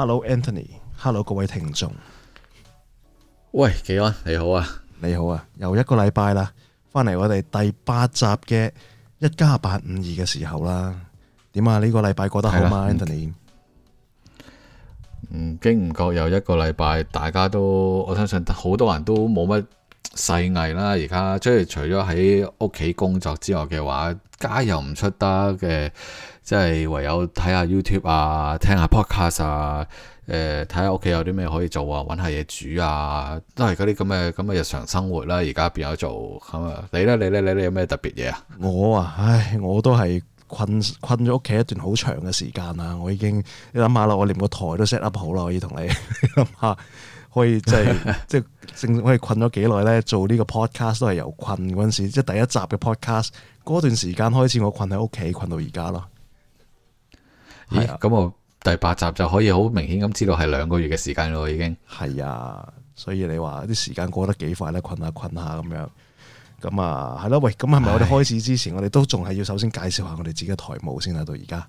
Hello Anthony，Hello 各位聽眾，喂，技安你好啊，你好啊，又一個禮拜啦，翻嚟我哋第八集嘅一家八五二嘅時候啦，點啊？呢、這個禮拜過得好嗎的，Anthony？唔、嗯、經唔覺又一個禮拜，大家都我相信好多人都冇乜細藝啦，而家即係除咗喺屋企工作之外嘅話，家又唔出得嘅。即係唯有睇下 YouTube 啊，聽下 podcast 啊，誒睇下屋企有啲咩可以做啊，揾下嘢煮啊，都係嗰啲咁嘅咁嘅日常生活啦。而家變咗做咁啊？你咧你咧你咧有咩特別嘢啊？我啊，唉，我都係困困咗屋企一段好長嘅時間啊。我已經你諗下啦，我連個台都 set up 好啦，可以同你嚇 可以即係即係正可以困咗幾耐咧？做呢個 podcast 都係由困嗰陣時，即係第一集嘅 podcast 嗰段時間開始，我困喺屋企困到而家咯。咁我第八集就可以好明顯咁知道係兩個月嘅時間咯，已經。係啊，所以你話啲時間過得幾快咧，困下困下咁樣。咁啊，係咯、啊，喂，咁係咪我哋開始之前，啊、我哋都仲係要首先介紹下我哋自己嘅台務先啦，到而家。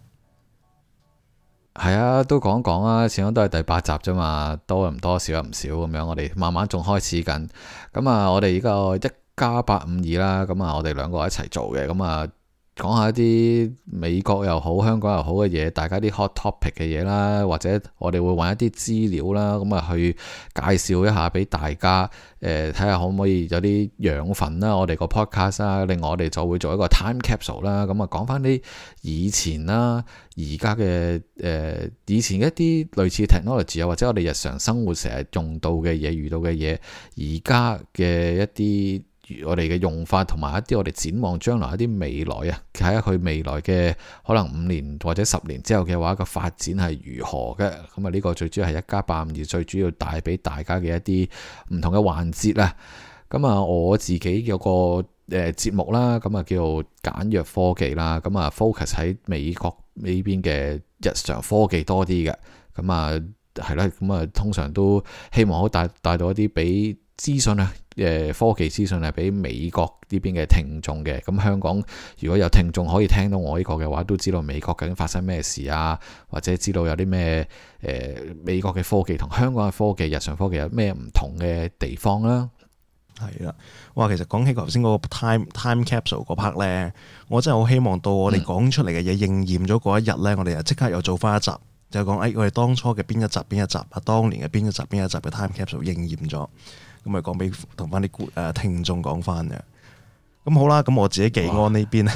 係啊，都講講啊，始終都係第八集啫嘛，多又唔多，少又唔少咁樣。我哋慢慢仲開始緊。咁啊，我哋而家一家八五二啦，咁啊，我哋兩個一齊做嘅，咁啊。講下一啲美國又好、香港又好嘅嘢，大家啲 hot topic 嘅嘢啦，或者我哋會揾一啲資料啦，咁啊去介紹一下俾大家，誒睇下可唔可以有啲養分啦。我哋個 podcast 啦，令我哋就會做一個 time capsule 啦。咁啊，講翻啲以前啦，而家嘅誒，以前一啲類似 technology 啊，或者我哋日常生活成日用到嘅嘢、遇到嘅嘢，而家嘅一啲。我哋嘅用法，同埋一啲我哋展望將來一啲未來啊，睇下佢未來嘅可能五年或者十年之後嘅話個發展係如何嘅。咁啊，呢個最主要係一家852最主要帶俾大家嘅一啲唔同嘅環節啦，咁啊，我自己有個誒節目啦，咁啊叫做簡約科技啦，咁啊 focus 喺美國呢邊嘅日常科技多啲嘅。咁啊係啦，咁啊通常都希望好帶帶到一啲俾資訊啊。誒，科技資訊係俾美國呢邊嘅聽眾嘅，咁香港如果有聽眾可以聽到我呢個嘅話，都知道美國究竟發生咩事啊，或者知道有啲咩誒美國嘅科技同香港嘅科技日常科技有咩唔同嘅地方啦。係啦，哇，其實講起頭先嗰個 time time capsule 嗰 part 咧，我真係好希望到我哋講出嚟嘅嘢應驗咗嗰一日咧，我哋又即刻又做翻一集，就講誒我哋當初嘅邊一集邊一集啊，當年嘅邊一集邊一集嘅 time capsule 應驗咗。咁咪講俾同翻啲古啊聽眾講翻嘅，咁好啦，咁我自己技安呢邊咧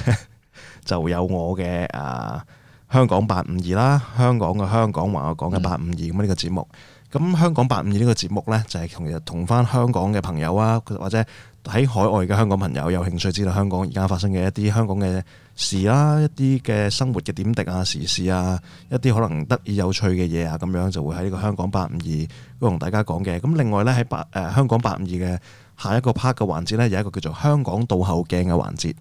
就有我嘅啊香講八五二啦，香講嘅香港話我講嘅八五二咁呢個節目，咁、嗯、香講八五二呢個節目咧就係同日同翻香港嘅朋友啊，或者。喺海外嘅香港朋友有興趣知道香港而家發生嘅一啲香港嘅事啦，啊，一啲嘅生活嘅點滴啊，時事啊，一啲可能得意有趣嘅嘢啊，咁樣就會喺呢個香港八五二都同大家講嘅。咁另外咧喺八誒香港八五二嘅下一個 part 嘅環節咧，有一個叫做香港倒後鏡嘅環節。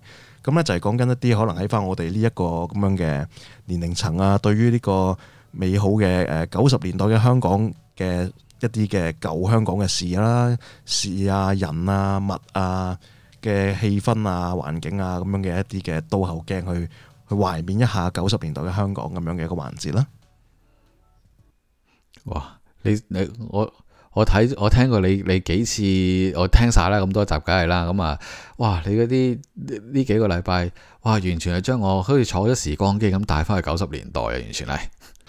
咁咧就係講緊一啲可能喺返我哋呢一個咁樣嘅年齡層啊，對於呢個美好嘅誒九十年代嘅香港嘅。一啲嘅舊香港嘅事啦、事啊、人啊、物啊嘅氣氛啊、環境啊咁樣嘅一啲嘅倒後鏡去去懷緬一下九十年代嘅香港咁樣嘅一個環節啦。哇！你你我我睇我聽過你你幾次我聽晒啦咁多集梗係啦咁啊！哇！你嗰啲呢幾個禮拜哇，完全係將我好似坐咗時光機咁帶翻去九十年代啊，完全係。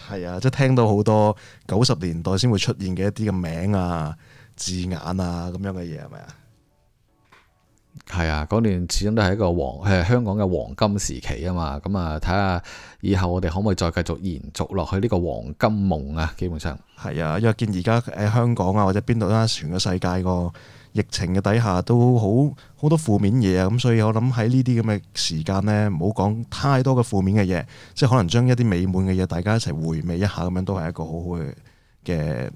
係啊，即係聽到好多九十年代先會出現嘅一啲嘅名啊、字眼啊咁樣嘅嘢，係咪啊？係啊，嗰年始終都係一個黃，係香港嘅黃金時期啊嘛，咁啊睇下以後我哋可唔可以再繼續延續落去呢個黃金夢啊？基本上係啊，因為見而家喺香港啊，或者邊度啦，全個世界個。疫情嘅底下都好好多負面嘢啊！咁所以我諗喺呢啲咁嘅時間呢，唔好講太多嘅負面嘅嘢，即係可能將一啲美滿嘅嘢，大家一齊回味一下咁樣，都係一個好好嘅嘅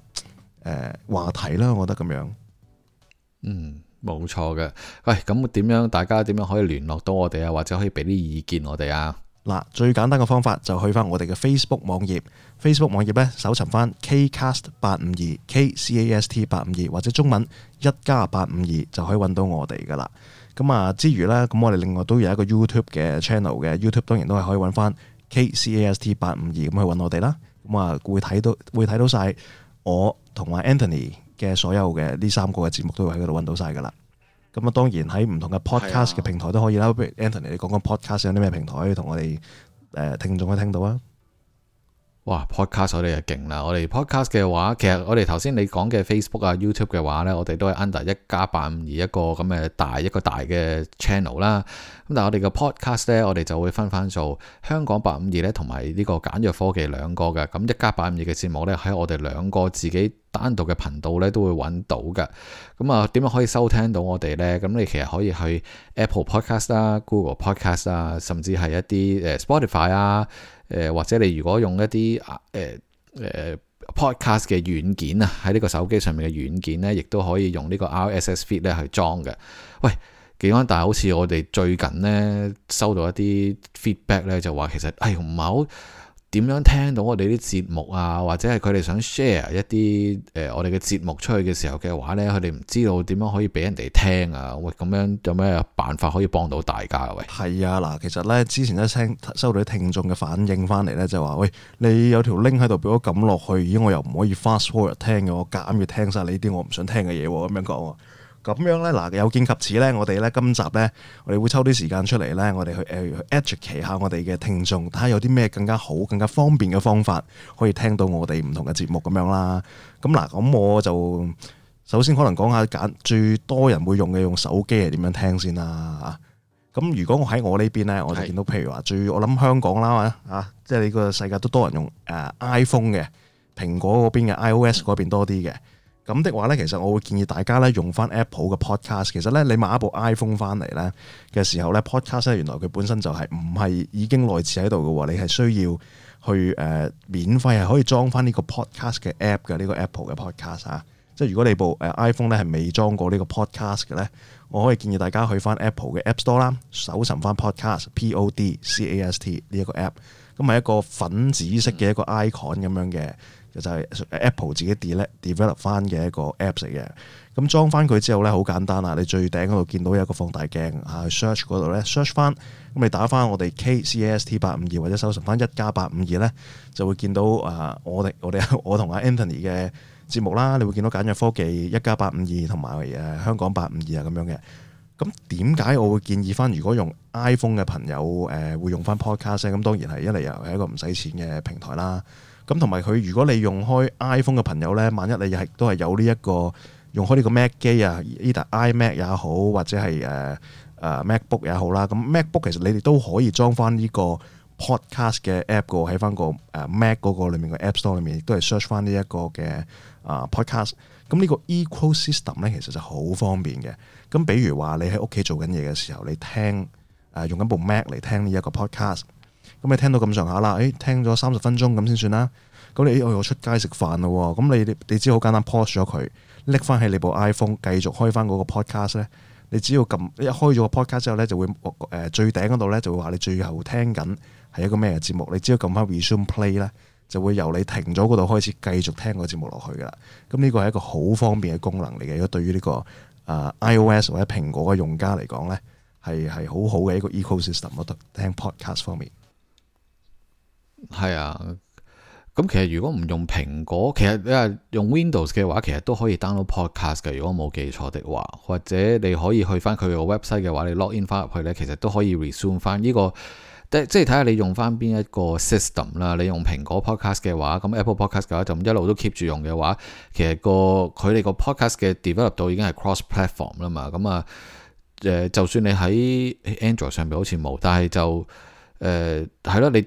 誒話題啦！我覺得咁樣，嗯，冇錯嘅。喂、哎，咁點樣？大家點樣可以聯絡到我哋啊？或者可以俾啲意見我哋啊？嗱，最簡單嘅方法就去翻我哋嘅 Facebook 網頁，Facebook 網頁呢，搜尋翻 KCast 八五二 KCast 八五二或者中文一家八五二就可以揾到我哋噶啦。咁啊之餘呢，咁我哋另外都有一個 YouTube 嘅 channel 嘅，YouTube 當然都係可以揾翻 KCast 八五二咁去揾我哋啦。咁啊會睇到會睇到晒我同埋 Anthony 嘅所有嘅呢三個嘅節目都會喺度揾到晒噶啦。咁啊，當然喺唔同嘅 podcast 嘅平台都可以啦。不如 Anthony，你講講 podcast 有啲咩平台可以同我哋聽眾可以聽到啊？哇，podcast 我哋就勁啦！我哋 podcast 嘅話，其實我哋頭先你講嘅 Facebook 啊、YouTube 嘅話咧，我哋都係 under 一家八五二一個咁嘅大一個大嘅 channel 啦。咁但係我哋嘅 podcast 咧，我哋就會分翻做香講八五二咧同埋呢個簡約科技兩個嘅。咁一家八五二嘅節目咧，喺我哋兩個自己單獨嘅頻道咧都會揾到嘅。咁啊，點樣可以收聽到我哋咧？咁你其實可以去 Apple Podcast, podcast 啊、Google Podcast 啊，甚至係一啲誒 Spotify 啊。誒、呃、或者你如果用一啲誒誒、呃呃、podcast 嘅軟件啊，喺呢個手機上面嘅軟件咧，亦都可以用個呢個 RSS feed 咧去裝嘅。喂技安大？但係好似我哋最近咧收到一啲 feedback 咧，就話其實係唔係好。哎點樣聽到我哋啲節目啊？或者係佢哋想 share 一啲誒，我哋嘅節目出去嘅時候嘅話呢？佢哋唔知道點樣可以俾人哋聽啊？喂，咁樣有咩辦法可以幫到大家？喂，係啊，嗱、啊，其實呢，之前一聽收到啲聽眾嘅反應翻嚟呢，就話、是、喂，你有條 link 喺度俾我撳落去，咦，我又唔可以 fast forward 聽嘅，我夾硬要聽晒你啲我唔想聽嘅嘢，咁樣講。咁樣咧，嗱，有見及此咧，我哋咧今集咧，我哋會抽啲時間出嚟咧，我哋去去、uh, educate 下我哋嘅聽眾，睇下有啲咩更加好、更加方便嘅方法，可以聽到我哋唔同嘅節目咁樣啦。咁嗱，咁我就首先可能講下揀最多人會用嘅用手機係點樣聽先啦。咁如果我喺我呢邊咧，我就見到是譬如話最我諗香港啦嘛，啊，即係你個世界都多人用誒 iPhone 嘅，蘋果嗰邊嘅 iOS 嗰邊多啲嘅。嗯。咁的話咧，其實我會建議大家咧用翻 Apple 嘅 Podcast。其實咧，你買一部 iPhone 翻嚟咧嘅時候咧，Podcast 原來佢本身就係唔係已經內置喺度嘅喎。你係需要去誒、呃、免費係可以裝翻呢個 Podcast 嘅 App 嘅呢個 Apple 嘅 Podcast 啊。即係如果你部誒 iPhone 咧係未裝過呢個 Podcast 嘅咧，我可以建議大家去翻 Apple 嘅 App Store 啦，搜尋翻 Podcast，P-O-D-C-A-S-T 呢一個 App，咁係一個粉紫色嘅一個 icon 咁樣嘅。就係 Apple 自己 develop develop 翻嘅一個 Apps 嚟嘅，咁裝翻佢之後咧，好簡單啊！你最頂嗰度見到有個放大鏡啊，search 嗰度咧 search 翻，咁你打翻我哋 KCast 八五二或者搜尋翻一家八五二咧，就會見到啊！我哋我哋我同阿 Anthony 嘅節目啦，你會見到簡約科技一家八五二同埋誒香講八五二啊咁樣嘅。咁點解我會建議翻？如果用 iPhone 嘅朋友誒、啊，會用翻 Podcast 咧，咁當然係一嚟又係一個唔使錢嘅平台啦。咁同埋佢，如果你用開 iPhone 嘅朋友咧，萬一你係都係有呢一個用開呢個 Mac 機啊，呢台 iMac 也好，或者係誒誒 MacBook 也好啦。咁 MacBook 其實你哋都可以裝翻呢個 Podcast 嘅 App 嘅喎，喺翻個誒 Mac 嗰個裡面嘅 App Store 裏面，亦都係 search 翻呢一個嘅啊 Podcast。咁呢個 Ecosystem 咧，其實就好方便嘅。咁比如話你喺屋企做緊嘢嘅時候，你聽啊用緊部 Mac 嚟聽呢一個 Podcast。咁你聽到咁上下啦，誒、哎、聽咗三十分鐘咁先算啦。咁你、哎、我又出街食飯嘞喎，咁你你知好簡單 pause 咗佢，拎翻喺你部 iPhone 繼續開翻嗰個 podcast 咧。你只要撳一開咗個 podcast 之後咧，就會誒、呃、最頂嗰度咧就會話你最後聽緊係一個咩嘅節目。你只要撳翻 resume play 咧，就會由你停咗嗰度開始繼續聽個節目落去噶啦。咁呢個係一個好方便嘅功能嚟嘅，如果對於呢、呢個啊、呃、iOS 或者蘋果嘅用家嚟講咧，係係好好嘅一個 ecosystem。我聽 podcast 方面。係啊，咁、嗯、其實如果唔用蘋果，其實你係、啊、用 Windows 嘅話，其實都可以 download podcast 嘅。如果冇記錯的話，或者你可以去翻佢個 website 嘅話，你 login 翻入去咧，其實都可以 resume 翻呢、這個。即即係睇下你用翻邊一個 system 啦。你用蘋果 podcast 嘅話，咁、嗯、Apple podcast 嘅話，就一路都 keep 住用嘅話，其實個佢哋個 podcast 嘅 develop 到已經係 cross platform 啦嘛。咁、嗯、啊，誒、嗯，就算你喺 Android 上邊好似冇，但係就誒係咯，你。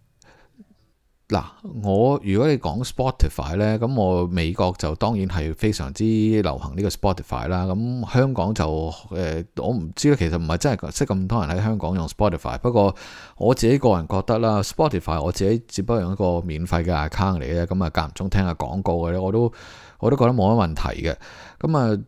嗱，我如果你講 Spotify 咧，咁我美國就當然係非常之流行呢個 Spotify 啦。咁香港就誒、呃，我唔知其實唔係真係識咁多人喺香港用 Spotify。不過我自己個人覺得啦，Spotify 我自己只不過用一個免費嘅 account 嚟嘅，咁啊間唔中聽下廣告嘅咧，我都我都覺得冇乜問題嘅。咁啊。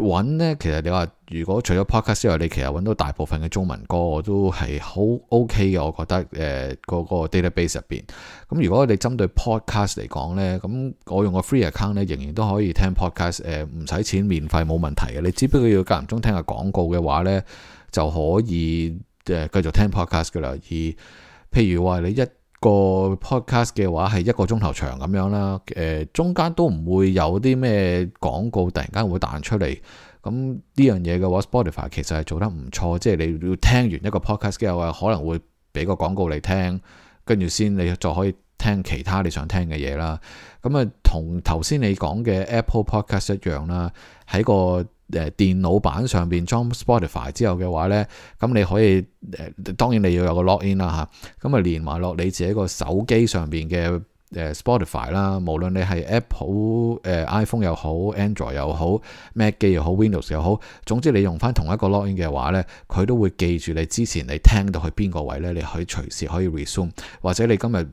揾咧，其實你話如果除咗 podcast 之外，你其實揾到大部分嘅中文歌，我都係好 OK 嘅。我覺得誒，嗰、呃那個那個 database 入邊，咁、嗯、如果你針對 podcast 嚟講咧，咁我用個 free account 咧，仍然都可以聽 podcast，誒、呃、唔使錢免費冇問題嘅。你只不過要間唔中聽下廣告嘅話咧，就可以誒繼、呃、續聽 podcast 噶啦。而譬如話你一。個 podcast 嘅話係一個鐘頭長咁樣啦，誒、呃，中間都唔會有啲咩廣告突然間會彈出嚟，咁呢樣嘢嘅話 Spotify 其實係做得唔錯，即係你要聽完一個 podcast 之後可能會俾個廣告你聽，跟住先你就可以聽其他你想聽嘅嘢啦。咁啊，同頭先你講嘅 Apple podcast 一樣啦，喺個。誒，電腦版上邊裝 Spotify 之後嘅話呢，咁你可以誒、呃，當然你要有個 login 啦、啊、吓，咁啊連埋落你自己個手機上邊嘅誒 Spotify 啦、啊，無論你係 Apple、呃、iPhone 又好，Android 又好，Mac 機又好，Windows 又好，總之你用翻同一個 login 嘅話呢，佢都會記住你之前你聽到去邊個位呢，你可以隨時可以 resume，或者你今日。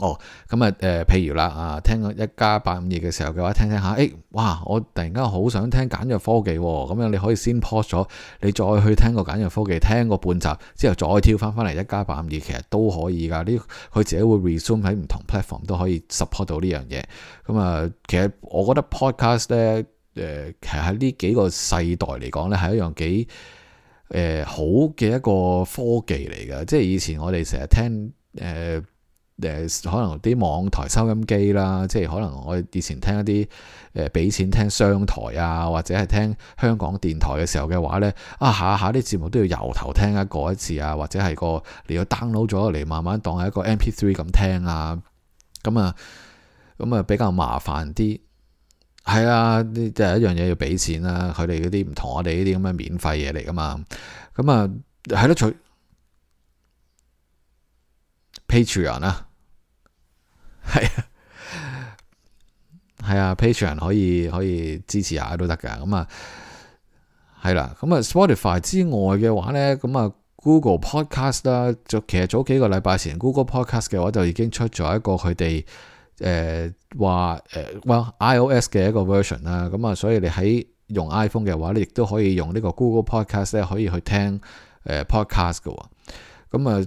哦，咁、嗯、啊，誒，譬如啦，啊，聽一加八五二嘅時候嘅話，聽聽下，哎、欸，哇，我突然間好想聽簡約科技、哦，咁樣你可以先 pause 咗，你再去聽個簡約科技，聽個半集之後再跳翻翻嚟一加八五二，52，其實都可以㗎。呢，佢自己會 resume 喺唔同 platform 都可以 support 到呢樣嘢。咁、嗯、啊，其實我覺得 podcast 咧，誒、呃，其實喺呢幾個世代嚟講咧，係一樣幾誒好嘅一個科技嚟嘅。即係以前我哋成日聽誒。呃誒，可能啲網台收音機啦，即係可能我哋以前聽一啲誒，俾、呃、錢聽商台啊，或者係聽香港電台嘅時候嘅話咧，啊下下啲節目都要由頭聽一個一次啊，或者係個你要 download 咗嚟，慢慢當係一個 MP3 咁聽啊，咁啊，咁啊比較麻煩啲。係啊，即、就、係、是、一樣嘢要俾錢啦、啊，佢哋嗰啲唔同我哋呢啲咁嘅免費嘢嚟噶嘛，咁啊，係咯、啊，取 Patreon 啊。係 啊，係啊，Patreon 可以可以支持下都得噶，咁啊，係啦，咁啊，Spotify 之外嘅話咧，咁啊，Google Podcast 啦，就其實早幾個禮拜前 Google Podcast 嘅話就已經出咗一個佢哋誒話誒 iOS 嘅一個 version 啦，咁啊，所以你喺用 iPhone 嘅話你亦都可以用呢個 Google Podcast 咧，可以去聽誒 podcast 嘅，咁、呃、啊。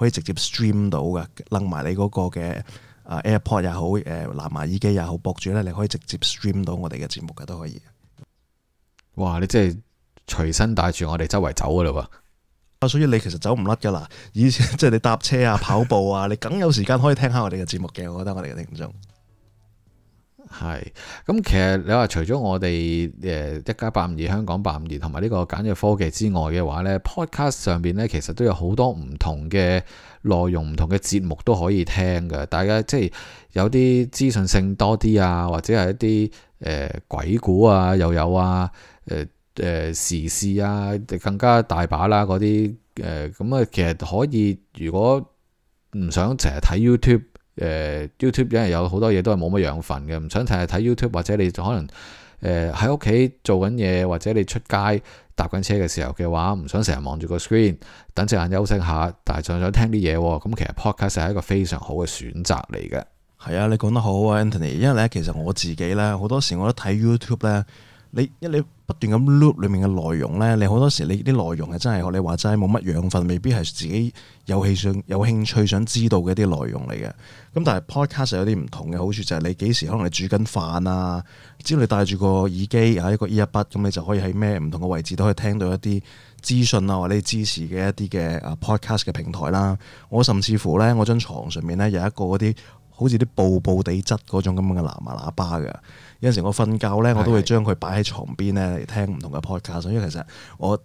可以直接 stream 到嘅，楞埋你嗰個嘅啊 AirPod 又好，誒藍牙耳機又好，播住咧，你可以直接 stream 到我哋嘅節目嘅，都可以。哇！你真係隨身帶住我哋周圍走嘅嘞喎。啊，所以你其實走唔甩噶啦，以前即係你搭車啊、跑步啊， 你梗有時間可以聽下我哋嘅節目嘅，我覺得我哋嘅聽眾。係，咁、嗯、其實你話除咗我哋誒、呃、一家八五二香港八五二同埋呢個簡約科技之外嘅話呢 Podcast 上邊呢，其實都有好多唔同嘅內容、唔同嘅節目都可以聽嘅。大家即係有啲資訊性多啲啊，或者係一啲誒、呃、鬼故啊又有啊，誒、呃、誒時事啊，更加大把啦嗰啲誒，咁啊、呃、其實可以如果唔想成日睇 YouTube。誒，YouTube 因為有好多嘢都係冇乜養分嘅，唔想成日睇 YouTube，或者你可能誒喺屋企做緊嘢，或者你出街搭緊車嘅時候嘅話，唔想成日望住個 screen，等隻眼休息下，但係仲想聽啲嘢，咁、嗯、其實 podcast 係一個非常好嘅選擇嚟嘅。係啊，你講得好啊，Anthony，因為咧其實我自己咧好多時我都睇 YouTube 咧，你一你。不斷咁 loop 裏面嘅內容呢，你好多時你啲內容係真係，你話真係冇乜養分，未必係自己有興趣、有興趣想知道嘅啲內容嚟嘅。咁但係 podcast 有啲唔同嘅好處就係，你幾時可能你煮緊飯啊，只要你戴住個耳機啊，一個 earbud，咁你就可以喺咩唔同嘅位置都可以聽到一啲資訊啊，或者支持嘅一啲嘅啊 podcast 嘅平台啦、啊。我甚至乎呢，我張床上面呢有一個嗰啲。好似啲布布地質嗰種咁樣嘅藍牙喇叭嘅，有陣時我瞓覺呢，我都會將佢擺喺床邊呢，嚟聽唔同嘅 podcast。因為其實我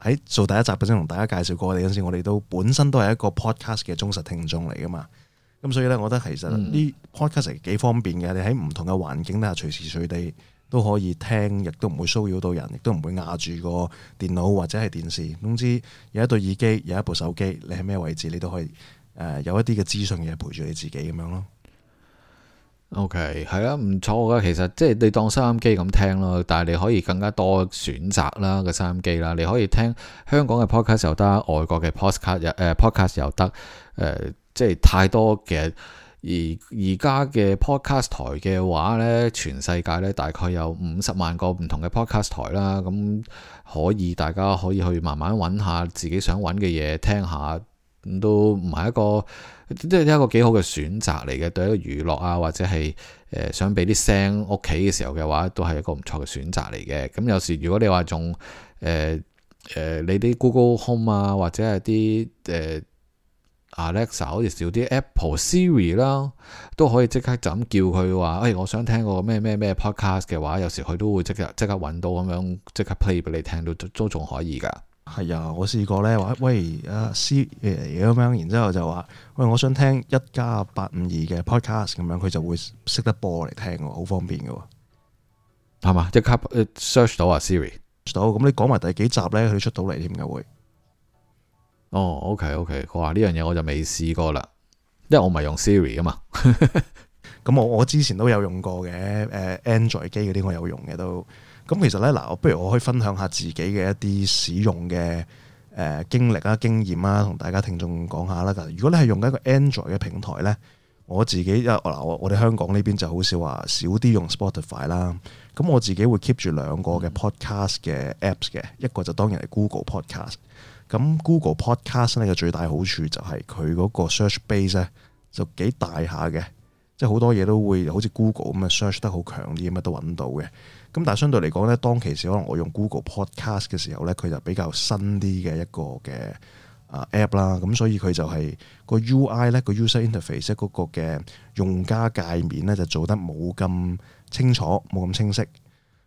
喺做第一集嘅先同大家介紹過，我哋嗰陣時我哋都本身都係一個 podcast 嘅忠實聽眾嚟噶嘛。咁所以呢，我覺得其實呢 podcast 係幾方便嘅。你喺唔同嘅環境底下，隨時隨地都可以聽，亦都唔會騷擾到人，亦都唔會壓住個電腦或者係電視。總之有一對耳機，有一部手機，你喺咩位置你都可以。誒，uh, 有一啲嘅資訊嘅陪住你自己咁樣咯。OK，係啦，啊，唔錯噶。其實即係你當收音機咁聽咯，但係你可以更加多選擇啦個收音機啦。你可以聽香港嘅 podcast 又得，外國嘅 podcast 又誒、呃、podcast 又得。誒、呃，即係太多嘅而而家嘅 podcast 台嘅話呢，全世界呢大概有五十萬個唔同嘅 podcast 台啦。咁可以大家可以去慢慢揾下自己想揾嘅嘢聽下。都唔係一個都係、即係、一個幾好嘅選擇嚟嘅，對一個娛樂啊，或者係誒、呃、想俾啲聲屋企嘅時候嘅話，都係一個唔錯嘅選擇嚟嘅。咁有時如果你話仲誒誒你啲 Google Home 啊，或者係啲誒 Alexa，好似少啲 Apple Siri 啦，都可以即刻就咁叫佢話，誒、哎、我想聽個咩咩咩 podcast 嘅話，有時佢都會即刻即刻揾到咁樣即刻 play 俾你聽到，都仲可以噶。係啊，我試過咧，話喂啊 Siri 咁樣，然之後就話喂，我想聽一家八五二嘅 podcast 咁樣，佢就會識得播嚟聽喎，好方便嘅喎，係嘛？即刻 search 到啊 Siri 到，咁你講埋第幾集咧，佢出到嚟添噶會。哦，OK OK，佢話呢樣嘢我就未試過啦，因為我唔係用 Siri 噶嘛。咁 我我之前都有用過嘅，誒 Android 機嗰啲我有用嘅都。咁其實咧，嗱，我不如我可以分享下自己嘅一啲使用嘅誒、呃、經歷啊、經驗啊，同大家聽眾講下啦。如果你係用緊一個 Android 嘅平台咧，我自己一嗱，我哋香港呢邊就好少話少啲用 Spotify 啦。咁我自己會 keep 住兩個嘅 Podcast 嘅 Apps 嘅，一個就當然係 Google Podcast。咁 Google Podcast 咧嘅最大好處就係佢嗰個 search base 咧就幾大下嘅，即係好多嘢都會好似 Google 咁啊 search 得好強啲，乜都揾到嘅。咁但係相對嚟講咧，當其時可能我用 Google Podcast 嘅時候咧，佢就比較新啲嘅一個嘅啊 App 啦。咁所以佢就係個 U I 咧個 user interface 嗰個嘅用家界面咧就做得冇咁清楚，冇咁清晰。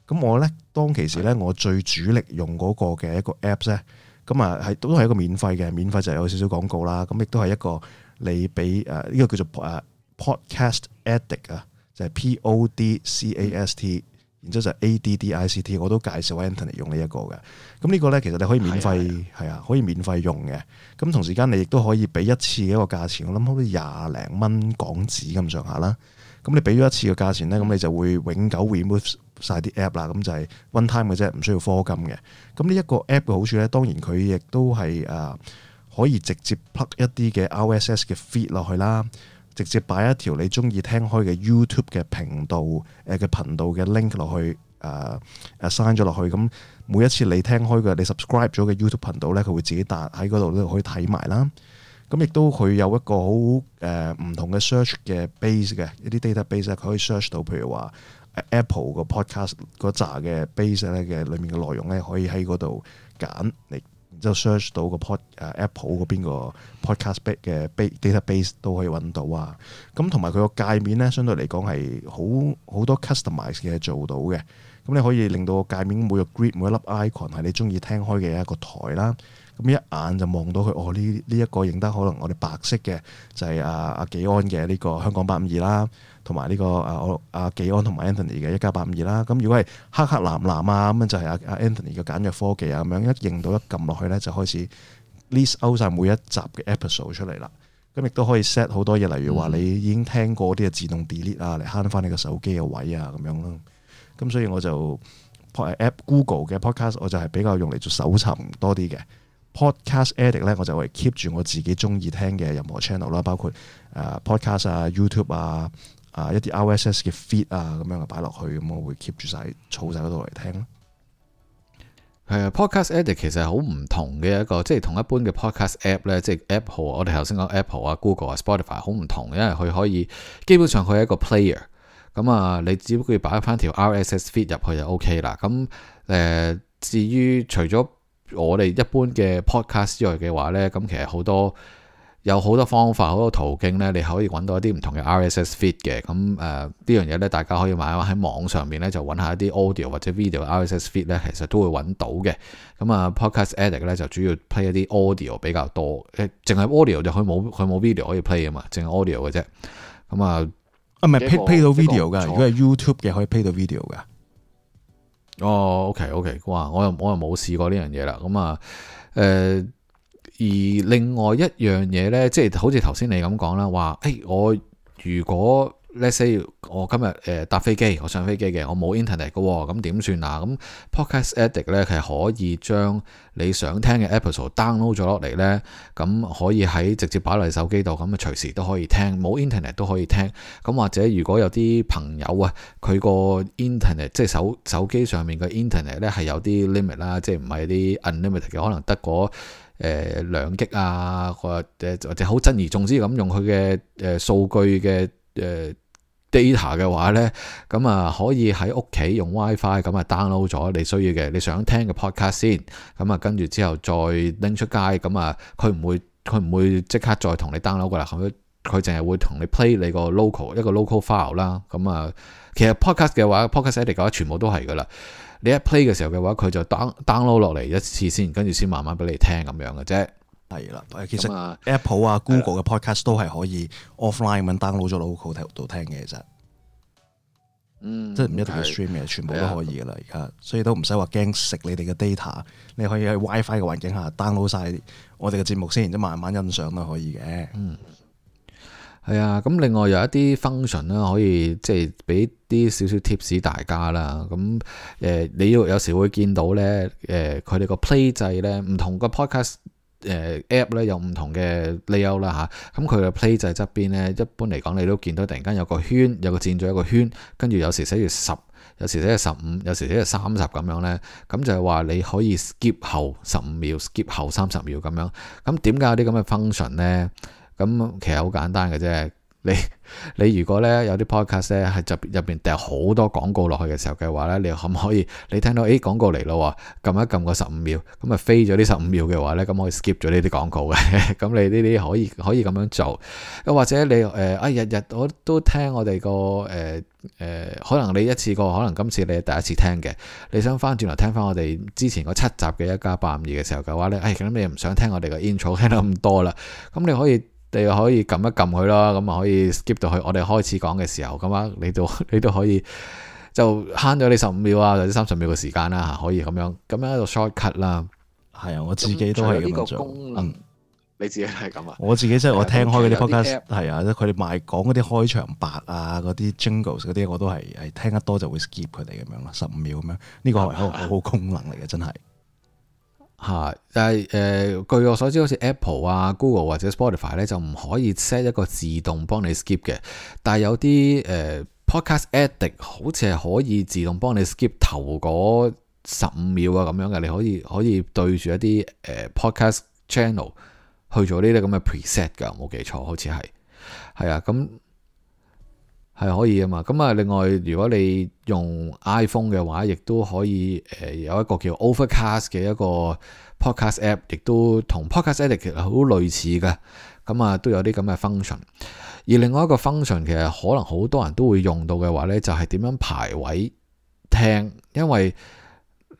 咁我咧當其時咧，我最主力用嗰個嘅一個 Apps 咧，咁啊係都係一個免費嘅，免費就有少少廣告啦。咁亦都係一個你俾誒呢個叫做啊 Podcast Addict 啊，就係 P O D C A S T。然之後就 Addict，我都介紹 Anthony 用呢一個嘅。咁、這、呢個呢，其實你可以免費，係啊,啊，可以免費用嘅。咁同時間你亦都可以俾一次嘅一個價錢，我諗好似廿零蚊港紙咁上下啦。咁你俾咗一次嘅價錢呢，咁你就會永久 remove 曬啲 app 啦。咁就係 one time 嘅啫，唔需要科金嘅。咁呢一個 app 嘅好處呢，當然佢亦都係啊，可以直接 plug 一啲嘅 R S S 嘅 feed 落去啦。直接擺一條你中意聽開嘅 YouTube 嘅頻道，誒、呃、嘅頻道嘅 link 落去，誒誒刪咗落去。咁、嗯、每一次你聽開嘅，你 subscribe 咗嘅 YouTube 頻道咧，佢會自己彈喺嗰度咧，可以睇埋啦。咁、嗯、亦都佢有一個好誒唔同嘅 search 嘅 base 嘅一啲 database，佢可以 search 到，譬如話 Apple 個 podcast 嗰扎嘅 base 咧嘅裡面嘅內容咧，可以喺嗰度揀你。就 search 到個 pod 誒 Apple 嗰邊個 podcast 嘅 database 都可以揾到啊！咁同埋佢個界面咧，相對嚟講係好好多 customize 嘅做到嘅。咁你可以令到個界面每一個 grid 每一粒 icon 係你中意聽開嘅一個台啦。咁一眼就望到佢哦，呢呢一個認得可能我哋白色嘅就係阿阿技安嘅呢個香講八五二啦。同埋呢個誒我阿技安同埋 Anthony 嘅一家八五二啦，咁、啊、如果係黑黑藍藍啊，咁樣就係阿阿 Anthony 嘅簡約科技啊，咁樣一認到一撳落去咧就開始 list out 晒每一集嘅 episode 出嚟啦。咁亦都可以 set 好多嘢，例如話你已經聽過啲嘅自動 delete 啊，嚟慳返你個手機嘅位啊咁樣咯。咁、啊、所以我就 app Google 嘅 podcast 我就係比較用嚟做搜尋多啲嘅、嗯、Podcast Addict 咧，我就會 keep 住我自己中意聽嘅任何 channel 啦、啊，包括誒、uh, podcast 啊、YouTube 啊。啊，一啲 RSS 嘅 feed 啊，咁樣啊，擺落去，咁我會 keep 住晒，儲晒嗰度嚟聽咯。係啊，Podcast Addict 其實係好唔同嘅一個，即係同一般嘅 Podcast app 咧，即係 Apple，我哋頭先講 Apple 啊、Google 啊、Spotify 好唔同，因為佢可以基本上佢係一個 player。咁啊，你只不過要擺翻條 RSS feed 入去就 OK 啦。咁誒，至於除咗我哋一般嘅 Podcast 之外嘅話咧，咁其實好多。有好多方法，好多途徑咧，你可以揾到一啲唔同嘅 RSS feed 嘅。咁誒呢樣嘢咧，啊、大家可以買喎。喺網上面咧就揾下一啲 audio 或者 video RSS feed 咧，其實都會揾到嘅。咁、嗯、啊，Podcast Addict 咧就主要 play 一啲 audio 比較多。誒，淨係 audio 就佢冇佢冇 video 可以 play 啊嘛，淨係 audio 嘅啫。咁、嗯、啊，啊唔係 play 到 video 噶誒，如果係 YouTube 嘅可以 play 到 video 噶。哦，OK，OK，、okay, okay, 哇！我又我，我又冇試過呢樣嘢啦。咁、嗯、啊，誒、嗯。嗯。而另外一樣嘢咧，即係好似頭先你咁講啦，話誒、哎，我如果 let's say 我今日誒、呃、搭飛機，我上飛機嘅，我冇 internet 嘅喎，咁點算啊？咁、嗯、Podcast Addict 咧係可以將你想聽嘅 episode download 咗落嚟咧，咁、嗯、可以喺直接擺落嚟手機度，咁啊隨時都可以聽，冇 internet 都可以聽。咁、嗯、或者如果有啲朋友啊，佢個 internet 即係手手機上面嘅 internet 咧係有啲 limit 啦，即係唔係啲 unlimited 嘅，可能得嗰。誒，兩擊、呃、啊，或誒或者好珍而重之咁用佢嘅誒數據嘅誒 data 嘅話咧，咁啊可以喺屋企用 WiFi 咁啊 download 咗你需要嘅你想聽嘅 podcast 先，咁啊跟住之後再拎出街，咁啊佢唔會佢唔會即刻再同你 download 過嚟，佢佢淨係會同你 play 你個 local 一個 local file 啦，咁啊其實 podcast 嘅話，podcast 嚟講全部都係噶啦。你一 play 嘅時候嘅話，佢就 download 落嚟一次先，跟住先慢慢俾你聽咁樣嘅啫。係啦，其實 Apple 啊的、Google 嘅 Podcast 都係可以 offline 咁 download 咗落屋企度聽嘅，其實，嗯，即係唔一定要 stream 嘅的，全部都可以噶啦。而家的，所以都唔使話驚食你哋嘅 data，你可以喺 WiFi 嘅環境下 download 晒我哋嘅節目先，然之後慢慢欣賞都可以嘅。嗯。係啊，咁另外有一啲 function 咧，可以即係俾啲少少 tips 大家啦。咁誒、呃，你要有，有時會見到咧，誒、呃，佢哋個 play 掣咧，唔同個 podcast 誒、呃、app 咧有唔同嘅 layout 啦、啊、嚇。咁佢嘅 play 掣側邊咧，一般嚟講你都見到突然間有個圈，有個箭嘴喺一個圈，跟住有時寫住十，有時寫住十五，有時寫住三十咁樣咧。咁就係話你可以 skip 後十五秒，skip 後三十秒咁樣。咁點解有啲咁嘅 function 咧？咁其實好簡單嘅啫，你你如果咧有啲 podcast 咧係入入邊掉好多廣告落去嘅時候嘅話咧，你可唔可以你聽到誒廣、哎、告嚟咯，撳一撳個十五秒，咁咪飛咗呢十五秒嘅話咧，咁可以 skip 咗呢啲廣告嘅，咁 你呢啲可以可以咁樣做，又或者你誒啊日日我都聽我哋個誒誒，可能你一次過，可能今次你第一次聽嘅，你想翻轉頭聽翻我哋之前嗰七集嘅一家八五二嘅時候嘅話咧，誒、哎、咁你唔想聽我哋個 intro 聽得咁多啦，咁你可以。你可以撳一撳佢啦，咁啊可以 skip 到去。我哋開始講嘅時候咁啊，你就你都可以就慳咗你十五秒啊，或者三十秒嘅時間啦，可以咁樣。咁樣、咁樣就 short cut 啦。係啊、嗯，我自己都係咁做。功能、嗯、你自己都係咁啊？我自己即係我聽開嗰啲 podcast。係啊、嗯，佢哋賣講嗰啲開場白啊，嗰啲 jingles 嗰啲，我都係係聽得多就會 skip 佢哋咁樣咯，十五秒咁樣。呢、呢個係一個好好功能嚟嘅，真係。吓，但係誒、呃，據我所知，好似 Apple 啊、Google 或者 Spotify 咧，就唔可以 set 一個自動幫你 skip 嘅。但係有啲誒、呃、Podcast addict 好似係可以自動幫你 skip 頭嗰十五秒啊，咁樣嘅，你可以可以對住一啲誒、呃、podcast channel 去做呢啲咁嘅 preset 噶，冇記錯，好似係係啊，咁。係可以啊嘛，咁啊，另外如果你用 iPhone 嘅話，亦都可以誒、呃、有一個叫 Overcast 嘅一個 Podcast App，亦都同 Podcast Addict 其實好類似嘅，咁、嗯、啊都有啲咁嘅 function。而另外一個 function 其實可能好多人都會用到嘅話呢，就係、是、點樣排位聽，因為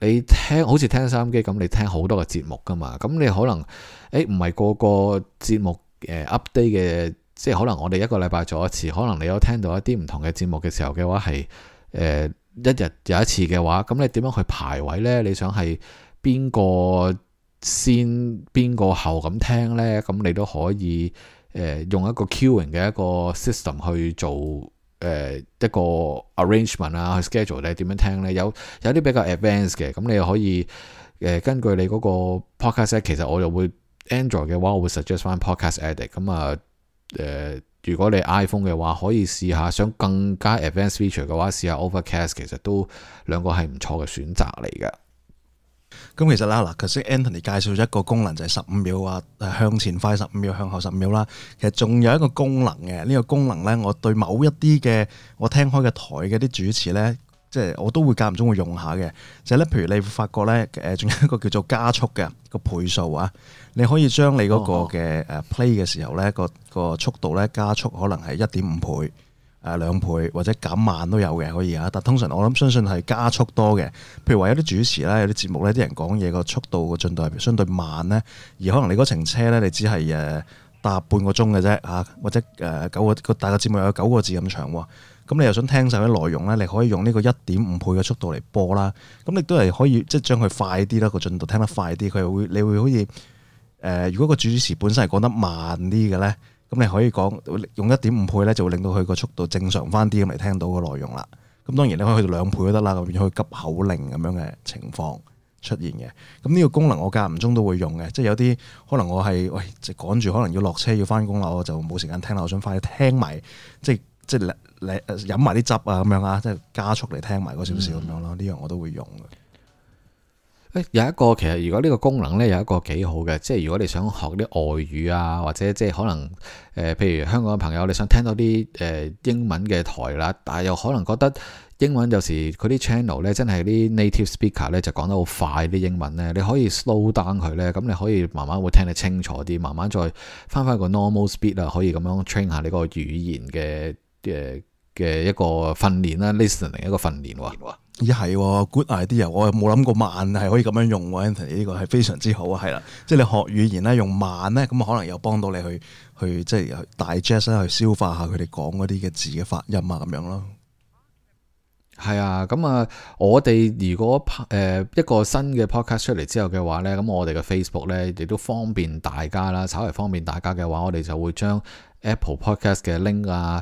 你聽好似聽收音機咁，你聽好多個節目噶嘛，咁你可能誒唔係個個節目誒、呃、update 嘅。即係可能我哋一個禮拜做一次，可能你有聽到一啲唔同嘅節目嘅時候嘅話係誒、呃、一日有一次嘅話，咁你點樣去排位呢？你想係邊個先邊個後咁聽呢？咁你都可以誒、呃、用一個 queuing 嘅一個 system 去做誒、呃、一個 arrangement 啊，去 schedule 你點樣聽呢？有有啲比較 advanced 嘅，咁你又可以誒、呃、根據你嗰個 podcast，其實我又會 Android 嘅話，我會 suggest 翻 Podcast addict 咁、嗯、啊。呃誒，如果你 iPhone 嘅話，可以試下想更加 advanced feature 嘅話，試下 Overcast 其實都兩個係唔錯嘅選擇嚟嘅。咁其實啦，嗱，頭先 Anthony 介紹咗一個功能就係十五秒啊，向前快十五秒，向後十五秒啦。其實仲有一個功能嘅，呢個功能咧，我對某一啲嘅我聽開嘅台嘅啲主持咧。即係我都會間唔中會用下嘅，就係咧，譬如你發覺咧，誒，仲有一個叫做加速嘅個倍數啊，你可以將你嗰個嘅誒 play 嘅時候咧，個個、哦哦、速度咧加速可能係一點五倍、誒兩倍或者減慢都有嘅，可以啊。但通常我諗相信係加速多嘅。譬如話有啲主持咧，有啲節目咧，啲人講嘢個速度個進度係相對慢咧，而可能你嗰程車咧，你只係誒搭半個鐘嘅啫啊，或者誒九、呃、個個大個節目有九個字咁長喎。咁你又想聽晒啲內容咧？你可以用呢個一點五倍嘅速度嚟播啦。咁你都係可以即係將佢快啲啦，個進度聽得快啲。佢又會你會好似誒、呃，如果個主持本身係講得慢啲嘅咧，咁你可以講用一點五倍咧，就會令到佢個速度正常翻啲咁嚟聽到個內容啦。咁當然你可以去到兩倍都得啦，咁變咗去急口令咁樣嘅情況出現嘅。咁呢個功能我間唔中都會用嘅，即係有啲可能我係喂，即係趕住可能要落車要翻工啦，我就冇時間聽啦，我想快啲聽埋即係即係。即你飲埋啲汁啊，咁樣啊，即係加速嚟聽埋嗰少少咁樣咯。呢、嗯、樣我都會用嘅。有一個，其實如果呢個功能呢，有一個幾好嘅，即係如果你想學啲外語啊，或者即係可能誒、呃，譬如香港嘅朋友你想聽到啲誒、呃、英文嘅台啦，但係又可能覺得英文有時佢啲 channel 呢真係啲 native speaker 呢，就講得好快啲英文呢，你可以 slow down 佢呢，咁你可以慢慢會聽得清楚啲，慢慢再翻翻個 normal speed 啊，可以咁樣 train 下你個語言嘅誒。呃嘅一個訓練啦，listening 一個訓練喎，而係、哎、good idea，我冇諗過慢係可以咁樣用 Anthony 呢個係非常之好啊，係啦，即係你學語言咧用慢咧，咁可能又幫到你去去即係大 digest 去消化下佢哋講嗰啲嘅字嘅發音啊咁樣咯，係啊，咁啊我哋如果拍一個新嘅 podcast 出嚟之後嘅話咧，咁我哋嘅 Facebook 咧亦都方便大家啦，稍為方便大家嘅話，我哋就會將 Apple Podcast 嘅 link 啊。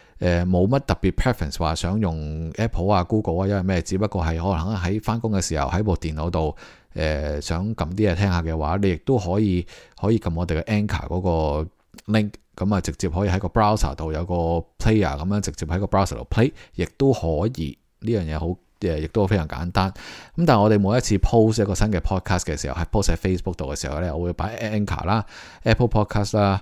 誒冇乜特別 preference 話想用 Apple 啊 Google 啊，因為咩？只不過係可能喺翻工嘅時候喺部電腦度誒想撳啲嘢聽下嘅話，你亦都可以可以撳我哋嘅 Anchor 嗰個 link，咁啊直接可以喺個 browser 度有個 player，咁樣直接喺個 browser 度 play，亦都可以。呢樣嘢好誒，亦都非常簡單。咁但係我哋每一次 post 一個新嘅 podcast 嘅時候，喺 post 喺 Facebook 度嘅時候咧，我會擺 Anchor 啦、Apple Podcast 啦。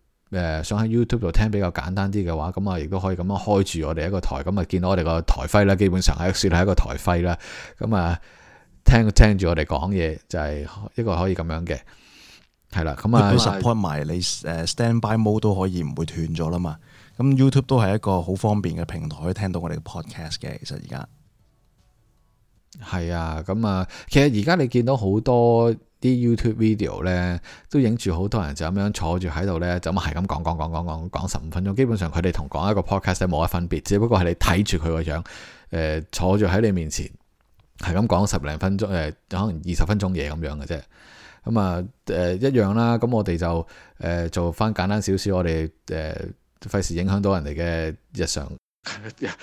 誒，想喺 YouTube 度聽比較簡單啲嘅話，咁啊，亦都可以咁樣開住我哋一個台，咁啊，見到我哋個台徽咧，基本上係算說係一個台徽啦，咁啊，聽聽住我哋講嘢就係、是、一個可以咁樣嘅，係啦，咁啊、嗯嗯、，support 埋你、uh, 誒 standby mode 都可以唔會斷咗啦嘛，咁 YouTube 都係一個好方便嘅平台，可以聽到我哋嘅 podcast 嘅，其實而家。係啊，咁、嗯、啊，其實而家你見到好多啲 YouTube video 咧，都影住好多人就咁樣坐住喺度咧，就咁係咁講講講講講講十五分鐘，基本上佢哋同講一個 podcast 咧冇乜分別，只不過係你睇住佢個樣，誒、呃，坐住喺你面前，係咁講十零分鐘，誒、呃，可能二十分鐘嘢咁樣嘅啫。咁、嗯、啊，誒、呃，一樣啦。咁我哋就誒、呃、做翻簡單少少，我哋誒費事影響到人哋嘅日常。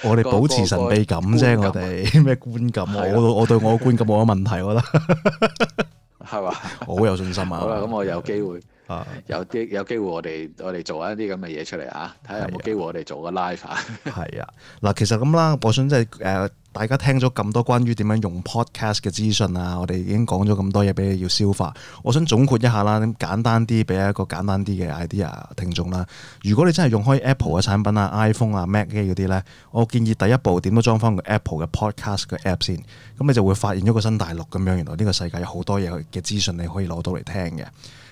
我哋保持神秘感啫，我哋咩觀感？啊、我我對我嘅觀感冇乜問題，我覺得係嘛，我好有信心啊！ 吧好啦，咁我有機會。 啊、有啲有機會我，我哋我哋做一啲咁嘅嘢出嚟嚇，睇、啊、下有冇機會我哋做個 live 嚇。係啊，嗱， 其實咁啦，我想即係誒，大家聽咗咁多關於點樣用 podcast 嘅資訊啊，我哋已經講咗咁多嘢俾你要消化。我想總括一下啦，咁簡單啲俾一個簡單啲嘅 idea 聽眾啦。如果你真係用開 Apple 嘅產品啊，iPhone 啊、Mac 機嗰啲呢，我建議第一步點都裝翻個 Apple 嘅 podcast 嘅 app 先，咁你就會發現咗個新大陸咁樣，原來呢個世界有好多嘢嘅資訊你可以攞到嚟聽嘅。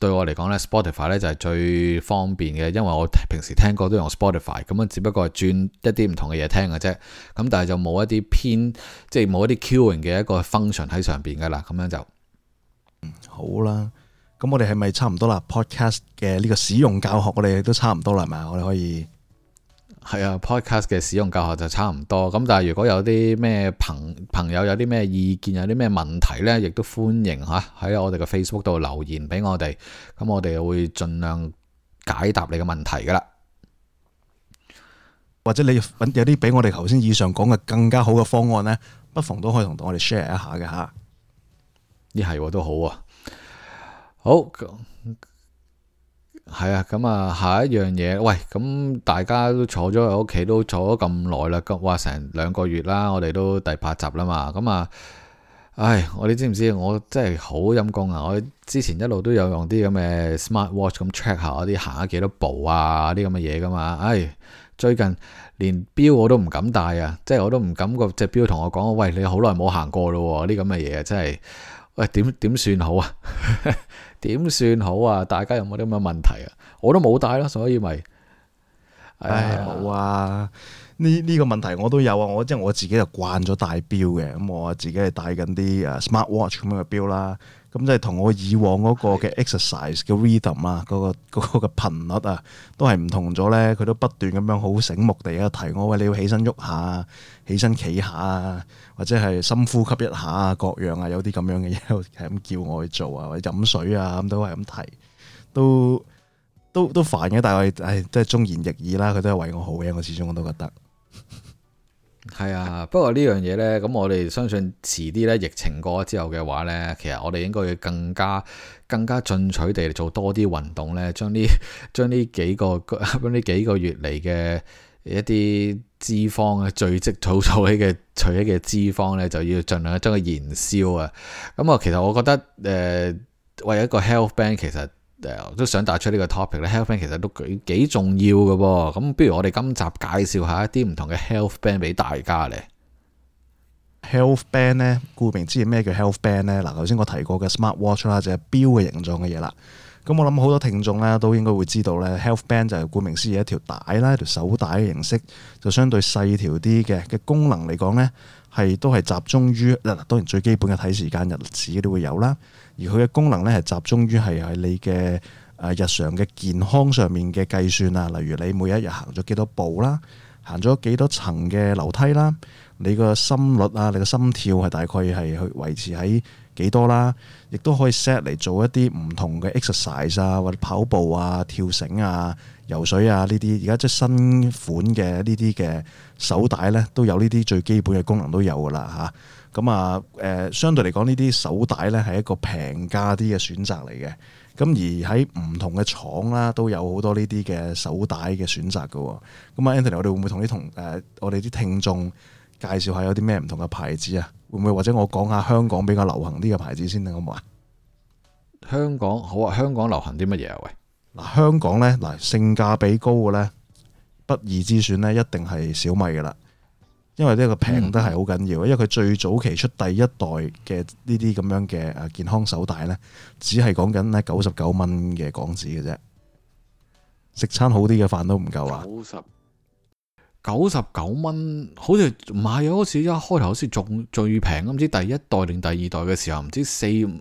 對我嚟講咧，Spotify 咧就係最方便嘅，因為我平時聽歌都用 Spotify，咁樣只不過係轉一啲唔同嘅嘢聽嘅啫，咁但係就冇一啲偏，即係冇一啲 queuing 嘅一個 function 喺上邊噶啦，咁樣就，好啦，咁我哋係咪差唔多啦？Podcast 嘅呢個使用教學我哋都差唔多啦，係咪？我哋可以。係啊，Podcast 嘅使用教學就差唔多。咁但係如果有啲咩朋朋友有啲咩意見，有啲咩問題咧，亦都歡迎吓喺我哋嘅 Facebook 度留言俾我哋。咁我哋會盡量解答你嘅問題噶啦。或者你有啲比我哋頭先以上講嘅更加好嘅方案咧，不妨都可以同我哋 share 一下嘅吓。呢係都好啊。好。係啊，咁啊，下一樣嘢，喂，咁大家都坐咗喺屋企都坐咗咁耐啦，咁話成兩個月啦，我哋都第八集啦嘛，咁啊，唉，我哋知唔知？我真係好陰功啊！我之前一路都有用啲咁嘅 smart watch 咁 check 下啲行咗幾多步啊，啲咁嘅嘢噶嘛，唉，最近連表我都唔敢戴啊，即係我都唔感覺隻表同我講，喂，你好耐冇行過咯，啲咁嘅嘢啊，真係，喂，點點算好啊？ 點算好啊？大家有冇啲乜問題啊？我都冇帶啦，所以咪，唉，冇、哎、呀啊！呢呢、呢個問題我都有啊！我即係我自己就慣咗戴表嘅，咁我自己係戴緊啲誒 smart watch 咁樣嘅表啦。咁即係同我以往嗰個嘅 exercise 嘅 rhythm 啊，嗰個嗰個頻率啊，都係唔同咗咧。佢都不斷咁樣好醒目地啊，提我喂，你要起身喐下，起身企下啊，或者係深呼吸一下啊，各樣啊，有啲咁樣嘅嘢，係 咁叫我去做啊，或者飲水啊，咁都係咁提，都都都煩嘅。但係唉，即係忠言逆耳啦，佢都係為我好嘅。我始終我都覺得。 係啊，不過呢樣嘢咧，咁我哋相信遲啲咧，疫情過咗之後嘅話咧，其實我哋應該要更加更加進取地做多啲運動咧，將呢將呢幾個將呢幾個月嚟嘅一啲脂肪啊，聚積儲儲起嘅儲起嘅脂肪咧，就要盡量將佢燃燒啊。咁、嗯、啊，其實我覺得誒、呃，為一個 health band 其實。都想帶出呢個 topic 咧，health band 其實都幾幾重要嘅喎。咁不如我哋今集介紹一下一啲唔同嘅 He health band 俾大家咧。health band 呢，顧名思義咩叫 health band 呢？嗱，頭先我提過嘅 smart watch 啦，就係表嘅形狀嘅嘢啦。咁我諗好多聽眾咧都應該會知道咧，health band 就係顧名思義一條帶啦，一條手帶嘅形式，就相對細條啲嘅。嘅功能嚟講呢，係都係集中於嗱，當然最基本嘅睇時間、日子都會有啦。而佢嘅功能咧，係集中於係喺你嘅誒日常嘅健康上面嘅計算啊，例如你每一日行咗幾多步啦，行咗幾多層嘅樓梯啦，你個心率啊，你個心跳係大概係去維持喺幾多啦，亦都可以 set 嚟做一啲唔同嘅 exercise 啊，或者跑步啊、跳繩啊、游水啊呢啲，而家即係新款嘅呢啲嘅手帶咧，都有呢啲最基本嘅功能都有噶啦嚇。咁啊，誒相對嚟講呢啲手帶咧係一個平價啲嘅選擇嚟嘅。咁而喺唔同嘅廠啦，都有好多呢啲嘅手帶嘅選擇嘅。咁啊 ，Anthony，我哋會唔會同啲同誒我哋啲聽眾介紹下有啲咩唔同嘅牌子啊？會唔會或者我講下香港比較流行啲嘅牌子先，好唔好啊？香港好啊！香港流行啲乜嘢啊？喂，嗱香港咧嗱性價比高嘅咧，不二之選咧一定係小米㗎啦。.因為呢個平得係好緊要，因為佢最早期出第一代嘅呢啲咁樣嘅健康手帶呢只係講緊咧九十九蚊嘅港紙嘅啫。食餐好啲嘅飯都唔夠啊！九十,九十九蚊，好似買咗好似一開頭好似仲最平，唔知第一代定第二代嘅時候，唔知四誒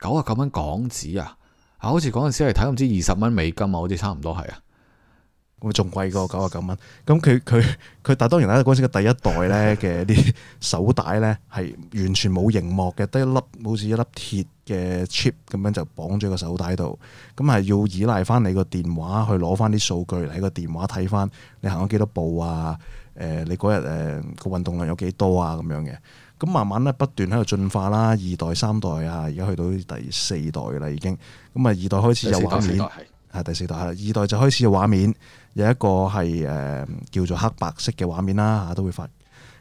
九啊九蚊港紙啊，好似嗰陣時係睇唔知二十蚊美金啊，好似差唔多係啊。會仲貴過九十九蚊，咁佢佢佢，但當然啦，嗰陣時嘅第一代咧嘅啲手帶咧，係完全冇熒幕嘅，得一粒好似一粒鐵嘅 chip 咁樣就綁住個手帶度，咁係要依賴翻你個電話去攞翻啲數據嚟個電話睇翻你行咗幾多步啊，誒，你嗰日誒個運動量有幾多啊咁樣嘅，咁慢慢咧不斷喺度進化啦，二代、三代啊，而家去到第四代啦已經，咁啊，二代開始有畫面。係第四代，第二代就開始嘅畫面有一個係誒、呃、叫做黑白色嘅畫面啦，嚇都會發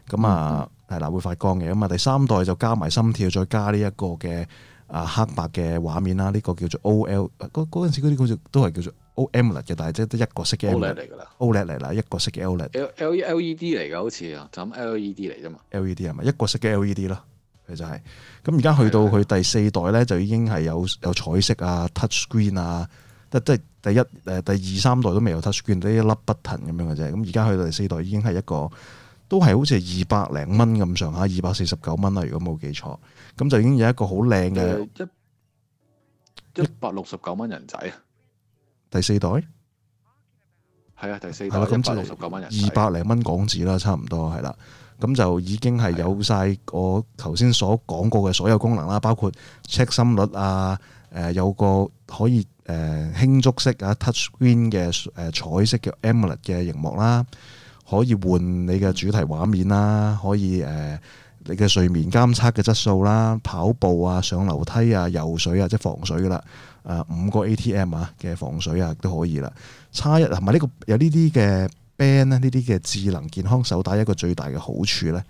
咁啊，係啦、嗯、哼會發光嘅。咁啊，第三代就加埋心跳，再加呢一個嘅啊黑白嘅畫面啦。呢、呢個叫做 O L 嗰、啊、嗰陣時嗰啲好似都係叫做 O M LED 嘅，但係即係得一個色嘅 LED 嚟㗎啦，LED 嚟啦，一個色嘅 LED。L L E L E D 嚟㗎，好似啊，就咁 L E D 嚟啫嘛，L E D 係咪一個色嘅 L E D 咯？係就係咁而家去到佢第四代咧，的就已經係有有彩色啊，touch screen 啊。即係第一、誒第二三代都未有 touch screen，都一粒 button 咁樣嘅啫。咁而家去到第四代已經係一個，都係好似係二百零蚊咁上下，二百四十九蚊啦，如果冇記錯，咁就已經有一個好靚嘅一一百六十九蚊人仔啊一！第四代係啊，第四代一百六十九蚊人仔，二百零蚊港紙啦，差唔多係啦。咁就已經係有晒我頭先所講過嘅所有功能啦，是的 包括 check 心率啊。誒、呃、有個可以誒、呃、輕觸式啊 touch screen 嘅誒、呃、彩色嘅 AMOLED 嘅熒幕啦、啊，可以換你嘅主題畫面啦、啊，可以誒、呃、你嘅睡眠監測嘅質素啦、啊，跑步啊、上樓梯啊、游水啊，即係防水噶啦，誒、啊、五個 ATM 啊嘅防水啊都可以啦。差一同埋呢個有呢啲嘅 band 呢啲嘅智能健康手帶一個最大嘅好處咧。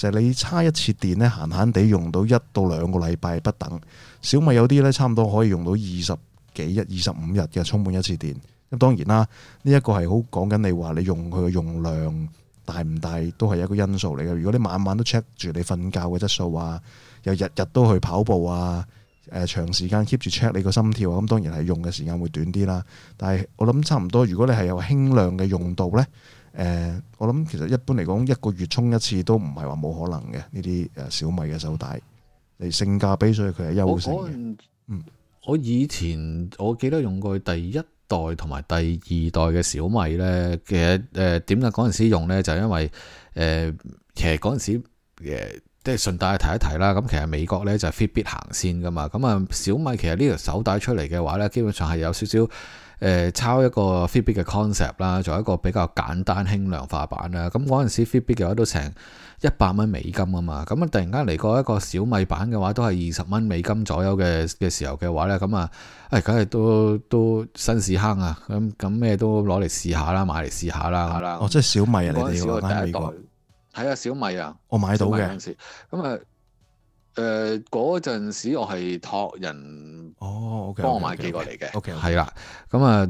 就係你差一次電咧，閒閒地用到一到兩個禮拜不等。小米有啲咧，差唔多可以用到二十幾日、二十五日嘅充滿一次電。咁當然啦，呢一個係好講緊你話你用佢嘅用量大唔大，都係一個因素嚟嘅。如果你晚晚都 check 住你瞓覺嘅質素啊，又日日都去跑步啊，誒，長時間 keep 住 check 你個心跳啊，咁當然係用嘅時間會短啲啦。但係我諗差唔多，如果你係有輕量嘅用度呢。誒，我諗其實一般嚟講，一個月充一次都唔係話冇可能嘅呢啲，誒小米嘅手帶，係性價比，所以佢係優勝我，嗯、我以前我記得用過第一代同埋第二代嘅小米呢，其實誒點解嗰陣時用呢就是、因為誒、呃、其實嗰陣時即係、呃、順帶提一提啦。咁其實美國呢就係 Fitbit 行先噶嘛。咁啊小米其實呢條手帶出嚟嘅話呢，基本上係有少少。誒，抄一個 Fitbit 嘅 concept 啦，做一個比較簡單輕量化版啦。咁嗰陣時 Fitbit 嘅話都成一百蚊美金啊嘛。咁啊，突然間嚟過一個小米版嘅話，都係二十蚊美金左右嘅嘅時候嘅話咧，咁啊，誒，梗係都都新試坑啊。咁咁咩都攞嚟試下啦，買嚟試下啦。嚇啦！哦，即係小米人哋嗰睇下一代。係啊，小米啊，我買到嘅。咁啊。誒，嗰陣、呃、時我係托人哦，幫我買幾個過嚟嘅，係啦。咁啊，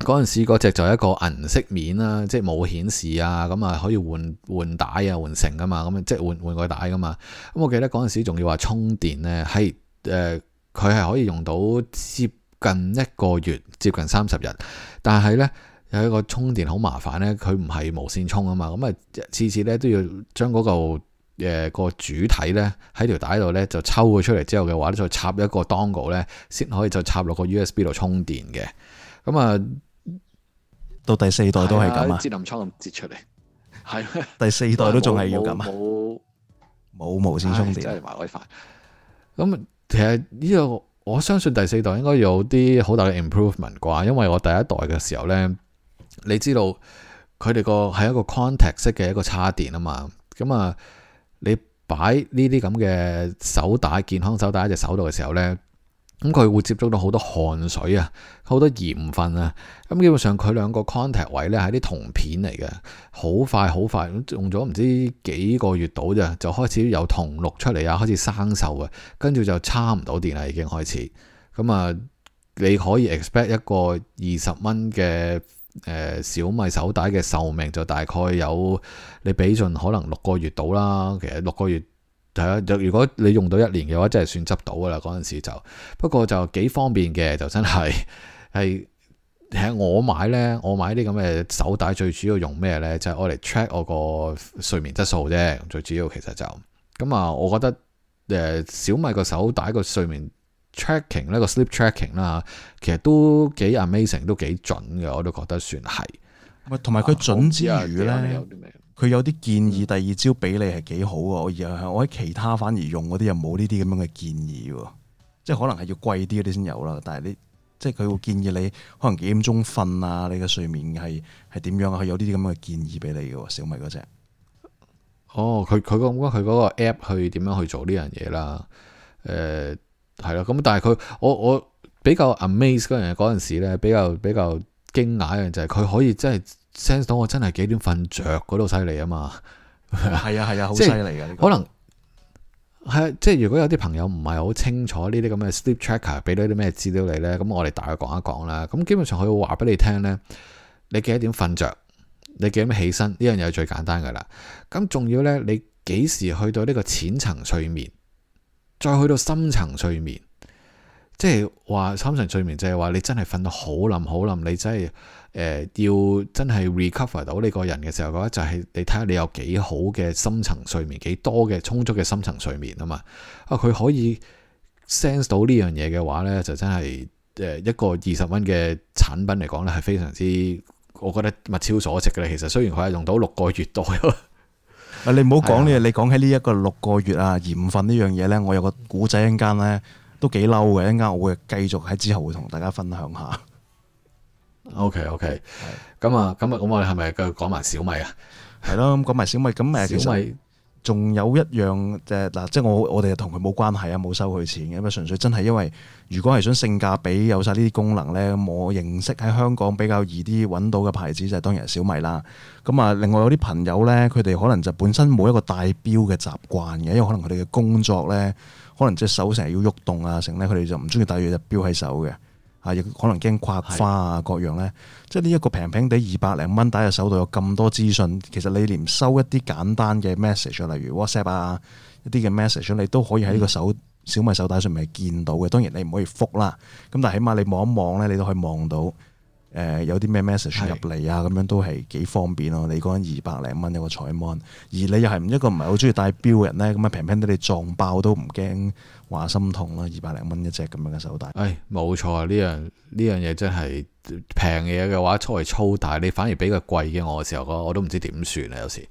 嗰陣時嗰隻就係一個銀色面啦，即係冇顯示啊。咁啊，可以換換帶啊，換成噶嘛。咁即係換換個帶噶嘛。咁我記得嗰陣時仲要話充電咧，係、呃、誒，佢係可以用到接近一個月，接近三十日。但係咧有一個充電好麻煩咧，佢唔係無線充啊嘛。咁啊，次次咧都要將嗰嚿。誒，個主體咧喺條帶度咧就抽佢出嚟之後嘅話咧，再插一個 dongle 咧，先可以就插落個 USB 度充電嘅。咁啊，到第四代都係咁啊，節能倉咁折出嚟，係 第四代都仲係要咁啊，冇無線充電，真係麻鬼煩。咁其實呢個我相信第四代應該有啲好大嘅 improvement 啩，因為我第一代嘅時候咧，你知道佢哋個係一個 contact 式嘅一個插電啊嘛，咁啊。你擺呢啲咁嘅手帶，健康手帶喺隻手度嘅時候呢，咁佢會接觸到好多汗水啊，好多鹽分啊，咁基本上佢兩個 contact 位呢係啲銅片嚟嘅，好快好快，用咗唔知幾個月到咋，就開始有銅綠出嚟啊，開始生鏽啊，跟住就差唔到電啦，已經開始。咁啊，你可以 expect 一個二十蚊嘅。誒、呃、小米手帶嘅壽命就大概有你畀盡可能六個月到啦，其實六個月係啊，如果你用到一年嘅話，真係算執到噶啦嗰陣時就，不過就幾方便嘅，就真係係係我買呢，我買啲咁嘅手帶最主要用咩呢？就係、是、我嚟 check 我個睡眠質素啫，最主要其實就咁啊、呃，我覺得誒、呃、小米個手帶個睡眠 tracking 呢個 sleep tracking 啦，其實都幾 amazing，都幾準嘅，我都覺得算係。同埋佢準之餘咧，佢、啊、有啲建議，第二朝俾你係幾好嘅。嗯、我而家我喺其他反而用嗰啲又冇呢啲咁樣嘅建議，即係可能係要貴啲嗰啲先有啦。但係你即係佢會建議你可能幾點鐘瞓啊？你嘅睡眠係係點樣啊？佢有呢啲咁嘅建議俾你嘅小米嗰隻。哦，佢佢講唔講佢嗰個 app 去點樣去做呢樣嘢啦？誒、呃。係啦，咁但係佢，我我比較 amazed 嗰樣，嗰陣時咧比較比較驚訝一樣就係、是、佢可以真係 sense 到我真係幾點瞓着嗰度犀利啊嘛，係啊係啊，好犀利噶，即這個 可能係即係如果有啲朋友唔係好清楚呢啲咁嘅 sleep tracker 俾到啲咩資料你咧，咁我哋大概講一講啦。咁基本上佢會話俾你聽咧，你幾點瞓着，你幾點起身，呢樣嘢係最簡單噶啦。咁仲要咧，你幾時去到呢個淺層睡眠？再去到深層睡眠，即係話深層睡眠就係話你真係瞓到好冧好冧，你真係誒要真係 recover 到你個人嘅時候，嗰就係你睇下你有幾好嘅深層睡眠，幾多嘅充足嘅深層睡眠啊嘛，啊佢可以 sense 到呢樣嘢嘅話呢就真係誒一個二十蚊嘅產品嚟講呢係非常之我覺得物超所值嘅。其實雖然佢係用到六個月多。啊！你唔好講呢嘢，你講起呢一個六個月啊，鹽份呢樣嘢咧，我有個古仔，一陣間咧都幾嬲嘅，一陣間我會繼續喺之後會同大家分享下。OK OK，咁啊，咁啊，咁我哋係咪繼續講埋小米啊？係咯，咁講埋小米，咁誒小米。仲有一樣嘅嗱，即係我我哋同佢冇關係啊，冇收佢錢嘅，咁啊純粹真係因為如果係想性價比有晒呢啲功能咧，我認識喺香港比較易啲揾到嘅牌子就當然係小米啦。咁啊，另外有啲朋友咧，佢哋可能就本身冇一個戴表嘅習慣嘅，因為可能佢哋嘅工作咧，可能隻手成日要喐動啊，成咧佢哋就唔中意戴住隻表喺手嘅。啊！又可能驚刮花啊，的各樣咧，即係呢一個平平地二百零蚊帶嘅手帶有咁多資訊，其實你連收一啲簡單嘅 message，例如 WhatsApp 啊，一啲嘅 message，你都可以喺呢個手、嗯、小米手帶上面見到嘅。當然你唔可以覆啦，咁但係起碼你望一望咧，你都可以望到。誒、呃、有啲咩 message 入嚟啊？咁樣都係幾方便咯。你講緊二百零蚊一個彩腕，而你又係唔一個唔係好中意戴表人咧，咁啊平平地你撞爆都唔驚，話心痛啦！二百零蚊一隻咁樣嘅手帶，唉、哎，冇錯啊！呢樣呢樣嘢真係平嘢嘅話粗嚟粗大，但係你反而比較貴嘅我嘅時候，我都唔知點算啊！有時，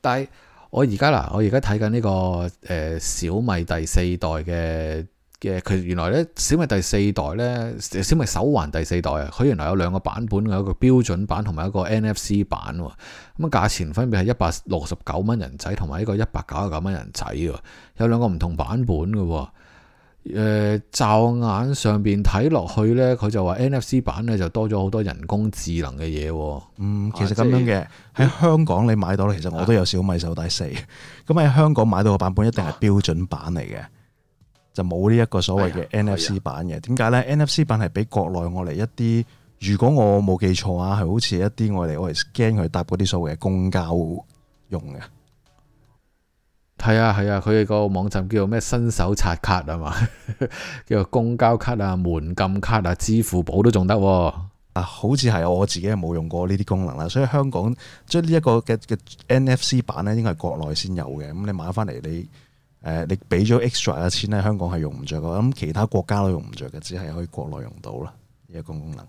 但係我而家嗱，我而家睇緊呢個誒、呃、小米第四代嘅。嘅，其實原來咧，小米第四代咧，小米手環第四代啊，佢原來有兩個版本嘅，一個標準版同埋一個 NFC 版喎。咁啊，價錢分別係一百六十九蚊人仔同埋一個一百九十九蚊人仔嘅，有兩個唔同版本嘅。誒、呃，驟眼上邊睇落去咧，佢就話 NFC 版咧就多咗好多人工智能嘅嘢。嗯，其實咁樣嘅喺、啊、香港你買到咧，其實我都有小米手帶四，咁喺、啊、 香港買到個版本一定係標準版嚟嘅。就冇呢一個所謂嘅 NFC 版嘅，點解、啊啊、呢？NFC 版係畀國內我嚟一啲，如果我冇記錯啊，係好似一啲我哋我哋 scan 佢搭嗰啲所謂嘅公交用嘅。係啊係啊，佢哋、啊、個網站叫做咩新手刷卡啊嘛， 叫做公交卡啊、門禁卡啊、支付寶都仲得喎。啊，好似係我自己係冇用過呢啲功能啦，所以香港將呢一個嘅嘅 NFC 版呢，應該係國內先有嘅。咁你買翻嚟你。誒，你俾咗 extra 嘅錢喺香港係用唔着嘅，咁其他國家都用唔着嘅，只係可以國內用到啦。呢一個功能，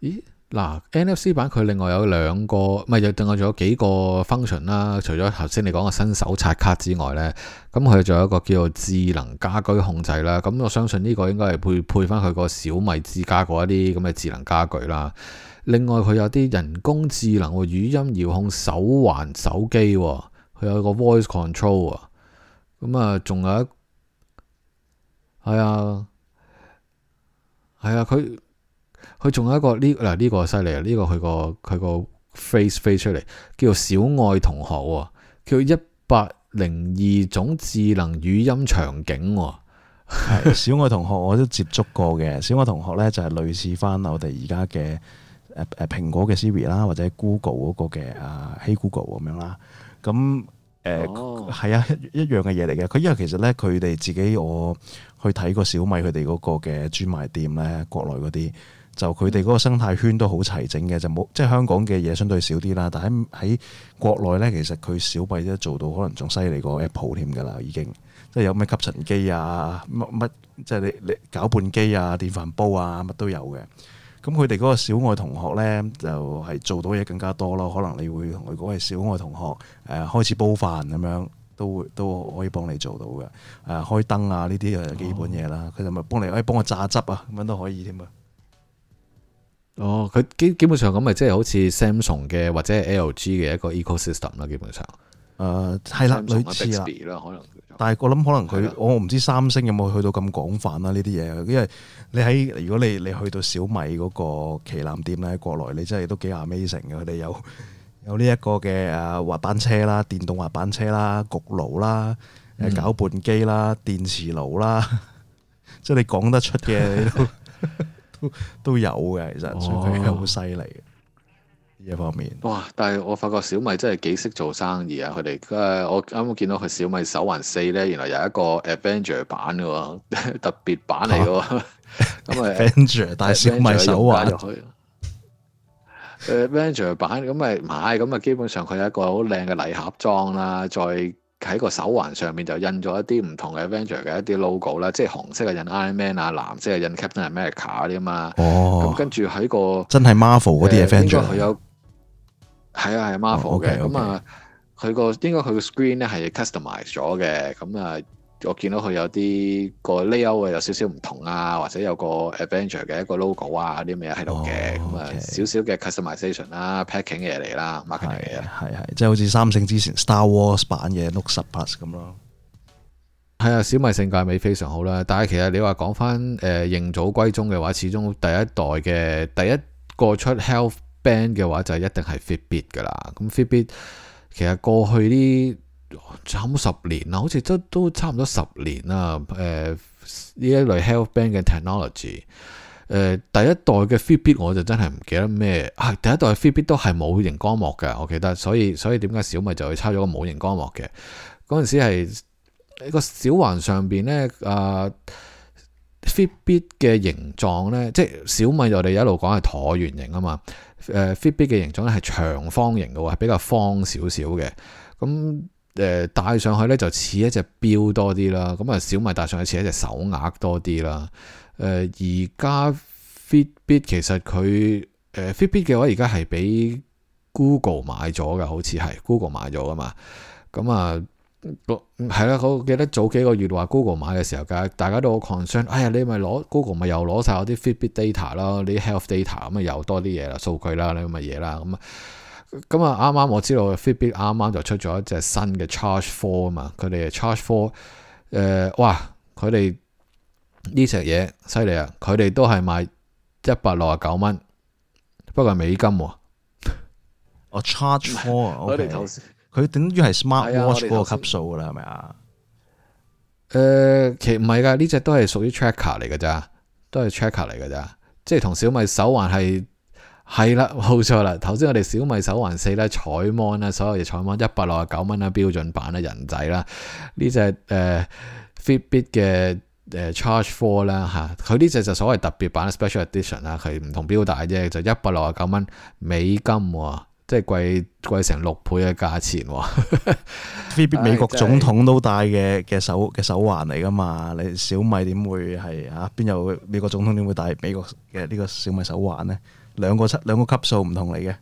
咦？嗱，NFC 版佢另外有兩個，咪又另外仲有幾個 function 啦。除咗頭先你講嘅新手刷卡之外咧，咁佢仲有一個叫做智能家居控制啦。咁我相信呢個應該係配配翻佢個小米之家嗰一啲咁嘅智能家居啦。另外佢有啲人工智能語音遙控手環手機，佢有個 voice control 啊。咁啊，仲、嗯、有一，係、哎、啊，係、哎、啊，佢佢仲有一個呢嗱呢個犀利啊，呢、這個佢個佢個 face face 出嚟，叫做小愛同學、哦，叫一百零二種智能語音場景、哦，係是 小愛同學我都接觸過嘅，小愛同學咧就係、是、類似翻我哋而家嘅誒誒蘋果嘅 Siri 啦，或者 Google 嗰個嘅啊 Hey Google 咁樣啦，咁。誒，係啊，一一樣嘅嘢嚟嘅。佢因為其實咧，佢哋自己我去睇過小米佢哋嗰個嘅專賣店咧，國內嗰啲就佢哋嗰個生態圈都好齊整嘅，就冇即係香港嘅嘢相對少啲啦。但喺喺國內咧，其實佢小米都做到可能仲犀利過 Apple 添噶啦，已經即係有咩吸塵機啊，乜乜即係你你攪拌機啊，電飯煲啊，乜都有嘅。咁佢哋嗰個小愛同學咧，就係做到嘢更加多咯。可能你會同佢講係小愛同學，誒開始煲飯咁樣，都會都可以幫你做到嘅。誒開燈啊，呢啲基本嘢啦。佢，哦，就咪幫你，哎，可以幫我榨汁啊，咁樣都可以添啊。哦，佢基基本上咁咪即係好似 Samsung 嘅或者 LG 嘅一個 ecosystem 啦，基本上。誒係啦，類似啦，可能。但係我諗可能佢，我唔知三星有冇去到咁廣泛啦呢啲嘢，因為。你喺如果你你去到小米嗰個旗艦店咧，喺國內你真係都幾 amazing 嘅，佢哋有有呢一個嘅誒滑板車啦、電動滑板車啦、焗爐啦、誒攪拌機啦、電磁爐啦，即係你講得出嘅， 都都有嘅，其實佢好犀利嘅呢一方面。哇！但係我發覺小米真係幾識做生意啊！佢哋、呃、我啱啱見到佢小米手環四咧，原來有一個 Avenger 版嘅喎，特別版嚟嘅喎。啊 咁咪、嗯、Avenger 帶小米手環入去，誒 Avenger 版咁咪、嗯、買，咁咪基本上佢有一個好靚嘅禮盒裝啦，再喺個手環上面就印咗一啲唔同嘅 Avenger 嘅一啲 logo 啦，即係紅色嘅印 Iron Man 啊，藍色嘅印 Captain America 啲啊嘛，哦，跟住喺個真係 Marvel 嗰啲 Avenger，應該佢有，係啊係 Marvel 嘅，咁啊佢個應該佢個 screen 咧係 customize 咗嘅，咁啊。我見到佢有啲個 layout 啊，有少少唔同啊，或者有個 adventure 嘅一個 logo 啊，啲咩喺度嘅，咁啊少少嘅 customization 啦，packing 嘢嚟啦 marketing 嚟啊，係係即係好似三星之前 Star Wars 版嘅 Note 十 Plus 咁咯。係啊，小米性價比非常好啦，但係其實你話講翻誒認祖歸宗嘅話，始終第一代嘅第一個出 Health Band 嘅話，就一定係 Fitbit 噶啦。咁 Fitbit 其實過去啲，差唔多十年啦，好似都都差唔多十年啦。誒，呢、呃、一類 health band 嘅 technology，誒、呃，第一代嘅 Fitbit 我就真係唔記得咩啊。第一代 Fitbit 都係冇熒光幕嘅，我記得。所以所以點解小米就去抄咗個冇熒光幕嘅？嗰陣時係一、這個小環上邊咧，啊 Fitbit 嘅形狀咧，即係小米我哋一路講係橢圓形啊嘛。誒 Fitbit 嘅形狀咧係長方形嘅喎，係比較方少少嘅。咁誒，戴、呃、上去咧就似一隻表多啲啦，咁、嗯、啊小米戴上去似一隻手鈪多啲啦。誒、呃，而家 Fitbit 其實佢誒、呃、Fitbit 嘅話，而家係俾 Google 買咗嘅，好似係 Google 買咗噶嘛。咁、嗯嗯、啊，係啦，我記得早幾個月話 Google 買嘅時候，噶大家都好 concern，哎呀，你咪攞 Google 咪又攞晒我啲 Fitbit data 咯。你啲 health data 咁、嗯、啊，又多啲嘢啦，數據啦，你咁嘅嘢啦，咁、嗯、啊。咁啊，啱啱我知道 Fitbit 啱啱就出咗一隻新嘅 Charge Four 啊嘛，佢哋 Charge Four，誒、呃，哇，佢哋呢隻嘢犀利啊，佢哋都係賣一百六十九蚊，不過係美金哦。哦 Charge Four，我哋頭先佢等於係 Smart Watch 嗰個、哎、級數啦，係咪啊？誒、呃，其實唔係噶，呢隻都係屬於 Tracker 嚟噶咋，都係 Tracker 嚟噶咋，即係同小米手環係。係啦，冇錯啦。頭先我哋小米手環四啦，彩芒啦，所有嘢，彩芒一百六十九蚊啦，標準版啦，人仔啦，呢隻誒 Fitbit 嘅誒 Charge Four 啦，吓佢呢隻就所謂特別版 Special Edition 啦，佢唔同錶帶啫，就一百六十九蚊美金，即係貴貴成六倍嘅價錢。Fitbit、 哎就是、美國總統都戴嘅嘅手嘅手環嚟噶嘛？你小米點會係吓？邊、啊、有美國總統點會戴美國嘅呢個小米手環呢？兩個七兩個級數唔同嚟嘅，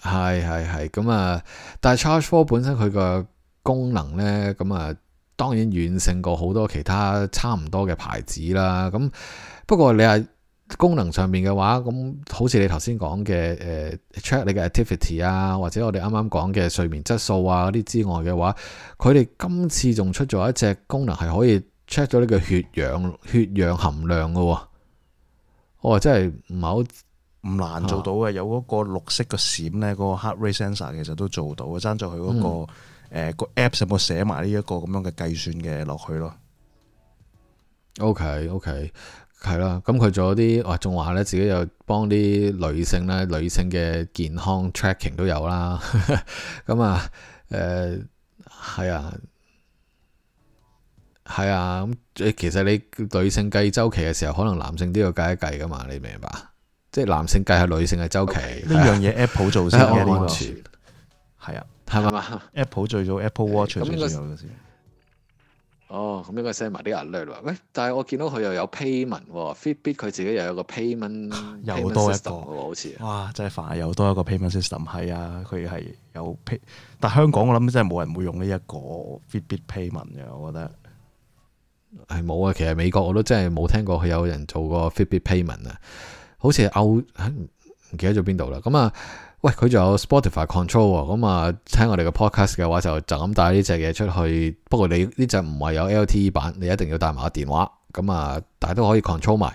係係係咁啊！但係 Charge Four 本身佢個功能咧，咁啊當然遠勝過好多其他差唔多嘅牌子啦。咁不過你係功能上面嘅話，咁好似你頭先講嘅誒 check 你嘅 activity 啊，或者我哋啱啱講嘅睡眠質素啊嗰啲之外嘅話，佢哋今次仲出咗一隻功能係可以 check 到呢個血氧血氧含量嘅喎、啊。哦，真係唔係好唔難做到嘅，啊、有嗰個綠色嘅閃咧，嗰、嗰個 Heart Rate Sensor 其實都做到，爭在佢嗰個誒、嗯呃、個 Apps 有冇寫埋呢一個咁樣嘅計算嘅落去咯。OK OK，係啦，咁佢仲有啲，哇、呃，仲話咧自己有幫啲女性咧，女性嘅健康 tracking 都有啦。咁 啊，誒、呃，係啊。係啊，咁其實你女性計周期嘅時候，可能男性都要計一計噶嘛，你明白？即係男性計係女性嘅周期呢樣嘢，Apple 做先係啊，係嘛？Apple 最早 Apple Watch 嚟先。哦，咁應該 send 埋啲 alert 喂，但係我見到佢又有 payment，Fitbit 佢自己又有個 payment，又多一個，好似。哇，真係煩，又多一個 payment system。係啊，佢係有 pay，但香港我諗真係冇人會用呢一個 Fitbit payment 嘅，我覺得。係冇啊，其實美國我都真係冇聽過佢有人做過 fitbit payment 啊，好似歐唔記得咗邊度啦。咁啊，喂，佢仲有 Spotify control 啊，咁啊，聽我哋嘅 podcast 嘅話就就咁帶呢隻嘢出去。不過你呢隻唔係有 LTE 版，你一定要帶埋個電話。咁啊，但係、就是啊、都可以 control 埋。誒、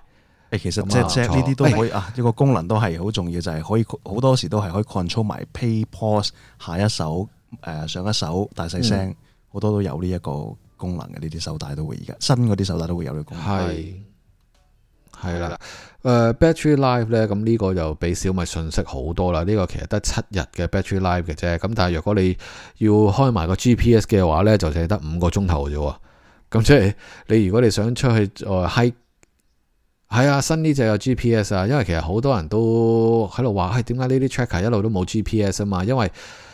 哎，其實即即呢啲都可以啊，呢個功能都係好重要，就係、是、可以好多時都係可以 control 埋 pay pause 下一首誒、呃、上一首大細聲，好、嗯、多都有呢、這、一個。功能嘅呢啲手帶都會，而家新嗰啲手帶都會有呢個功能，係係啦，誒、呃，battery life 咧，咁、這、呢個就比小米遜色好多啦。呢、這個其實得七日嘅 battery life 嘅啫，咁但係若果你要開埋個 GPS 嘅話咧，就淨係得五個鐘頭啫。咁即係你如果你想出去誒 hi 係啊，新呢隻有 GPS 啊，因為其實好多人都喺度話，哎，點解呢啲 tracker 一路都冇 GPS 啊嘛，因為。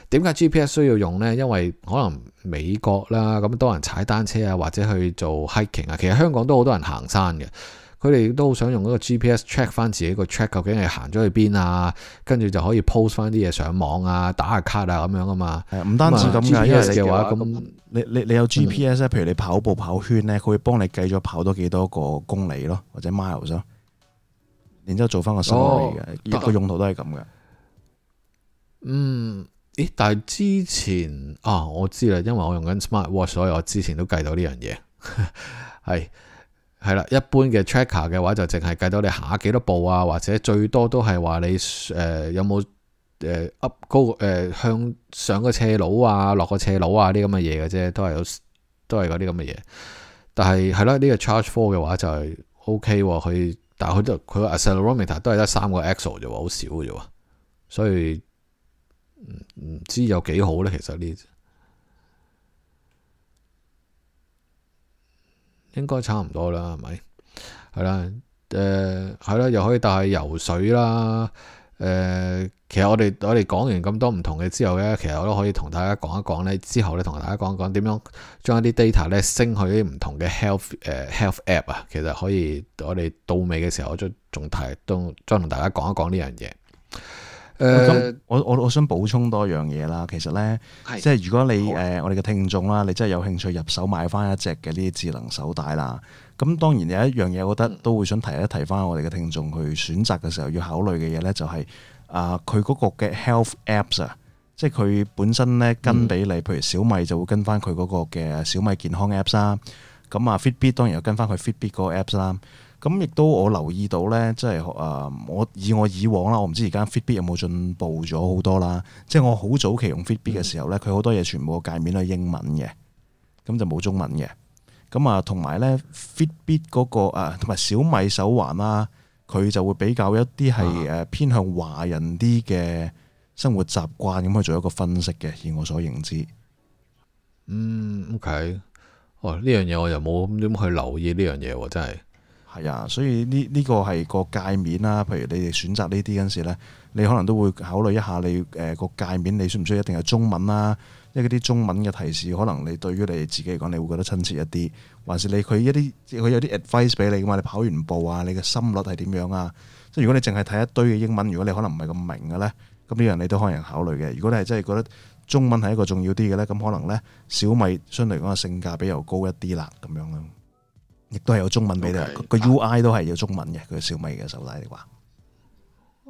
點解 GPS 需要用呢？因為可能美國啦，咁多人踩單車啊，或者去做 hiking 啊。其實香港都好多人行山嘅，佢哋都好想用一個 GPS check 翻自己個 check 究竟係行咗去邊啊，跟住就可以 post 翻啲嘢上網啊，打下卡 a 啊咁樣㗎嘛。唔單止咁嘅，因為、嗯、話咁，你你有 GPS 咧、嗯，譬如你跑步跑圈咧，佢會幫你計咗跑多幾多個公里咯，或者 miles 咯，然之後做翻個生意嘅，個、哦、用途都係咁嘅。嗯。誒，但係之前啊，我知啦，因為我用緊 Smart Watch，所以我之前都計到呢樣嘢，係係啦。一般嘅 Tracker 嘅話，就淨係計到你行幾多步啊，或者最多都係話你誒、呃、有冇誒、呃、up 高誒、呃、向上個斜路啊，落個斜路啊啲咁嘅嘢嘅啫，都係有都係嗰啲咁嘅嘢。但係係啦，呢、這個 Charge Four 嘅話就係 OK，佢但係佢、er、都佢個 accelerometer 都係得三個 axle 啫喎，好少嘅啫喎，所以。唔、嗯、知有幾好呢？其實呢，應該差唔多啦，係咪？係啦，誒、呃，係啦，又可以帶去游水啦，誒、呃，其實我哋我哋講完咁多唔同嘅之後咧，其實我都可以同大家講一講咧，之後咧同大家講一講點樣將一啲 data 咧升去啲唔同嘅 health 誒、呃、health app 啊，其實可以我哋到尾嘅時候我仲提，都再同大家講一講呢樣嘢。誒，咁我我我想補充多樣嘢啦，其實咧，即係如果你誒我哋嘅聽眾啦，你真係有興趣入手買翻一隻嘅呢啲智能手帶啦，咁當然有一樣嘢，我覺得都會想提一提翻我哋嘅聽眾去選擇嘅時候要考慮嘅嘢咧，就係啊，佢嗰個嘅 Health Apps 啊，即係佢本身咧跟俾你，譬如小米就會跟翻佢嗰個嘅小米健康 Apps 啦，咁啊 Fitbit 當然又跟翻佢 Fitbit 個 Apps 啦。咁亦都我留意到呢，即係誒、呃，我以我以往啦，我唔知而家 Fitbit 有冇進步咗好多啦。即係我好早期用 Fitbit 嘅時候、嗯、呢，佢好多嘢全部個界面都係英文嘅，咁就冇中文嘅。咁啊，同埋呢 Fitbit 嗰個同埋小米手環啦，佢就會比較一啲係誒偏向華人啲嘅生活習慣咁去做一個分析嘅，以我所認知。嗯，OK。哦，呢樣嘢我又冇咁點去留意呢樣嘢喎，真係。所以呢呢個係個界面啦。譬如你哋選擇呢啲嗰陣時咧，你可能都會考慮一下你誒個界面，你需唔需要一定係中文啦？因為嗰啲中文嘅提示，可能你對於你自己嚟講，你會覺得親切一啲。還是你佢一啲佢有啲 advice 俾你㗎嘛？你跑完步啊，你嘅心率係點樣啊？即係如果你淨係睇一堆嘅英文，如果你可能唔係咁明嘅咧，咁呢樣你都可能考慮嘅。如果你係真係覺得中文係一個重要啲嘅咧，咁可能咧小米相對嚟講個性價比又高一啲啦，咁樣咯。亦都係有中文俾你，個 Okay, UI 都係有中文嘅，佢、嗯、小米嘅手帶，你話。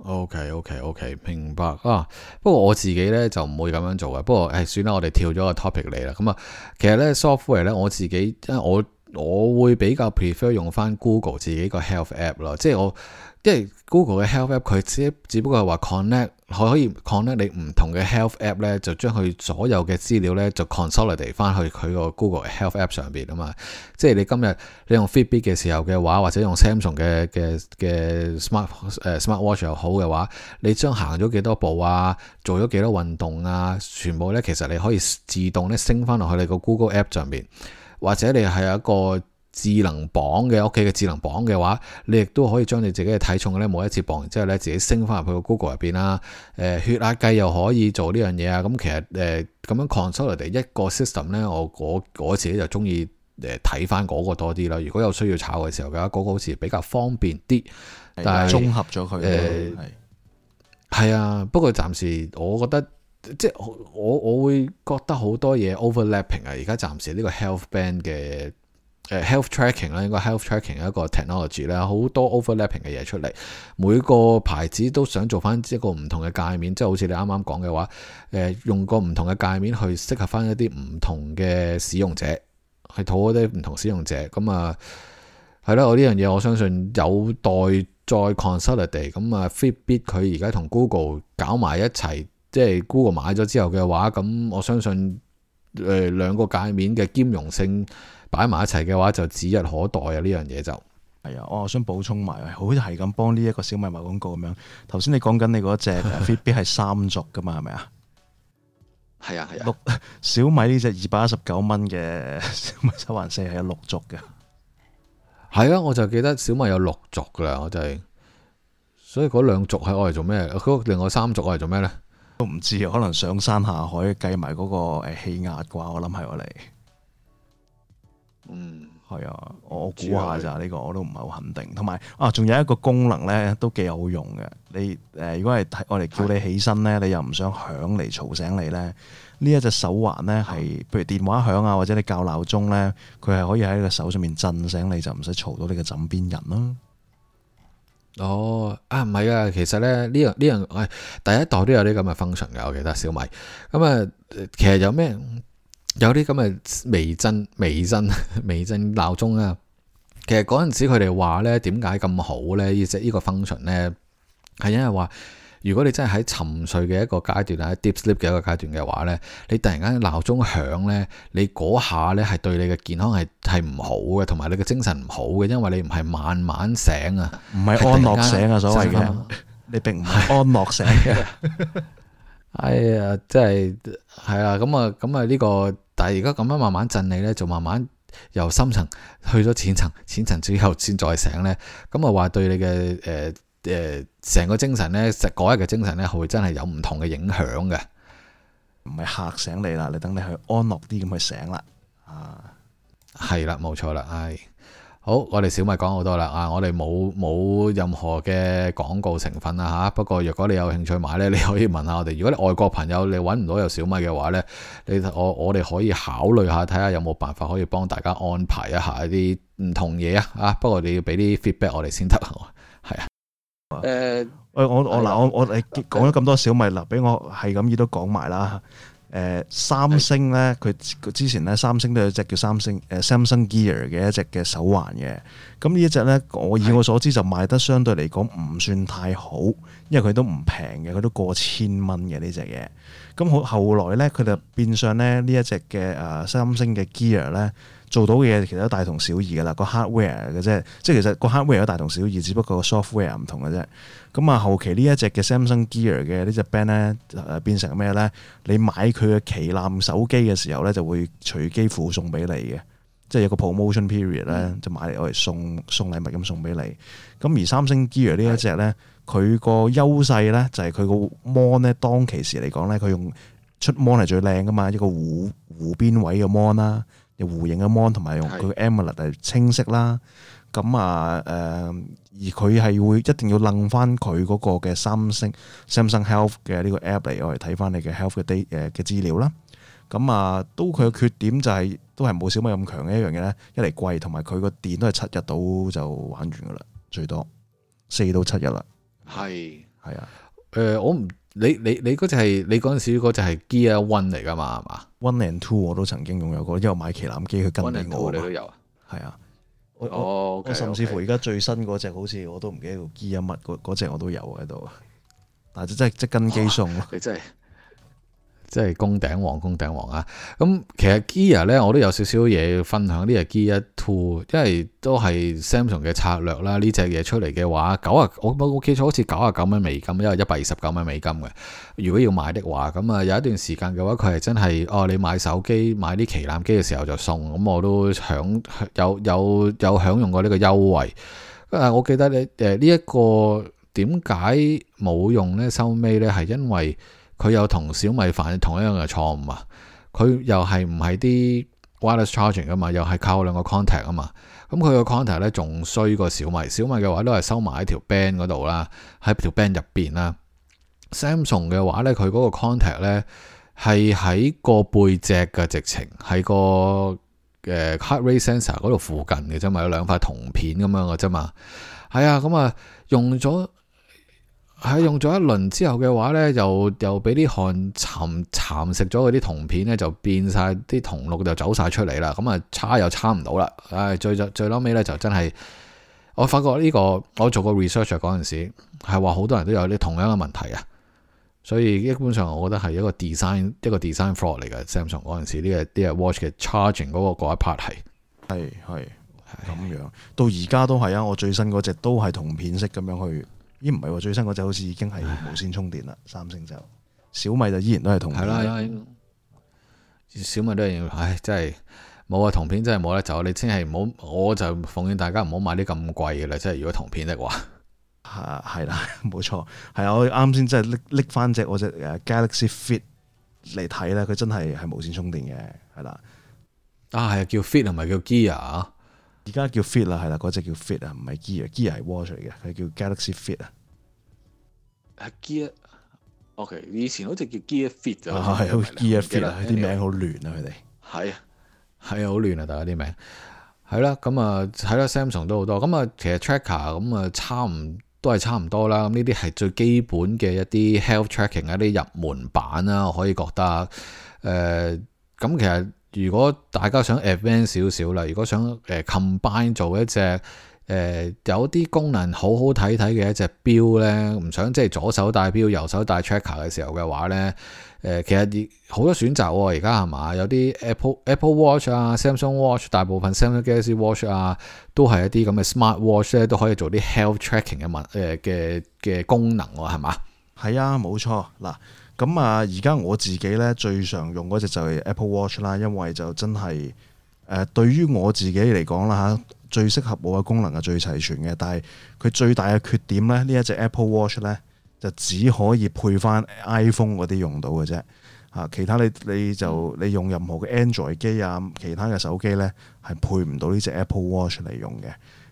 OK OK OK，明白啊。不過我自己咧就唔會咁樣做嘅。不過誒、哎，算啦，我哋跳咗個 topic 嚟啦。咁啊，其實咧 software 咧，我自己，因為我我會比較 prefer 用翻 Google 自己個 Health App 咯。即係我，即係 Google 嘅 Health App，佢只只不過係話 connect。佢可以 connect 咧，你唔同嘅 Health App 咧，就將佢所有嘅資料咧，就 consolidate 翻去佢個 Google Health App 上邊啊嘛。即係你今日你用 Fitbit 嘅時候嘅話，或者用 Samsung 嘅嘅嘅 Smart 誒、呃、Smart Watch 又好嘅話，你將行咗幾多步啊，做咗幾多運動啊，全部咧其實你可以自動咧升翻落去你個 Google App 上邊，或者你係有一個智能磅嘅屋企嘅智能磅嘅話，你亦都可以將你自己嘅體重咧，每一次磅完之後咧，自己升翻入去個 Google 入邊啦。誒，血壓計又可以做呢樣嘢啊。咁其實誒咁樣 consolidate 一個 system 咧，我自己就中意誒睇翻嗰個多啲啦。如果有需要炒嘅時候嘅話，嗰、那個好似比較方便啲，的但係是綜合咗佢。係係啊，不過暫時我覺得即係我我會覺得好多嘢 overlapping 啊。而家暫時呢個 health band 嘅。誒 health tracking 咧，應該 health tracking 一個 technology 咧，好多 overlapping 嘅嘢出嚟，每個牌子都想做翻一個唔同嘅界面，即係好似你啱啱講嘅話，誒用個唔同嘅界面去適合翻一啲唔同嘅使用者，去討啲唔同使用者，咁啊係啦，我呢樣嘢我相信有待再 consolidate，咁啊 Fitbit 佢而家同 Google 搞埋一齊，即係 Google 買咗之後嘅話，咁我相信誒兩個界面嘅兼容性。擺埋一齊嘅話就指日可待啊！呢樣嘢就係啊、哦，我想補充埋，好似係咁幫呢一個小米賣廣告咁樣。頭先你講緊你嗰隻 B B 係三軸噶嘛，係咪啊？係啊係啊，6, 小米呢隻二百一十九蚊嘅小米手環四係六軸嘅，係啊，我就記得小米有六軸噶啦，我真、就、係、是。所以嗰兩軸係我嚟做咩？那個、另外三軸我嚟做咩咧？都唔知，可能上山下海計埋嗰個誒氣壓啩，我諗係我嚟。嗯，係啊，我估下咋呢個我都唔係好肯定。同埋啊，仲有一個功能咧，都幾有用嘅。你誒、呃，如果係我哋叫你起身咧，的你又唔想響嚟嘈醒你咧，呢一隻手環咧係，的譬如電話響啊，或者你校鬧鐘咧，佢係可以喺你個手上面震醒你，就唔使嘈到你個枕邊人囉。哦，啊唔係啊，其實咧呢樣呢樣誒第一代都有啲咁嘅 function 嘅，我記得小米。咁啊，其實有咩？有啲咁嘅微震、微震、微震鬧鐘啊，其實嗰陣時佢哋話咧，點解咁好咧？呢隻呢個 function 咧，係因為話，如果你真係喺沉睡嘅一個階段啊，喺 deep sleep 嘅一個階段嘅話咧，你突然間鬧鐘響咧，你嗰下咧係對你嘅健康係係唔好嘅，同埋你嘅精神唔好嘅，因為你唔係慢慢醒啊，唔係安樂醒啊，所謂嘅，你並唔係安樂醒嘅。哎呀，真係係啊，咁啊，咁啊，呢個。但係而家咁樣慢慢震你咧，就慢慢由深層去咗淺層，淺層之後先再醒咧。咁啊話對你嘅誒誒成個精神咧，就嗰日嘅精神咧，會真係有唔同嘅影響嘅。唔係嚇醒你啦，你等你去安樂啲咁去醒啦。啊，係啦，冇錯啦，哎。好，我哋小米講好多啦，啊，我哋冇冇任何嘅廣告成分啊，吓，不過若果你有興趣買呢，你可以問下我哋。如果你外國朋友你揾唔到有小米嘅話呢，你我我哋可以考慮下，睇下有冇辦法可以幫大家安排一下一啲唔同嘢啊，啊，不過你要俾啲 feedback、嗯、我哋先得，係啊，誒，我我嗱，我我你講咗咁多小米啦，俾我係咁意都講埋啦。誒三星咧，佢佢之前咧，三星都有一隻叫三星誒 Samsung Gear 嘅一隻嘅手環嘅，咁呢一隻咧，我以我所知就賣得相對嚟講唔算太好，因為佢都唔平嘅，佢都過千蚊嘅呢隻嘢，咁好後來咧，佢就變相咧呢一隻嘅誒三星嘅 Gear 咧。做到嘅嘢其實都大同小異㗎啦，個 hardware 嘅啫，即係其實個 hardware 有大同小異，只不過個 software 唔同嘅啫。咁啊，後期呢一隻嘅 Samsung Gear 嘅呢隻 band 咧，誒變成咩咧？你買佢嘅旗艦手機嘅時候咧，就會隨機附送俾你嘅，即係有個 promotion period 咧，嗯、就買嚟我嚟送送禮物咁送俾你。咁而三星 Gear 呢一隻咧，佢個優勢咧就係佢個 mon 咧，當其時嚟講咧，佢用出 mon 係最靚噶嘛，一個湖湖邊位嘅 mon 啦。用弧形嘅 mon 同埋用佢嘅 amoled 嚟清晰啦，咁啊誒，而佢係會一定要擸翻佢嗰個嘅三星 Samsung Health 嘅呢個 app 嚟，我嚟睇翻你嘅 health 嘅 data 誒嘅資料啦，咁啊都佢嘅缺點就係都係冇小米咁強嘅一樣嘢咧，一嚟貴，同埋佢個電都係七日到就玩完噶啦，最多四到七日啦，係係啊，誒我唔。你你你嗰隻係，你嗰陣時嗰隻係 Gear One 嚟㗎嘛，係嘛？One and Two 我都曾經擁有過，因為買旗艦機佢跟住我嘛。One and Two 你都有？啊，係啊，我、oh, okay, 我甚至乎而家最新嗰隻好似我都唔記得個 Gear 乜嗰嗰隻我都有喺度，但係即係即跟機送咯，你真係。 即係攻頂王，攻頂王啊！咁、嗯、其實 Gear 咧，我都有少少嘢分享。呢、這個 Gear Two，因為都係 Samsung 嘅策略啦。呢隻嘢出嚟嘅話，九啊，我我記錯，好似九啊九蚊美金，因為一百二十九蚊美金嘅。如果要買的話，咁、嗯、啊有一段時間嘅話，佢係真係哦，你買手機買啲旗艦機嘅時候就送。咁、嗯、我都享有有有享用過呢個優惠。但我記得你誒、呃這個、呢一個點解冇用咧？收尾咧係因為。佢又同小米犯同樣錯誤一樣嘅錯誤啊！佢又係唔係啲 wireless charging 噶嘛？又係靠兩個 contact 啊嘛！咁佢個 contact 咧仲衰過小米。小米嘅話都係收埋喺條 band 嗰度啦，喺條 band 入邊啦。Samsung 嘅話咧，佢嗰個 contact 咧係喺個背脊嘅直程，喺個誒、呃、heart rate sensor 嗰度附近嘅啫嘛，有兩塊銅片咁樣嘅啫嘛。係啊，咁、嗯、啊用咗。係用咗一輪之後嘅話咧，就又俾啲汗侵侵食咗嗰啲銅片咧，就變晒啲銅綠就，就走晒出嚟啦。咁啊，插又插唔到啦。唉，最最最撈尾咧，就真係我發覺呢、呢個我做過 research 嗰陣時，係話好多人都有啲同樣嘅問題啊。所以基本上，我覺得係一個 design 一個 design flaw 嚟嘅 Samsung 嗰時呢、呢個呢個 watch 嘅 charging 嗰、嗰個嗰一 part 係係係咁樣。到而家都係啊，我最新嗰隻都係銅片式咁樣去。咦，唔係喎，最新嗰隻好似已經係無線充電啦。唉三星就小米就依然都係銅片，小米都係唉，真係冇啊！銅片真係冇得走，你真係唔好，我就奉勸大家唔好買啲咁貴嘅啦。真係如果銅片的話，啊，係啦，冇錯，係啊！我啱先真係拎拎翻隻我隻 Galaxy Fit 嚟睇咧，佢真係係無線充電嘅，係啦。啊，係叫 Fit 同埋叫 Gear 啊？而家叫，eed，叫，eed, ear, 叫 Fit 啦，係啦，嗰隻叫 Fit 啊，唔係 Gear，Gear 係 Watch 嚟嘅，佢叫 Galaxy Fit Gear 啊。Gear，OK，以前嗰隻叫 Gear Fit 啊，係 Gear Fit 啊，啲名好亂啊，佢哋。係啊，係啊，好亂啊，大家啲名。係啦，咁啊，係啦，Samsung 都好多，咁啊，其實 Tracker 咁啊，差唔都係差唔多啦。咁呢啲係最基本嘅一啲 Health Tracking 一啲入門版啦，我可以覺得誒，咁、呃、其實。如果大家想 advance 少少啦，如果想誒 combine 做一隻誒、呃、有啲功能好好睇睇嘅一隻表咧，唔想即係左手戴表、右手戴 tracker 嘅時候嘅話咧，誒、呃、其實好多選擇喎、啊，而家係嘛？有啲 Apple Apple Watch 啊、Samsung Watch，大部分 Samsung Galaxy Watch 啊，都係一啲咁嘅 Smart Watch 咧、啊，都可以做啲 health tracking 嘅問誒嘅嘅功能喎，係嘛？係啊，冇、啊、錯嗱。咁啊，而家我自己咧，最常用嗰隻就係 Apple Watch 啦，因為就真係誒，對於我自己嚟講啦吓，最適合我嘅功能係最齊全嘅。但係佢最大嘅缺點咧，呢一隻 Apple Watch 咧就只可以配翻 iPhone 嗰啲用到嘅啫，啊，其他你你就你用任何嘅 Android 機啊，其他嘅手機咧係配唔到呢隻 Apple Watch 嚟用嘅。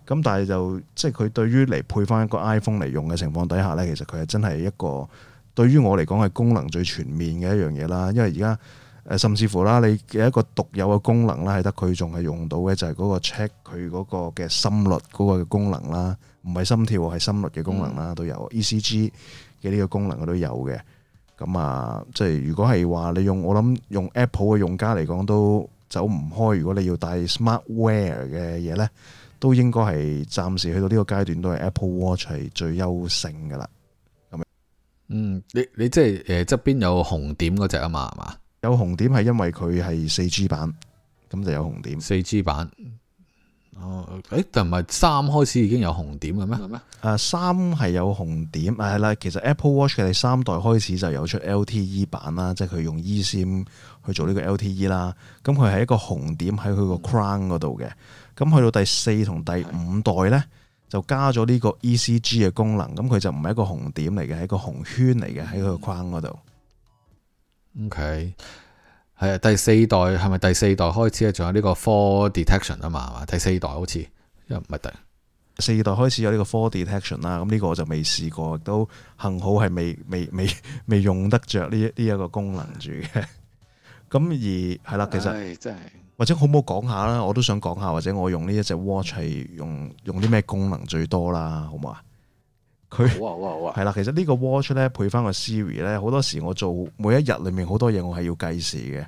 咁但係就即係佢對於嚟配翻一個 iPhone 嚟用嘅情況底下咧，其實佢係真係一個。對於我嚟講係功能最全面嘅一樣嘢啦，因為而家誒甚至乎啦，你嘅一個獨有嘅功能啦，係得佢仲係用到嘅，就係嗰個 check 佢嗰個嘅心率嗰個功能啦，唔係心跳係心率嘅功能啦，都有 ECG 嘅呢個功能都有嘅。咁啊，即係如果係話你用我諗用 Apple 嘅用家嚟講都走唔開，如果你要帶 Smart Ware 嘅嘢呢，都應該係暫時去到呢個階段都係 Apple Watch 係最優勝噶啦。嗯，你你即係誒側邊有紅點嗰隻啊嘛，係嘛？有紅點係因為佢係四 G 版，咁就有紅點。四 G 版，哦，誒、okay，但唔係三開始已經有紅點嘅咩？誒、啊，三係有紅點，誒係啦。其實 Apple Watch 嘅第三代開始就有出 LTE 版啦，即係佢用 eSIM 去做呢個 LTE 啦。咁佢係一個紅點喺佢個 crown 嗰度嘅。咁去到第四同第五代咧。嗯嗯就加咗呢個 E C G 嘅功能，咁佢就唔係一個紅點嚟嘅，係一個紅圈嚟嘅，喺佢個框嗰度。OK，係啊，第四代係咪第四代開始啊？仲有呢個 Fall Detection 啊嘛，係嘛？第四代好似又唔係第四代開始有呢個 Fall Detection 啦。咁呢個我就未試過，都幸好係未未未未用得着呢一呢一個功能住嘅。咁 而係啦，其實。哎真係或者好唔好講下啦？我都想講下，或者我用呢一隻 watch 係用用啲咩功能最多啦？好唔好啊？佢好啊好啊好啊！係啦，其實呢個 watch 咧配翻個 Siri 咧，好多時我做每一日裏面好多嘢我係要計時嘅，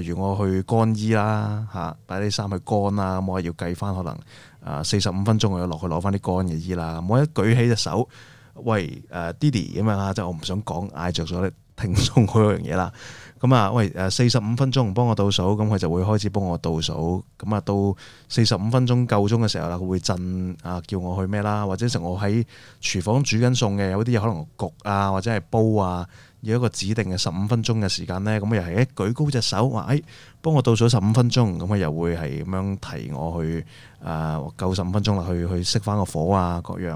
例如我去乾衣啦吓，擺啲衫去乾啦，啊，我我要計翻可能，呃、啊四十五分鐘我要落去攞翻啲乾嘅衣啦，咁我一舉起隻手，喂誒 Didi 咁樣啦，即係我唔想講嗌着咗你，聽眾嗰樣嘢啦。咁啊，喂！誒四十五分鐘唔幫我倒數，咁佢就會開始幫我倒數。咁啊，到四十五分鐘夠鐘嘅時候啦，佢會震啊，叫我去咩啦？或者係我喺廚房煮緊餸嘅，有啲嘢可能焗啊，或者係煲啊，要一個指定嘅十五分鐘嘅時間呢。咁又係一舉高隻手話誒、哎、幫我倒數十五分鐘，咁佢又會係咁樣提我去啊夠十五分鐘啦，去去熄翻個火啊，各樣。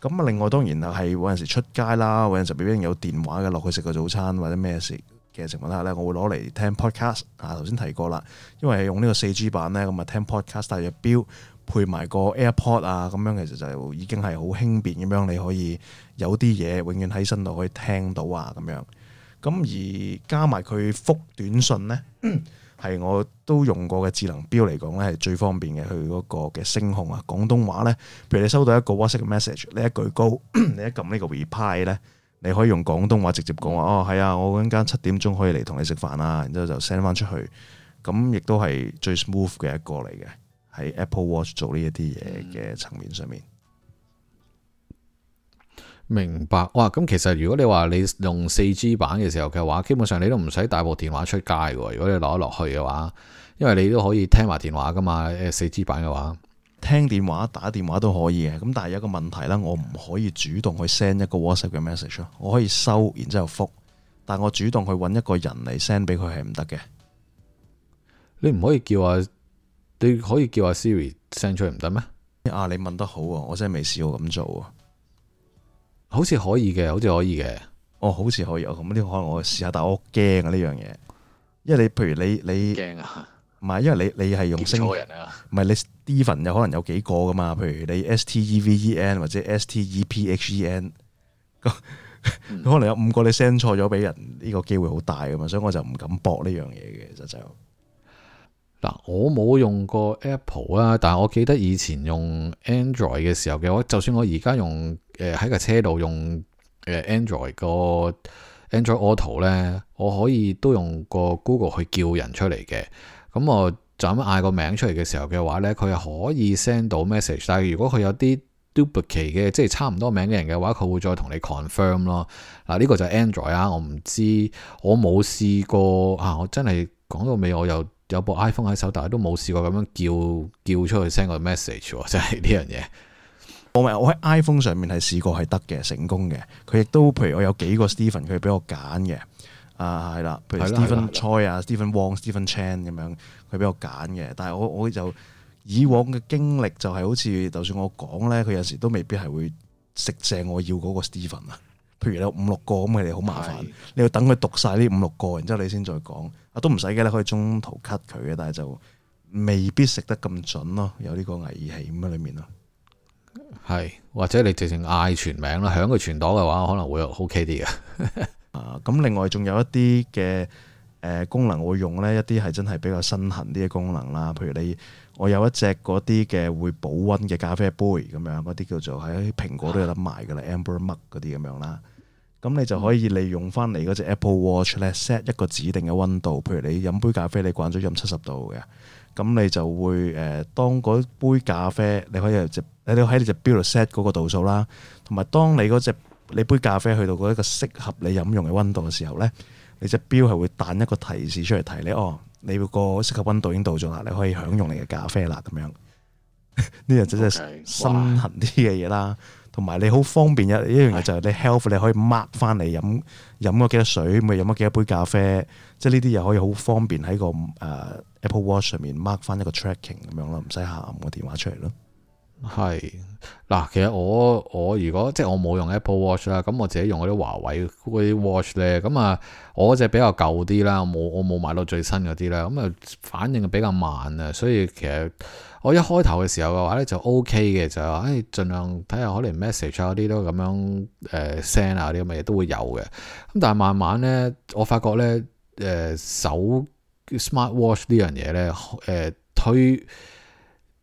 咁啊，另外當然啊，係有陣時出街啦，有陣時未必有電話嘅落去食個早餐或者咩事，嘅情況下咧，我會攞嚟聽 podcast 啊，頭先提過啦，因為用呢個四 G 版咧，咁啊聽 podcast 帶住表配埋個 AirPod 啊，咁樣其實就已經係好輕便咁樣，你可以有啲嘢永遠喺身度可以聽到啊咁樣。咁而加埋佢覆短信咧，係 我都用過嘅智能表嚟講咧，係最方便嘅。佢嗰個嘅聲控啊，廣東話咧，譬如你收到一個 WhatsApp message，你一句高， 你一撳呢個 reply 咧。你可以用廣東話直接講話，哦，係啊，我嗰陣間七點鐘可以嚟同你食飯啊，然之後就 send 翻出去，咁亦都係最 smooth 嘅一個嚟嘅，喺 Apple Watch 做呢一啲嘢嘅層面上面，嗯。明白，哇！咁其實如果你話你用四 G 版嘅時候嘅話，基本上你都唔使帶部電話出街嘅喎，如果你攞一落去嘅話，因為你都可以聽埋電話噶嘛，誒四 G 版嘅話。聽電話、打電話都可以嘅，咁但係有一個問題啦，我唔可以主動去 send 一個 WhatsApp 嘅 message 咯。我可以收，然之後覆，但我主動去揾一個人嚟 send 俾佢係唔得嘅。你唔可以叫啊？你可以叫啊 Siri send 出嚟唔得咩？啊，你問得好啊，我真係未試過咁做啊，好似可以嘅，好似可以嘅，哦，好似可以啊，咁呢可能我試下，但我驚啊呢樣嘢，因為你，譬如你，你驚啊？唔係，因為你你係用星錯人啊。唔係你 Steven 有可能有幾個噶嘛？譬如你 S. T. E. V. E. N 或者 S. T. E. P. H. E. N，咁可能有五個你 send 錯咗俾人，呢個機會好大噶嘛。所以我就唔敢搏呢樣嘢嘅，其實就嗱，我冇用過 Apple 啊，但係我記得以前用 Android 嘅時候嘅，我就算我而家用誒喺架車度用誒 Android 個 Android Auto 咧，我可以都用個 Google 去叫人出嚟嘅。咁、嗯、我就咁嗌個名出嚟嘅時候嘅話呢，佢係可以 send 到 message，但係如果佢有啲 duplicate 嘅，即係差唔多名嘅人嘅話，佢會再同你 confirm 咯。嗱、啊，呢、這個就係 Android 啊，我唔知，我冇試過啊，我真係講到尾我又有，有部 iPhone 喺手，但係都冇試過咁樣叫叫出去 send 個 message 喎，真係呢樣嘢。就是、我咪我喺 iPhone 上面係試過係得嘅，成功嘅。佢亦都譬如我有幾個 Steven，佢俾我揀嘅。啊，係啦，譬如 Stephen Choi 啊，Stephen Wong，Stephen Chan 咁樣，佢比較揀嘅。但係我我就以往嘅經歷就係好似，就算我講咧，佢有時都未必係會食正我要嗰個 Stephen 啊。譬如有五六個咁，佢哋好麻煩，的你要等佢讀晒呢五六個，然之後你先再講。啊，都唔使嘅，你可以中途 cut 佢嘅，但係就未必食得咁準咯，有呢個危險喺嘅裏面咯。係，或者你直情嗌全名啦，響佢全檔嘅話，可能會 OK 啲嘅。 啊，咁另外仲有一啲嘅誒功能會用呢一啲係真係比較新興啲嘅功能啦。譬如你我有一隻嗰啲嘅會保溫嘅咖啡杯咁樣，嗰啲叫做喺蘋、哎、果都有得賣噶啦，amber mug 嗰啲咁樣啦。咁、啊、你就可以利用翻你嗰隻 Apple Watch 咧 set 一個指定嘅溫度。譬如你飲杯咖啡，你慣咗飲七十度嘅，咁你就會誒、呃，當嗰杯咖啡你可以只你都喺你隻表度 set 嗰個度數啦。同埋當你嗰隻。你杯咖啡去到嗰一個適合你飲用嘅温度嘅時候咧，你隻表係會彈一個提示出嚟提你哦，你個適合温度已經到咗啦，你可以享用你嘅咖啡啦咁樣。呢 個真真係深痕啲嘅嘢啦，同埋 Okay. 你好方便一一樣嘢就係你 health 的你可以 mark 翻你飲飲咗幾多水，咪飲咗幾多杯咖啡，即係呢啲又可以好方便喺個誒、uh, Apple Watch 上面 mark 翻一個 tracking 咁樣咯，唔使下暗個電話出嚟咯。係嗱，其實我我如果即係我冇用 Apple Watch 啦，咁我自己用嗰啲華為嗰啲 Watch 咧，咁啊，我隻比較舊啲啦，我冇我冇買到最新嗰啲啦，咁啊反應比較慢啊，所以其實我一開頭嘅時候嘅話咧就 OK 嘅，就係話誒盡量睇下可能 message 啊啲都咁樣誒、呃、send 啊啲咁嘅嘢都會有嘅，咁但係慢慢咧我發覺咧誒、呃、手 Smart Watch 呢樣嘢咧誒推。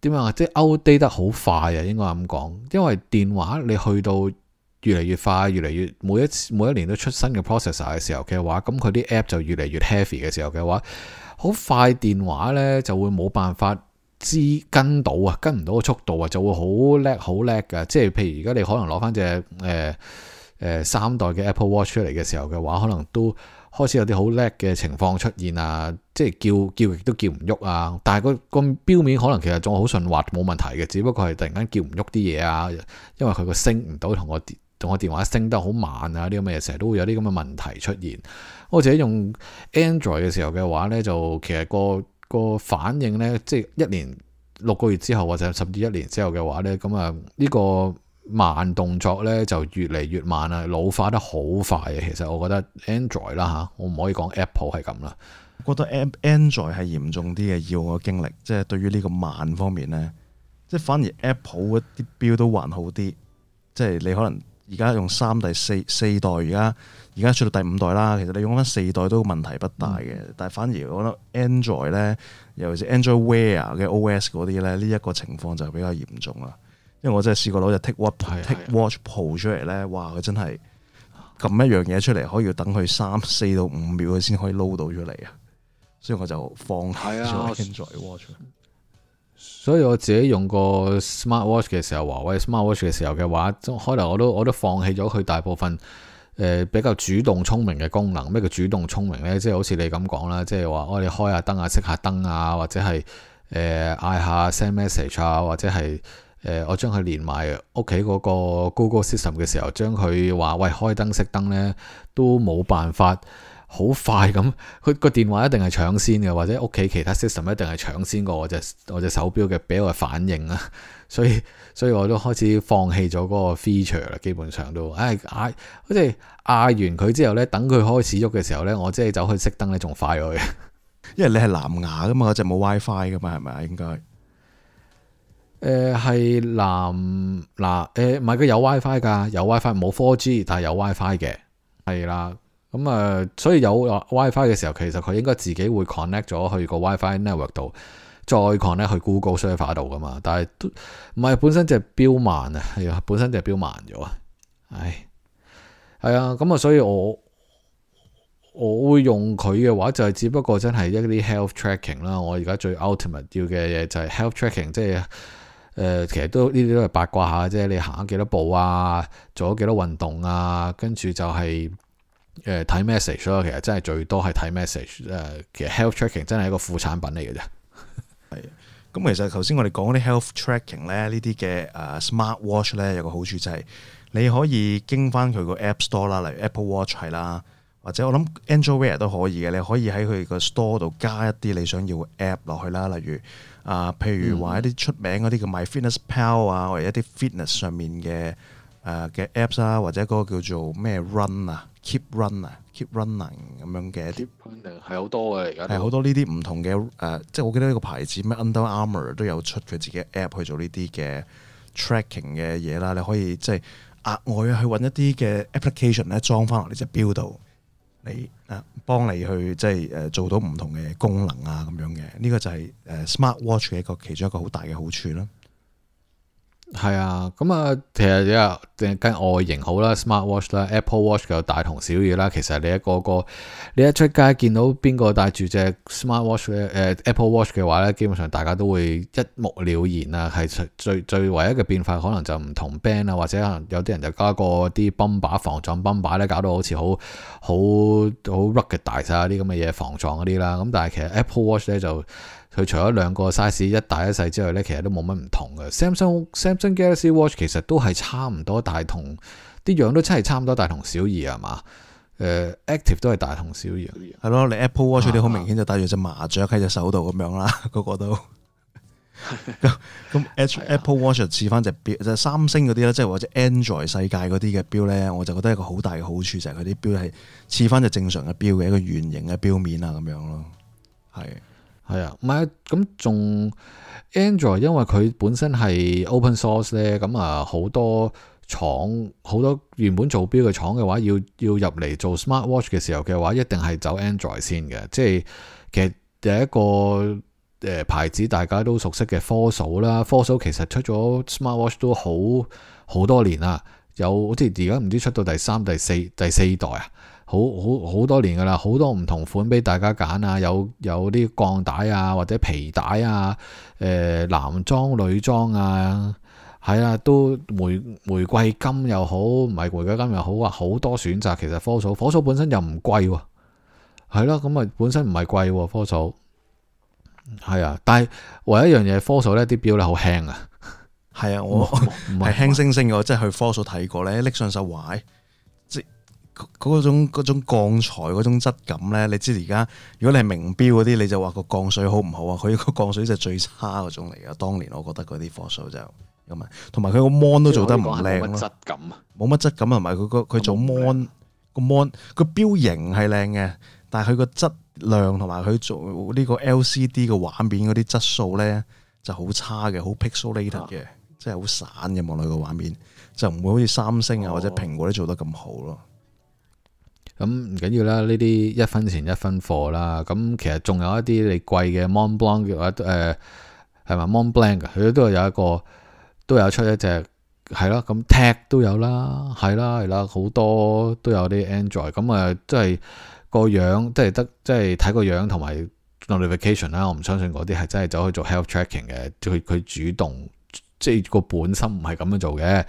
點樣啊？即係 update 得好快啊！應該咁講，因為電話你去到越嚟越快、越嚟越每一次每一年都出新嘅 processor 嘅時候嘅話，咁佢啲 app 就越嚟越 heavy 嘅時候嘅話，好快電話咧就會冇辦法知跟到啊，跟唔到個速度啊，就會好叻好叻㗎。即係譬如而家你可能攞翻隻誒誒三代嘅 Apple Watch 出嚟嘅時候嘅話，可能都。開始有啲好叻嘅情況出現啊，即係叫叫亦都叫唔喐啊。但係個個錶面可能其實仲好順滑冇問題嘅，只不過係突然間叫唔喐啲嘢啊。因為佢個升唔到同我電同我電話升得好慢啊，呢啲咁嘅嘢成日都會有啲咁嘅問題出現。我自己用 Android 嘅時候嘅話咧，就其實、個、個反應咧，即係一年六個月之後或者甚至一年之後嘅話咧，咁啊呢個。慢動作咧就越嚟越慢啦，老化得好快啊！其實我覺得 Android 啦嚇，我唔可以講 Apple 係咁啦。我覺得 Android 係嚴重啲嘅，要我經歷，即係對於呢個慢方面咧，即係反而 Apple 啲表都還好啲。即係你可能而家用三第四四代，而家而家出到第五代啦。其實你用翻四代都問題不大嘅，嗯、但係反而我覺得 Android 咧，尤其是 Android Wear 嘅 OS 嗰啲咧，呢一個情況就比較嚴重啦。因為我真係試過攞隻 Take Watch Take Watch 抱出嚟咧，哇！佢真係撳一樣嘢出嚟，可以等佢三四到五秒，佢先可以 load 到出嚟啊！所以我就放棄咗。所以我自己用過 Smart Watch 嘅時候，華為 Smart Watch 嘅時候嘅話，開頭我都我都放棄咗佢大部分誒比較主動聰明嘅功能。咩叫主動聰明咧？即係好似你咁講啦，即係話我哋開下燈啊、熄下燈啊，或者係誒嗌下 send message 啊，或者係。誒、呃，我將佢連埋屋企嗰個 Google system 嘅時候，將佢話喂，開燈熄燈咧，都冇辦法好快咁，佢個電話一定係搶先嘅，或者屋企其他 system 一定係搶先過我隻我隻手錶嘅俾我反應啊，所以所以我都開始放棄咗嗰個 feature 啦，基本上都唉嗌、哎啊，好似嗌完佢之後咧，等佢開始喐嘅時候咧，我即係走去熄燈咧，仲快我嘅，因為你係藍牙噶嘛，我隻冇 WiFi 噶嘛，係咪啊應該？誒係、嗯、藍藍誒，唔係佢有 WiFi 㗎，有 WiFi 冇 4G，但係有 WiFi 嘅，係啦。咁啊、嗯呃，所以有 WiFi 嘅時候，其實佢應該自己會 connect 咗去個 WiFi network 度，再 connect 去 Google server 度㗎嘛。但係唔係本身就係標慢啊，係啊、嗯，本身就係標慢咗啊。唉，係啊。咁、嗯、啊、嗯，所以我我會用佢嘅話，就係、是、只不過真係一啲 health tracking 啦。我而家最 ultimate 要嘅嘢就係 health tracking，即係。誒、呃，其實都呢啲都係八卦下、啊、啫。你行咗幾多步啊？做咗幾多運動啊？跟住就係、是、誒睇、呃、message 咯、啊。其實真係最多係睇 message、啊。誒，其實 health tracking 真係一個副產品嚟嘅啫。係。咁其實頭先我哋講啲 health tracking 咧，呢啲嘅誒 smart watch 咧有個好處就係你可以經返佢個 app store 啦，例如 Apple Watch 係啦，或者我諗 Android Wear 都可以嘅。你可以喺佢個 store 度加一啲你想要嘅 app 落去啦，例如。啊，譬如話一啲出名嗰啲叫 MyFitnessPal 啊，或者一啲 fitness 上面嘅誒嘅 apps 啊，或者嗰個叫做咩 run 啊，keep run 啊 keep running 咁樣嘅一啲，係好多嘅而家，係好多呢啲唔同嘅誒、啊，即係我記得呢個牌子咩 Under Armour 都有出佢自己 app 去做呢啲嘅 tracking 嘅嘢啦，你可以即係、就是、額外去揾一啲嘅 application 咧裝翻落呢隻表度。你啊，幫你去即係誒做到唔同嘅功能啊，咁樣嘅，呢個就係誒 smart watch 嘅一個其中一個好大嘅好處啦。係啊，咁、嗯、啊，其實你啊，跟、嗯、外形好啦，smartwatch 啦，Apple Watch 又大同小異啦。其實你一個個，你一出街見到邊個戴住隻 smartwatch 咧、呃，誒 Apple Watch 嘅話咧，基本上大家都會一目了然啊。係最最唯一嘅變化，可能就唔同 band 啊，或者可能有啲人就加個啲泵把防撞泵把咧，搞到好似好好好 rugged 大晒啲咁嘅嘢，防撞嗰啲啦。咁但係其實 Apple Watch 咧就～佢除咗兩個 size 一,一大一細之外咧，其實都冇乜唔同嘅。Samsung Samsung Galaxy Watch 其實都係差唔多大，多大同啲樣都真係差唔多，uh、大同小異啊嘛。誒，Active 都係大同小異，係咯。你 Apple Watch 啲好明顯就戴住隻麻雀喺隻手度咁樣啦，個個都咁。 啊、Apple Watch 似翻隻表、哎、呀就三星嗰啲咧，即係或者 Android 世界嗰啲嘅表咧，我就覺得一個好大嘅好處就係佢啲表係似翻隻正常嘅表嘅一個圓形嘅表面啊咁樣咯，係。係啊，唔係啊，咁仲 Android，因為佢本身係 open source 咧、嗯，咁啊好多廠好多原本做表嘅廠嘅話，要要入嚟做 smart watch 嘅時候嘅話，一定係走 Android 先嘅。即係其實第一個誒、呃、牌子大家都熟悉嘅 Fossil 啦，Fossil 其實出咗 smart watch 都好好多年啦，有好似而家唔知出到第三、第四、第四代啊。好好好多年噶啦，好多唔同款俾大家揀啊，有有啲鋼帶啊，或者皮帶啊，誒、呃、男裝女裝啊，係啊，都玫玫瑰金又好，唔係玫瑰金又好啊，好多選擇。其實科嫂科嫂本身就唔貴，係咯、啊，咁啊本身唔係貴科嫂，係啊，但係唯一一樣嘢科嫂呢啲表咧好輕啊，係啊，我唔係輕星星我聲聲即係去科嫂睇過咧，拎上手懷。嗰種嗰種鋼材嗰種質感咧，你知而家如果你係名錶嗰啲，你就話個鋼水好唔好啊？佢個鋼水就係最差嗰種嚟㗎！當年我覺得嗰啲貨數就咁啊，同埋佢個 mon 都做得唔靚咯，質感啊，冇乜質感啊，唔係佢個佢做 mon 個 mon 個錶型係靚嘅，但係佢個質量同埋佢做呢個 LCD 嘅畫面嗰啲質素咧就好差嘅，好 pixelated 嘅，即係好散嘅。望落去個畫面就唔會好似三星啊或者蘋果都做得咁好咯。咁唔緊要啦，呢啲一分錢一分貨啦。咁、嗯、其實仲有一啲你貴嘅 Montblanc 嘅、呃、話，誒係咪 Montblanc？佢都係有一個，都有出一隻係咯。咁 Tag 都有啦，係啦，係啦，好多都有啲 Android、嗯。咁、呃、啊，即係個樣，即係得，即係睇個樣同埋 notification 啦。我唔相信嗰啲係真係走去做 health tracking 嘅，佢佢主動即係個本身唔係咁樣做嘅。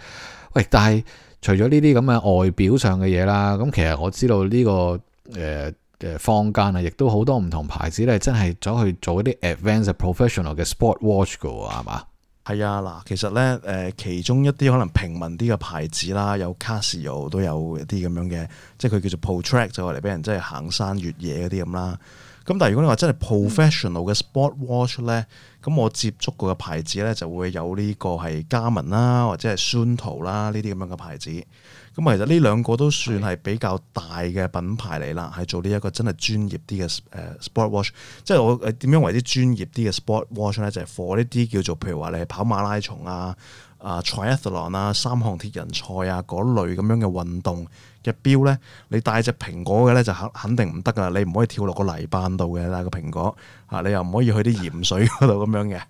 喂，但係。除咗呢啲咁嘅外表上嘅嘢啦，咁其實我知道呢個誒誒坊間啊，亦都好多唔同牌子咧，真係走去做一啲 advanced、professional 嘅 sport watch 嘅喎，係嘛？係啊，嗱，其實咧誒，其中一啲可能平民啲嘅牌子啦，有 Casio 都有一啲咁樣嘅，即係佢叫做 Pro Trek 就係嚟俾人即係行山越野嗰啲咁啦。咁但係如果你話真係 professional 嘅 sport watch 咧、嗯？呢咁我接觸過嘅牌子咧，就會有呢個係嘉文啦，或者係 Suunto 啦，呢啲咁樣嘅牌子。咁其實呢兩個都算係比較大嘅品牌嚟啦，係的做呢一個真係專業啲嘅誒 sport watch。即係我誒點樣為之專業啲嘅 sport watch 咧，就係 for 呢啲叫做譬如話你係跑馬拉松啊、啊 triathlon 啊、三項鐵人賽啊嗰類咁樣嘅運動。隻錶咧，你戴隻蘋果嘅咧就肯肯定唔得噶啦，你唔可以跳落個泥板度嘅戴個蘋果，嚇你又唔可以去啲鹽水嗰度咁樣嘅。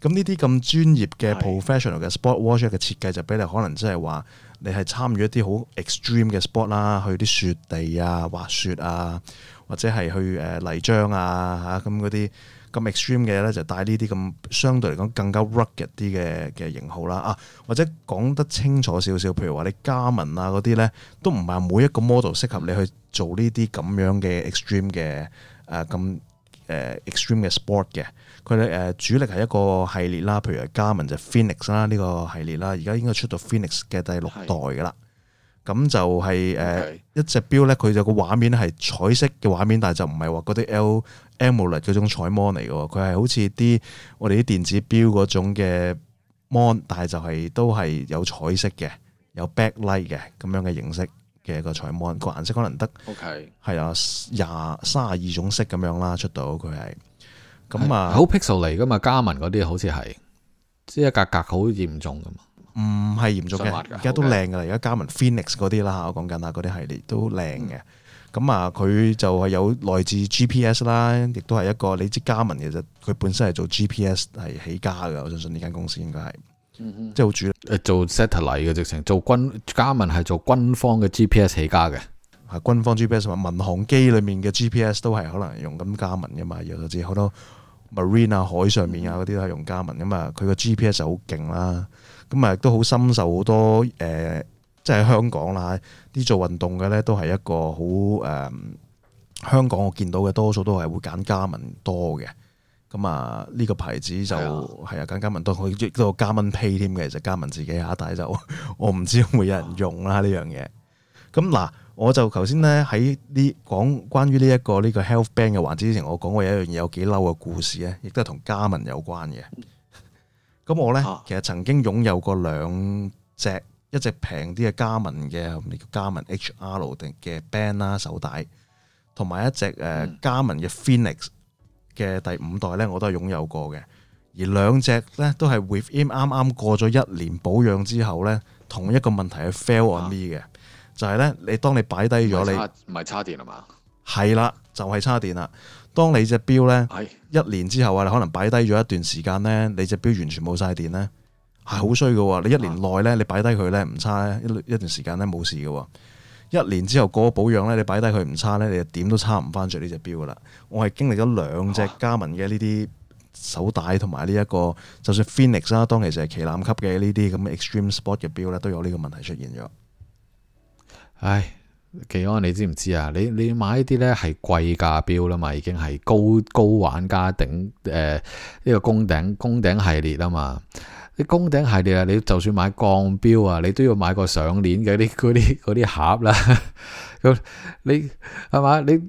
咁呢啲咁專業嘅 professional 嘅 sport watch 嘅設計就俾你可能即係話，你係參與一啲好 extreme 嘅 sport 啦，去啲雪地啊滑雪啊，或者係去誒泥漿啊嚇咁啲。那那咁 extreme 嘅咧就帶呢啲咁相對嚟講更加 rugged 啲嘅嘅型號啦啊，或者講得清楚少少，譬如話你加文啊嗰啲咧，都唔係每一個 model 適合你去做呢啲咁樣嘅 ext、啊呃、extreme 嘅啊咁誒 extreme 嘅 sport 嘅，佢哋誒、呃、主力係一個系列啦，譬如加文就 Phoenix 啦呢、呢個系列啦，而家應該出到 Phoenix 嘅第六代噶啦。咁就係、是、誒 Okay.、uh, 一隻表咧，佢就個畫面係彩色嘅畫面，但係就唔係話嗰啲 L，Amoled 嗰種彩芒嚟嘅喎，佢係好似啲我哋啲電子表嗰種嘅 mon，但係就係、是、都係有彩色嘅，有 backlight 嘅咁樣嘅形式嘅個彩芒，個顏色可能得 OK 係啊廿、三十二種色咁樣啦，出到佢係咁啊，好 pixel 嚟噶嘛，加文嗰啲好似係即係格格好嚴重噶。唔係、嗯、嚴重嘅，而家都靚噶啦，而家 Okay. 加文 Phoenix 嗰啲啦，我講緊啊，嗰啲系列都靚嘅。咁啊、嗯，佢、嗯、就係有來自 GPS 啦，亦都係一個你知加文其實佢本身係做 GPS 係起家嘅，我相信呢間公司應該係，嗯嗯即係好主誒做 satellite 嘅，直情做軍，加文係做軍方嘅 GPS 起家嘅，係軍方 GPS 嘛，民航機裡面嘅 GPS 都係可能用緊加文嘅嘛，有時好多 Marina 海上面啊嗰啲都係用加文嘅嘛，佢個 GPS 就好勁啦。咁啊，都好深受好多誒、呃，即係香港啦，啲做運動嘅咧都係一個好誒、呃，香港我見到嘅多數都係會揀嘉文多嘅。咁啊，呢、這個牌子就係、哎、呀啊揀嘉文多，佢亦都有嘉文 pay 添嘅，其實嘉文自己下底就我唔知會有人用啦、啊、呢、哦、樣嘢。咁嗱、啊，我就頭先咧喺呢講關於呢、這、一個呢、這個 health band 嘅環節之前，我講過有一樣嘢有幾嬲嘅故事咧，亦都係同嘉文有關嘅。咁我咧，啊、其實曾經擁有過兩隻，一隻平啲嘅加文嘅，唔係叫加文 HR 定嘅 band 啦手帶，同埋一隻誒加文嘅 Phoenix 嘅第五代咧，我都係擁有過嘅。而兩隻咧都係 within 啱啱過咗一年保養之後咧，同一個問題係 fail on me 嘅，啊、就係咧你當你擺低咗你，唔係叉電啊嘛，係啦，就係、是、叉電啦。當你隻錶咧，一年之後啊、那個，你可能擺低咗一段時間咧，你隻錶完全冇晒電咧，係好衰嘅喎。你一年內咧，你擺低佢咧唔差咧，一一段時間咧冇事嘅喎。一年之後過咗保養咧，你擺低佢唔差咧，你就點都差唔翻著呢隻錶嘅啦。我係經歷咗兩隻加文嘅呢啲手帶同埋呢一個，就算 Phoenix 啦，當其時係旗艦級嘅呢啲咁 Extreme Sport 嘅錶咧，都有呢個問題出現咗。唉。技安，你知唔知啊？你你買呢啲咧係貴價錶啦嘛，已經係高高玩家頂誒呢個攻頂攻頂系列啊嘛。啲攻頂系列啊，你就算買鋼錶啊，你都要買個上鏈嘅啲嗰啲啲盒啦，啊。咁你係嘛你？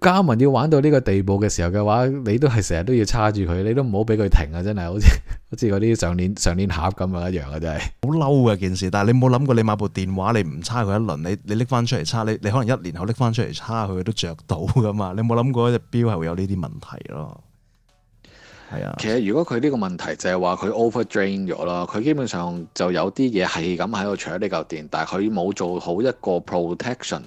加文要玩到呢個地步嘅時候嘅話，你都係成日都要叉住佢，你都唔好俾佢停啊！真係好似好似嗰啲上鏈上鏈盒咁樣一樣嘅真係，好嬲嘅件事。但係你冇諗過，你買部電話，你唔叉佢一輪，你你拎翻出嚟叉，你你可能一年後拎翻出嚟叉佢都着到噶嘛？你冇諗過隻表係會有呢啲問題咯？係啊， 其實如果佢呢個問題就係話佢 over drain 咗啦，佢基本上就有啲嘢係咁喺度除咗呢嚿電，但係佢冇做好一個 protection。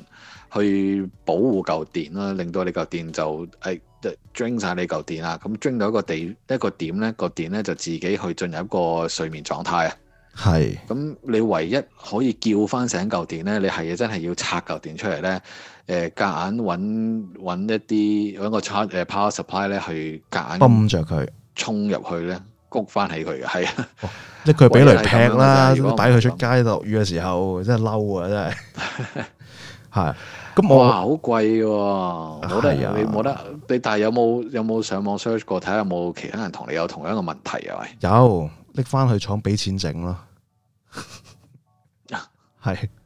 去保護嚿電啦，令到你嚿電就即誒 drain 晒你嚿電啦。咁 drain 到一個地一個點咧，個電咧就自己去進入一個睡眠狀態啊。係是。咁你唯一可以叫翻醒嚿電咧，你係真係要拆嚿電出嚟咧。誒、呃，夾硬揾揾一啲揾個插 power supply 咧去夾硬，硬泵，泵着佢，衝入、哦、去咧，谷翻起佢嘅。係啊，即佢俾雷劈啦，如果擺佢出街落雨嘅時候真係嬲啊，真係。 係，咁、啊、我話好貴喎、啊，冇、啊、得你得，我得你但有有，但係有冇有冇上網 search 過睇下有冇其他人同你有同樣嘅問題啊？有，拎翻去廠俾錢整咯，係。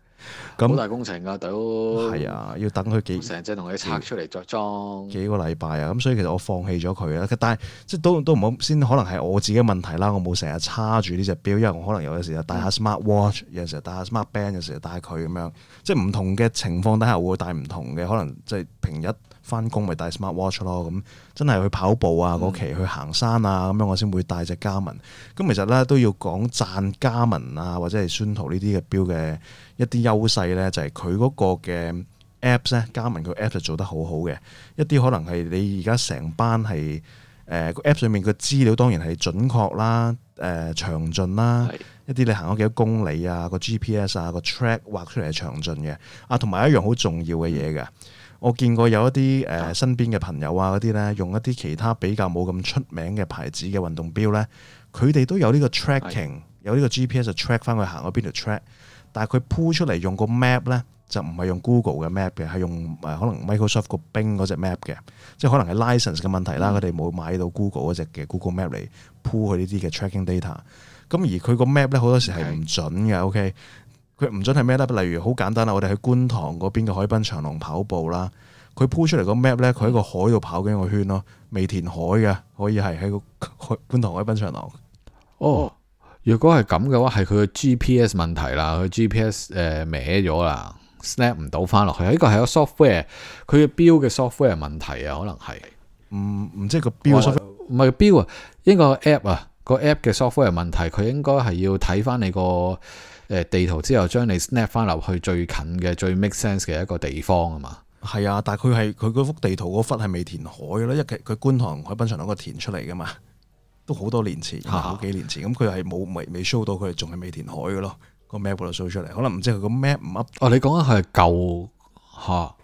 咁那大工程㗎，大佬對，係對啊，要等佢幾成隻同佢拆出嚟再裝幾個禮拜啊，咁所以其實我放棄咗佢啊。但係即係都都唔好先，可能係我自己問題啦。我冇成日叉住呢隻錶，因為我可能有時啊戴下 smart watch，、嗯、有時候戴下 smart band，有時候戴佢咁樣，即係唔同嘅情況底下會戴唔同嘅，可能即係平日。翻工咪戴 smart watch 咯，咁真係去跑步啊，嗰、嗯、期去行山啊，咁樣我先會戴隻嘉文。咁其實咧都要講讚嘉文啊，或者係宣圖呢啲嘅錶嘅一啲優勢咧，就係佢嗰個嘅 apps 咧、啊，嘉文佢 apps 做得好好嘅。一啲可能係你而家成班係誒個、呃、app 上面嘅資料，當然係準確啦，誒詳盡啦。是一啲你行咗幾多公里啊，個 GPS 啊個 track 畫出嚟係詳盡嘅。啊，同埋一樣好重要嘅嘢嘅。我見過有一啲誒身邊嘅朋友啊呢，嗰啲咧用一啲其他比較冇咁出名嘅牌子嘅運動錶咧，佢哋都有呢個 tracking，的有呢個 GPS 就 track 翻佢行咗邊度 track，但係佢鋪出嚟用個 map 咧，就唔係用 Google 嘅 map 嘅，係用可能 Microsoft 個 Bing 嗰隻 map 嘅，即係可能係 license 嘅問題啦。佢哋冇買到 Google 嗰隻嘅 Google Map 嚟鋪佢呢啲嘅 tracking data。咁而佢個 map 咧好多時係唔準嘅。的 OK。佢唔準係咩咧？Up, 例如好簡單啦，我哋喺觀塘嗰邊嘅海濱長廊跑步啦，佢鋪出嚟個 map 咧，佢喺個海度跑緊個圈咯，未填海嘅，可以係喺個海觀塘海濱長廊。哦，如果係咁嘅話，係佢嘅 GPS 問題啦，佢 GPS 誒、呃、歪咗啦，snap 唔到翻落去。呢個係個 software，佢嘅標嘅 software 問題啊，可能係唔唔知個標、so、software 唔係標啊，Bill, 應該 app 啊，個 app 嘅 software 問題，佢應該係要睇翻你個。誒，地圖之後將你 snap 翻落去最近嘅最 make sense 嘅一個地方啊嘛。係啊，但係佢係佢嗰幅地圖嗰忽係未填海嘅咧，一佢觀塘海濱嗰個填出嚟噶嘛，都好多年前，好、啊、幾年前，咁佢係冇未未 show 到，佢仲係未填海嘅咯，個 map 就 show 出嚟，可能唔知佢個 map 唔 up 哦，你講緊係舊吓，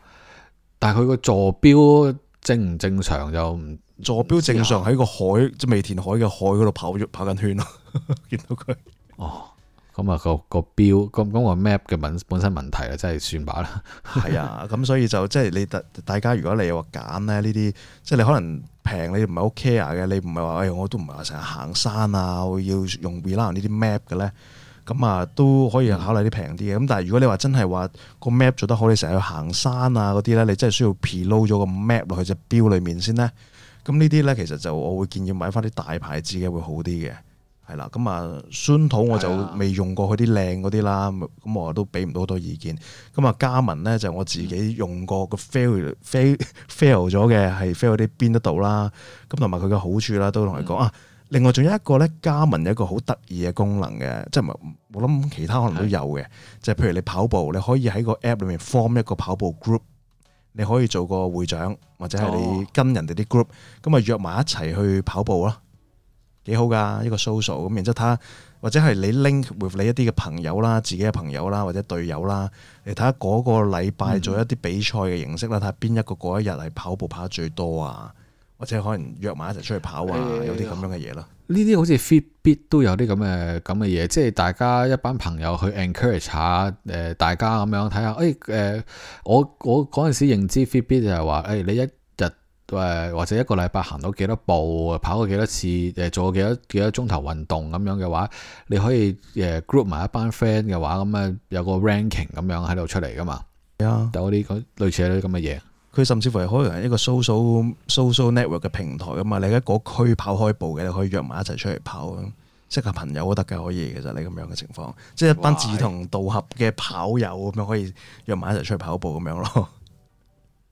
但係佢個坐標正唔正常就唔？坐標正常喺個海即未填海嘅海嗰度跑咗跑緊圈咯，圈 見到佢它 哦。 咁啊、嗰個、嗰個標咁咁、嗰個 map 嘅本本身問題 啊，真係算吧啦。係啊，咁所以就即係你大大家如果你又話揀咧呢啲，即係你可能平你唔係好 care 嘅，你唔係話誒我都唔係話成日行山啊，我要用 relax 呢啲 map 嘅咧，咁啊都可以考慮啲平啲嘅。咁但係如果你話真係話、嗰個 map 做得好，你成日去行山啊嗰啲咧，你真係需要 preload 咗個 map 落去隻表裡面先咧。咁呢啲咧其實就我會建議買翻啲大牌子嘅會好啲嘅。係啦，咁啊、嗯，酸土我就未用過佢啲靚嗰啲啦，咁是、啊、我都俾唔到好多意見。咁啊，加文咧就是、我自己用過個 fail fail fail 咗嘅，係 fail 啲邊得到啦。咁同埋佢嘅好處啦，都同你講啊。另外仲有一個咧，加文有一個好得意嘅功能嘅，即係唔係？我諗其他可能都有嘅，即係是的 譬如你跑步，你可以喺個 app 裡面 form 一個跑步 group，你可以做個會長，或者係你跟人哋啲 group，咁啊、哦嗯、約埋一齊去跑步咯。幾好噶一個 social 咁，然之後睇下，或者係你 link with 你一啲嘅朋友啦，自己嘅朋友啦，或者隊友啦，你睇下嗰個禮拜做一啲比賽嘅形式啦，睇下邊一個嗰一日係跑步跑得最多啊，或者可能約埋一齊出去跑啊，哎、呀有啲咁樣嘅嘢咯。呢啲、哎、好似 Fitbit 都有啲咁嘅咁嘅嘢，即係大家一班朋友去 encourage 下，誒、呃、大家咁樣睇下，誒、哎，誒、呃，我我嗰陣時認知 Fitbit 就係話，誒、哎、你一。誒，或者一個禮拜行到幾多步，跑過幾多次，誒，做咗幾多幾多鐘頭運動咁樣嘅話，你可以誒 group 埋一班 friend 嘅話，咁啊有個 ranking 咁樣喺度出嚟噶嘛。係啊，就啲咁類似啲咁嘅嘢。佢甚至乎係可能一個 social social network 嘅平台啊嘛。你喺嗰區跑開步嘅，你可以約埋一齊出嚟跑，識下朋友都得嘅，可以其實你咁樣嘅情況，哇 即係一班志同道合嘅跑友咁樣的可以約埋一齊出嚟跑步咁樣咯。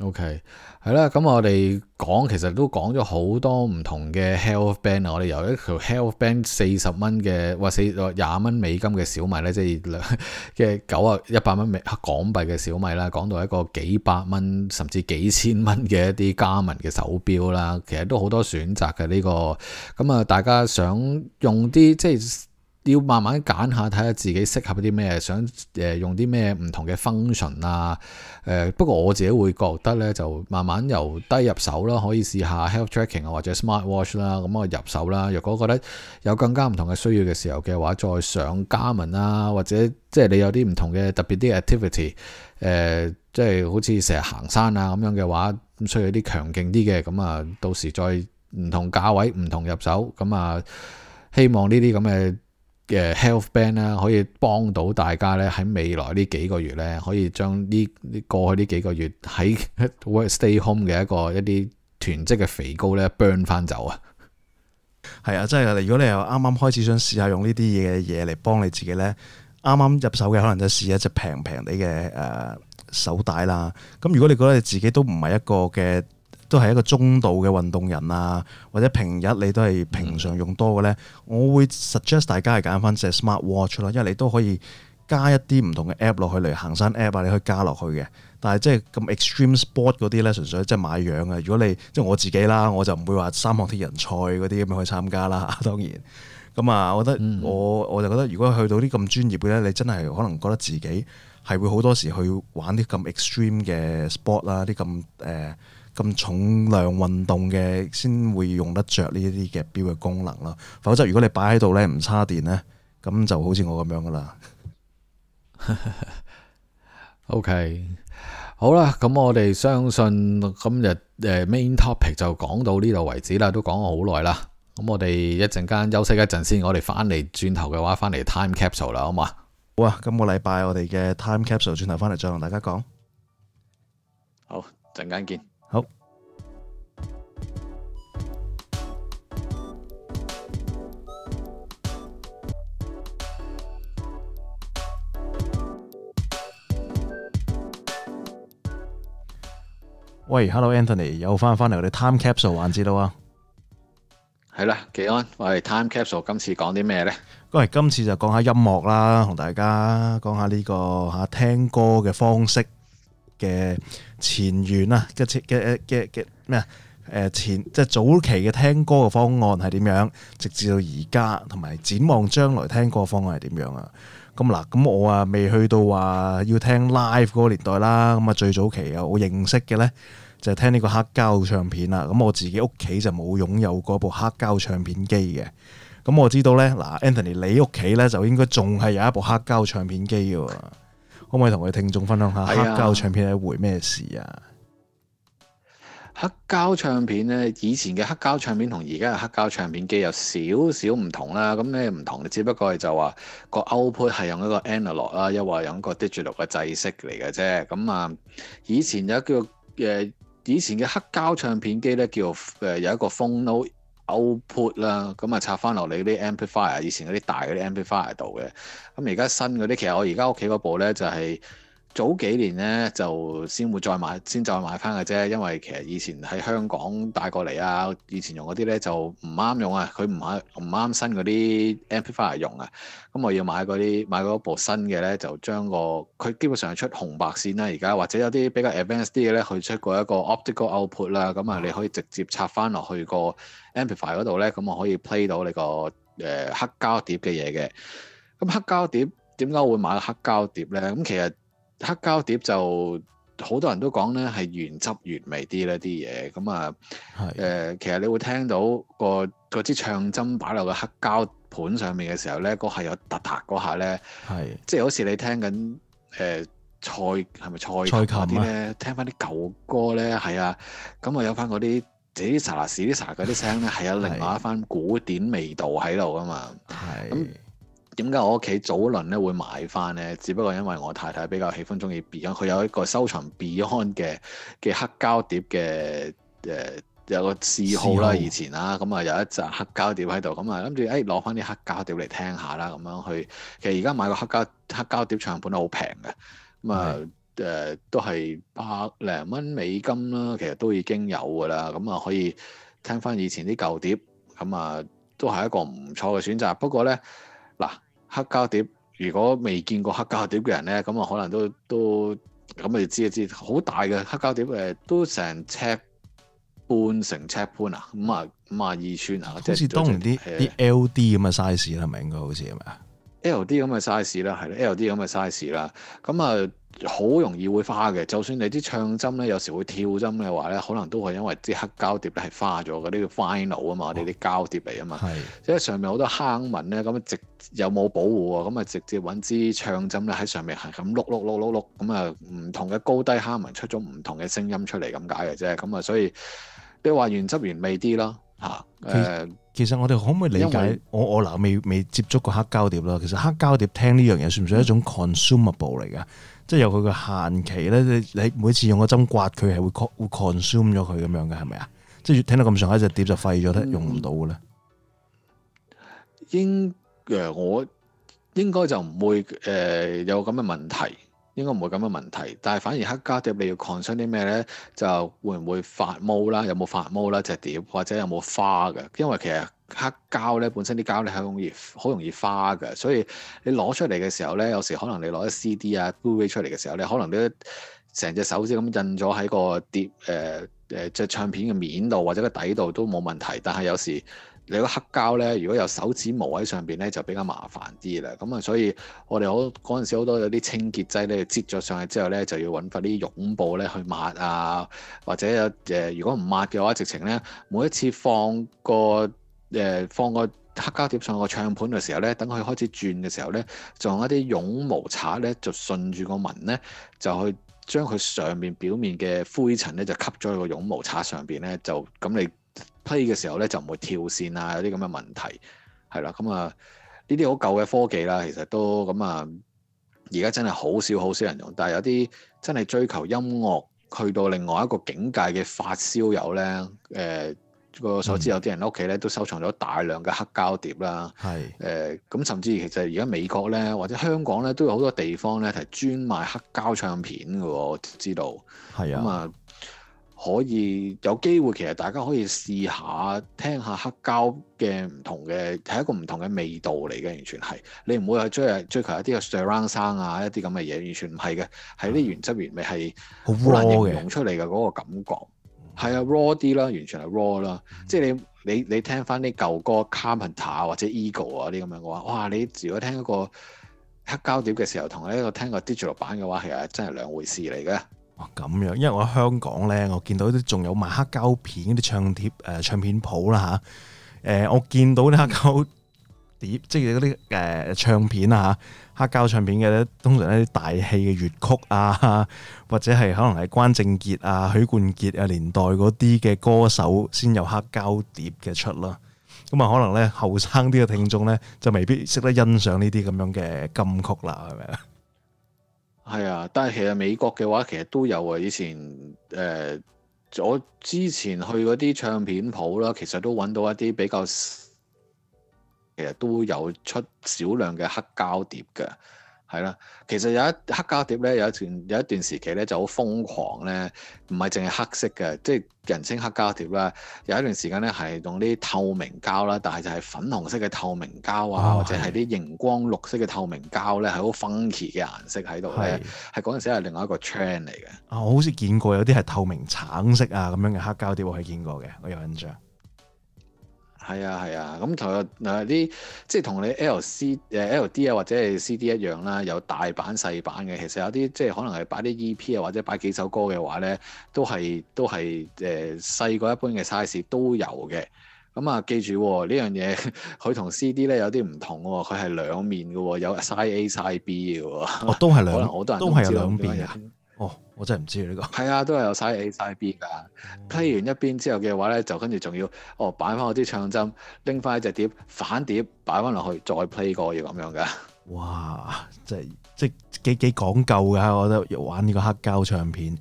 OK，係啦，咁我哋講其實都講咗好多唔同嘅 Health Band，我哋由一條 Health Band 四十蚊嘅，或四廿蚊美金嘅小米咧，即係嘅九啊一百蚊港幣嘅小米啦，講到一個幾百蚊甚至幾千蚊嘅一啲加文嘅手表啦，其實都好多選擇嘅呢個，咁啊大家想用啲即係。要慢慢揀下，睇下自己適合啲咩，想誒、呃、用啲咩唔同嘅 function 啊，誒、呃、不過我自己會覺得咧，就慢慢由低入手咯，可以試下 health tracking 啊，或者 smart watch 啦，咁、嗯、我入手啦。如果覺得有更加唔同嘅需要嘅時候嘅話，再上加文啦，或者即係你有啲唔同嘅特別啲 activity，誒、呃、即係好似成日行山啊咁樣嘅話，咁需要啲強勁啲嘅，咁、嗯、啊到時再唔同價位唔同入手，咁、嗯、啊希望呢啲咁嘅。嘅 health band 咧，可以幫到大家咧，喺未來呢幾個月咧，可以將呢呢過去呢幾個月喺 stay home 嘅一個一啲囤積嘅肥膏咧 burn 翻走啊。係啊，真係如果你又啱啱開始想試下用呢啲嘢嘅嘢嚟幫你自己咧，啱啱入手嘅可能就試一隻平平地嘅誒手帶啦。咁如果你覺得你自己都唔係一個嘅。都係一個中度嘅運動人啊，或者平日你都係平常用多嘅呢。嗯、我會 suggest 大家係揀翻隻 smartwatch 咯，因為你都可以加一啲唔同嘅 app 落去，例如行山 app 啊，你可以加落去嘅。但係即係咁 extreme sport 嗰啲呢，純粹即係買樣啊。如果你即係我自己啦，我就唔會話三項鐵人賽嗰啲咁樣去參加啦，當然。咁啊，我覺得、嗯、我我就覺得如果去到啲咁專業嘅呢，你真係可能覺得自己係會好多時去玩啲咁 extreme 嘅 sport 啦，啲咁誒。咁重量運動嘅先會用得着呢啲嘅表嘅功能啦，否則如果你擺喺度呢，唔插電呢，咁就好似我咁樣噶啦。 o、okay. K，好啦，咁我哋相信今日誒 main topic 就講到呢度為止啦，都講咗好耐啦。咁我哋一陣間休息一陣先，我哋翻嚟轉頭嘅話，翻嚟 time capsule 啦，好嘛？好啊，今個禮拜我哋嘅 time capsule 轉頭翻嚟再同大家講。好，陣間見。好。喂，Hello，Anthony，又翻翻嚟我哋 Time Capsule 環節啦，喎。係啦，技安？喂，我哋 Time Capsule 今次講啲咩咧？咁，我哋今次就講下音樂啦，同大家講下呢個吓聽歌嘅方式嘅。前緣啊嘅嘅嘅嘅咩啊？誒前，前，前，前即係早期嘅聽歌嘅方案係點樣？直至到而家，同埋展望將來聽歌嘅方案係點樣啊？咁、嗯、嗱，咁我啊未去到話要聽 live 嗰個年代啦。咁、嗯、啊最早期啊，我認識嘅咧就係、是、聽呢個黑膠唱片啦。咁、嗯、我自己屋企就冇擁有嗰部黑膠唱片機嘅。咁、嗯、我知道咧，嗱、嗯、Anthony，你屋企咧就應該仲係有一部黑膠唱片機嘅。可唔可以同佢哋聽眾分享下黑膠唱片喺回咩、啊、事啊？黑膠唱片呢，以前嘅黑膠唱片同而家嘅黑膠唱片機有少少唔同啦。咁咧唔同，只不過係就話個 output 係用一個 analog 啦，又話用一個 digital 嘅制式嚟嘅啫。咁啊，以前有叫誒、呃，以前嘅黑膠唱片機咧，叫誒、呃、有一個 phono。output 啦，咁啊插翻落你啲 amplifier，以前嗰啲大嗰啲 amplifier 度嘅，咁而家新嗰啲，其實我而家屋企嗰部咧就係、是。早幾年咧就先會再買，先再買翻嘅啫。因為其實以前喺香港帶過嚟啊，以前用嗰啲咧就唔啱用啊，佢唔啱唔啱新嗰啲 amplifier 用啊。咁、嗯、我要買嗰啲買嗰部新嘅咧，就將個佢基本上係出紅白線啦、啊。而家或者有啲比較 advanced 啲嘅咧，佢出過一個 optical output 啦。咁、嗯、啊，你可以直接插翻落去個 amplifier 嗰度咧，咁、嗯、我可以 play 到你個誒、呃、黑膠碟嘅嘢嘅。咁、嗯、黑膠碟點解會買黑膠碟咧？咁、嗯、其實黑膠碟就好多人都講咧，係原汁原味啲咧啲嘢，咁啊，誒，其實你會聽到個支唱針擺落個黑膠盤上面嘅時候咧，個係有突突嗰下咧，係，即係好似你聽緊誒蔡係咪蔡？蔡琴啊，聽翻啲舊歌咧，係啊，咁啊有翻嗰啲，誒查啦屎啲查嗰啲聲咧，係有另外一番古典味道喺度噶嘛，係。點解我屋企早輪咧會買翻咧？只不過因為我太太比較喜歡中意 Beyond，佢有一個收藏 Beyond 嘅嘅黑膠碟嘅誒、呃、有個嗜好啦，號以前啦，咁、嗯、啊有一隻黑膠碟喺度，咁啊諗住誒攞翻啲黑膠碟嚟聽下啦，咁、嗯、樣去。其實而家買個黑膠黑膠碟唱片好平嘅，咁啊誒都係百零蚊美金啦，其實都已經有㗎啦，咁、嗯、啊可以聽翻以前啲舊碟，咁、嗯、啊都係一個唔錯嘅選擇。不過咧嗱。黑膠碟，如果未見過黑膠碟嘅人咧，咁啊可能都都咁你知一知，好大嘅黑膠碟誒，都成尺半成尺半啊，五啊五啊二寸啊，即係好似當年啲啲 L D 咁嘅 size 啦，係咪？就是呃、應該好似係咪啊？L D 咁嘅 size 啦，係啦，L D 咁嘅 size 啦，咁啊。好容易會花嘅，就算你啲唱針咧，有時會跳針嘅話咧，可能都係因為啲黑膠碟咧係花咗嘅，呢個 final 啊嘛，我哋啲膠碟嚟啊嘛，是即係上面好多坑紋咧，咁直有冇保護啊？咁啊直接揾支唱針咧喺上面係咁碌碌碌碌碌，咁啊唔同嘅高低坑紋出咗唔同嘅聲音出嚟咁解嘅啫，咁啊所以你話原汁原味啲啦嚇，誒、啊其，呃、其實我哋可唔可以理解為我我嗱未未接觸過黑膠碟啦，其實黑膠碟聽呢樣嘢算唔算一種 consumable 嚟㗎？即係有佢個限期咧，你你每次用個針刮佢係會 con consume 咗佢咁樣嘅係咪啊？即係越聽得咁上一隻碟就廢咗咧，嗯、用唔到嘅咧。應誒，我應該就唔會誒有咁嘅問題，應該唔會咁嘅問題。但係反而黑膠碟你要 consume 啲咩咧？就會唔會發毛啦？有冇發毛啦？隻碟或者有冇花嘅？因為其實。黑膠咧，本身啲膠咧好容易好容易花嘅，所以你攞出嚟嘅時候咧，有時可能你攞一 CD 啊、Blu-ray 出嚟嘅時候，你可能你都成隻手指咁印咗喺個碟誒誒隻唱片嘅面度或者個底度都冇問題，但係有時你個黑膠咧，如果有手指模喺上邊咧，就比較麻煩啲啦。咁啊，所以我哋好嗰陣時好多有啲清潔劑咧，擠咗上去之後咧，就要揾翻啲絨布咧去抹啊，或者有誒、呃，如果唔抹嘅話，直情咧每一次放個。誒放個黑膠碟上個唱盤嘅時候咧，等佢開始轉嘅時候咧，就用一啲絨毛刷咧，就順住個紋咧，就去將佢上面表面嘅灰塵咧，就吸咗去個絨毛刷上邊咧，就咁你 play 嘅時候咧，就唔會跳線啊，有啲咁嘅問題，係啦，咁啊呢啲好舊嘅科技啦，其實都咁啊，嗯、而家真係好少好少人用，但係有啲真係追求音樂去到另外一個境界嘅發燒友咧，誒、嗯。個所知有啲人屋企咧都收藏咗大量嘅黑膠碟啦，係誒咁，甚至其實而家美國咧或者香港咧都有好多地方咧係專賣黑膠唱片嘅，我知道係啊，咁啊的、嗯、可以有機會，其實大家可以試下聽下黑膠嘅唔同嘅，係一個唔同嘅味道嚟嘅，完全係你唔會去追追求一啲嘅 surround sound 啊，一啲咁嘅嘢，完全唔係嘅，係啲原汁原味係好難形容出嚟嘅嗰個感覺。 係啊，raw 啲啦，完全係 raw 啦、嗯。即係你你你聽翻啲舊歌 Carpenters 或者 Eagle 啊啲咁樣嘅話，哇！你如果聽一個黑膠碟嘅時候，同呢一個聽個 digital 版嘅話，其實真係兩回事嚟嘅。哇，咁樣，因為我喺香港咧，我見到啲仲有賣黑膠片啲唱片誒、呃、唱片舖啦嚇。誒、呃，我見到啲黑膠碟，即係嗰啲誒唱片啊、呃黑膠唱片嘅咧，通常咧啲大戲嘅粵曲啊，或者係可能係關正傑啊、許冠傑啊年代嗰啲嘅歌手先有黑膠碟嘅出咯。咁啊，可能咧後生啲嘅聽眾咧，就未必識得欣賞呢啲咁樣嘅金曲啦，係咪啊？係啊，但係其實美國嘅話，其實都有啊。以前誒、呃，我之前去嗰啲唱片鋪啦，其實都揾到一啲比較。其實都有出少量嘅黑膠碟嘅，係啦。其實有一黑膠碟咧，有一段有一段時期咧就好瘋狂咧，唔係淨係黑色嘅，即係人稱黑膠碟啦。有一段時間咧係用啲透明膠啦，但係就係粉紅色嘅透明膠啊，或者係啲螢光綠色嘅透明膠咧，係好 funky 嘅顏色喺度咧。係嗰陣時係另外一個 trend 嚟嘅。啊，我好似見過有啲係透明橙色啊咁樣嘅黑膠碟，我係見過嘅，我有印象。係啊係啊，咁同埋嗱啲即係同你 L C 誒、呃、L D 啊或者係 C D 一樣啦，有大版細版嘅，其實有啲即係可能係擺啲 E P 啊或者擺幾首歌嘅話咧，都係都係誒細過一般嘅 size 都有嘅。咁、嗯、啊，記住呢樣嘢，佢同 C D 咧有啲唔同，佢係兩面嘅，有 size A size B 嘅。哦，都係兩，可能好多人都知咁多人。哦，我真係唔知呢、這個。係啊，都係有 side A、side B 㗎、哦。play 完一邊之後嘅話咧，就跟住仲要哦擺翻我啲唱針，拎翻一隻碟反碟擺翻落去，再 play 過要咁樣㗎。哇，即係即係幾幾講究㗎！我覺得玩呢個黑膠唱片。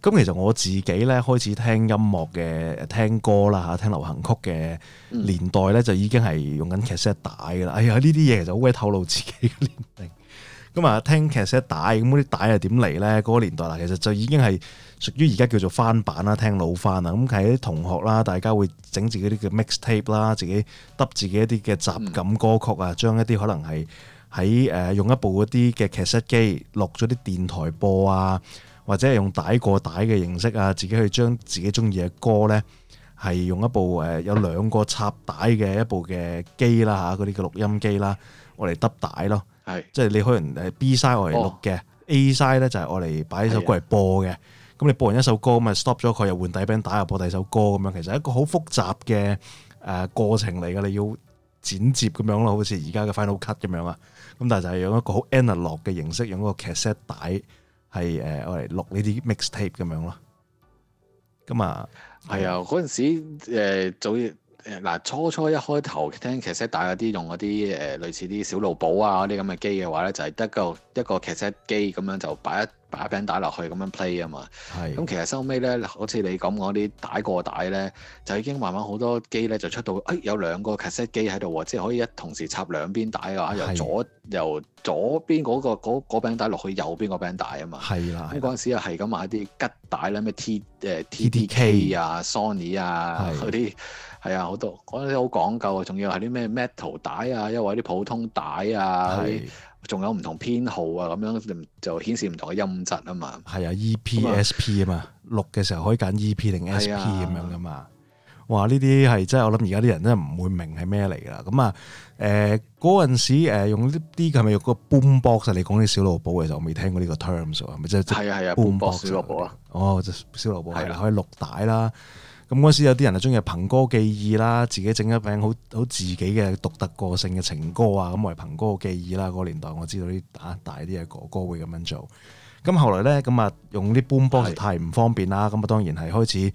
咁其實我自己咧開始聽音樂嘅聽歌啦嚇，聽流行曲嘅年代咧、嗯、就已經係用緊 cassette 帶㗎啦。哎呀，呢啲嘢就好鬼透露自己嘅年齡。咁啊，聽劇 set 帶，咁嗰啲帶又點嚟咧？嗰、嗰個年代啦，其實就已經係屬於而家叫做翻版啦，聽老翻啦。咁係啲同學啦，大家會整自己啲叫 mixtape 啦，自己揼自己一啲嘅雜錦歌曲啊，將一啲可能係喺誒用一部嗰啲嘅劇 set 機錄咗啲電台播啊，或者係用帶過帶嘅形式啊，自己去將自己中意嘅歌咧，係用一部誒有兩個插帶嘅一部嘅機啦嚇，嗰啲嘅錄音機啦，我嚟揼帶咯。係，即係你可能誒 B side 我嚟錄嘅、哦、A side 咧就係我嚟擺呢首歌嚟播嘅，咁的、嗯、你播完一首歌咪 stop 咗佢，又換底 band 打又播第二首歌咁樣，其實一個好複雜嘅誒、呃、過程嚟嘅，你要剪接咁樣咯，好似而家嘅 Final Cut 咁樣啊，咁、嗯、但係就係用一個好 analog 嘅形式，用嗰個 cassette 帶係誒我嚟錄呢啲 mixtape 咁樣咯，咁啊，係、嗯、啊，嗰陣以是時、呃、早。嗱，初初一開頭聽 cassette 帶嗰啲，用嗰啲誒類似啲小錄寶啊嗰啲咁嘅機嘅話咧，就係得個一個 cassette 機咁樣就擺一擺一餅帶落去咁樣 play 啊嘛是的、嗯。係。咁其實收尾咧，好似你講嗰啲帶過帶咧，就已經慢慢好多機咧就出到誒、哎、有兩個 cassette 機喺度喎，即係可以一同時插兩邊帶嘅話，由左是的 由左邊嗰、那個嗰嗰、餅、帶落去右邊個餅帶啊嘛。係啦。咁嗰陣時又係咁買啲吉帶啦，咩 T 誒、呃、T D K 啊、Sony 啊嗰啲。的的係啊，好多嗰啲好講究啊，仲要係啲咩 metal 帶啊，抑或啲普通帶啊，仲有唔同編號啊，咁樣就顯示唔同嘅音質啊嘛。係啊，E P S P 啊嘛，錄嘅時候可以揀 E P 定 S P 咁樣噶嘛。哇，呢啲係真係我諗而家啲人真係唔會明係咩嚟噶啦。咁啊，誒嗰陣時誒用呢啲係咪用個 boombox？你講啲小蘿蔔其實我未聽過呢個 terms 啊，咪即係係啊，boombox 小蘿蔔啊，哦，小蘿蔔係可以錄帶啦。咁嗰時有啲人啊，中意憑歌寄意啦，自己整一餅好好自己嘅獨特個性嘅情歌啊，咁為憑歌寄意啦。嗰、那個、年代我知道啲大大啲嘅哥哥會咁樣做。咁後來呢，咁啊用啲搬波太唔方便啦，咁啊是當然係開始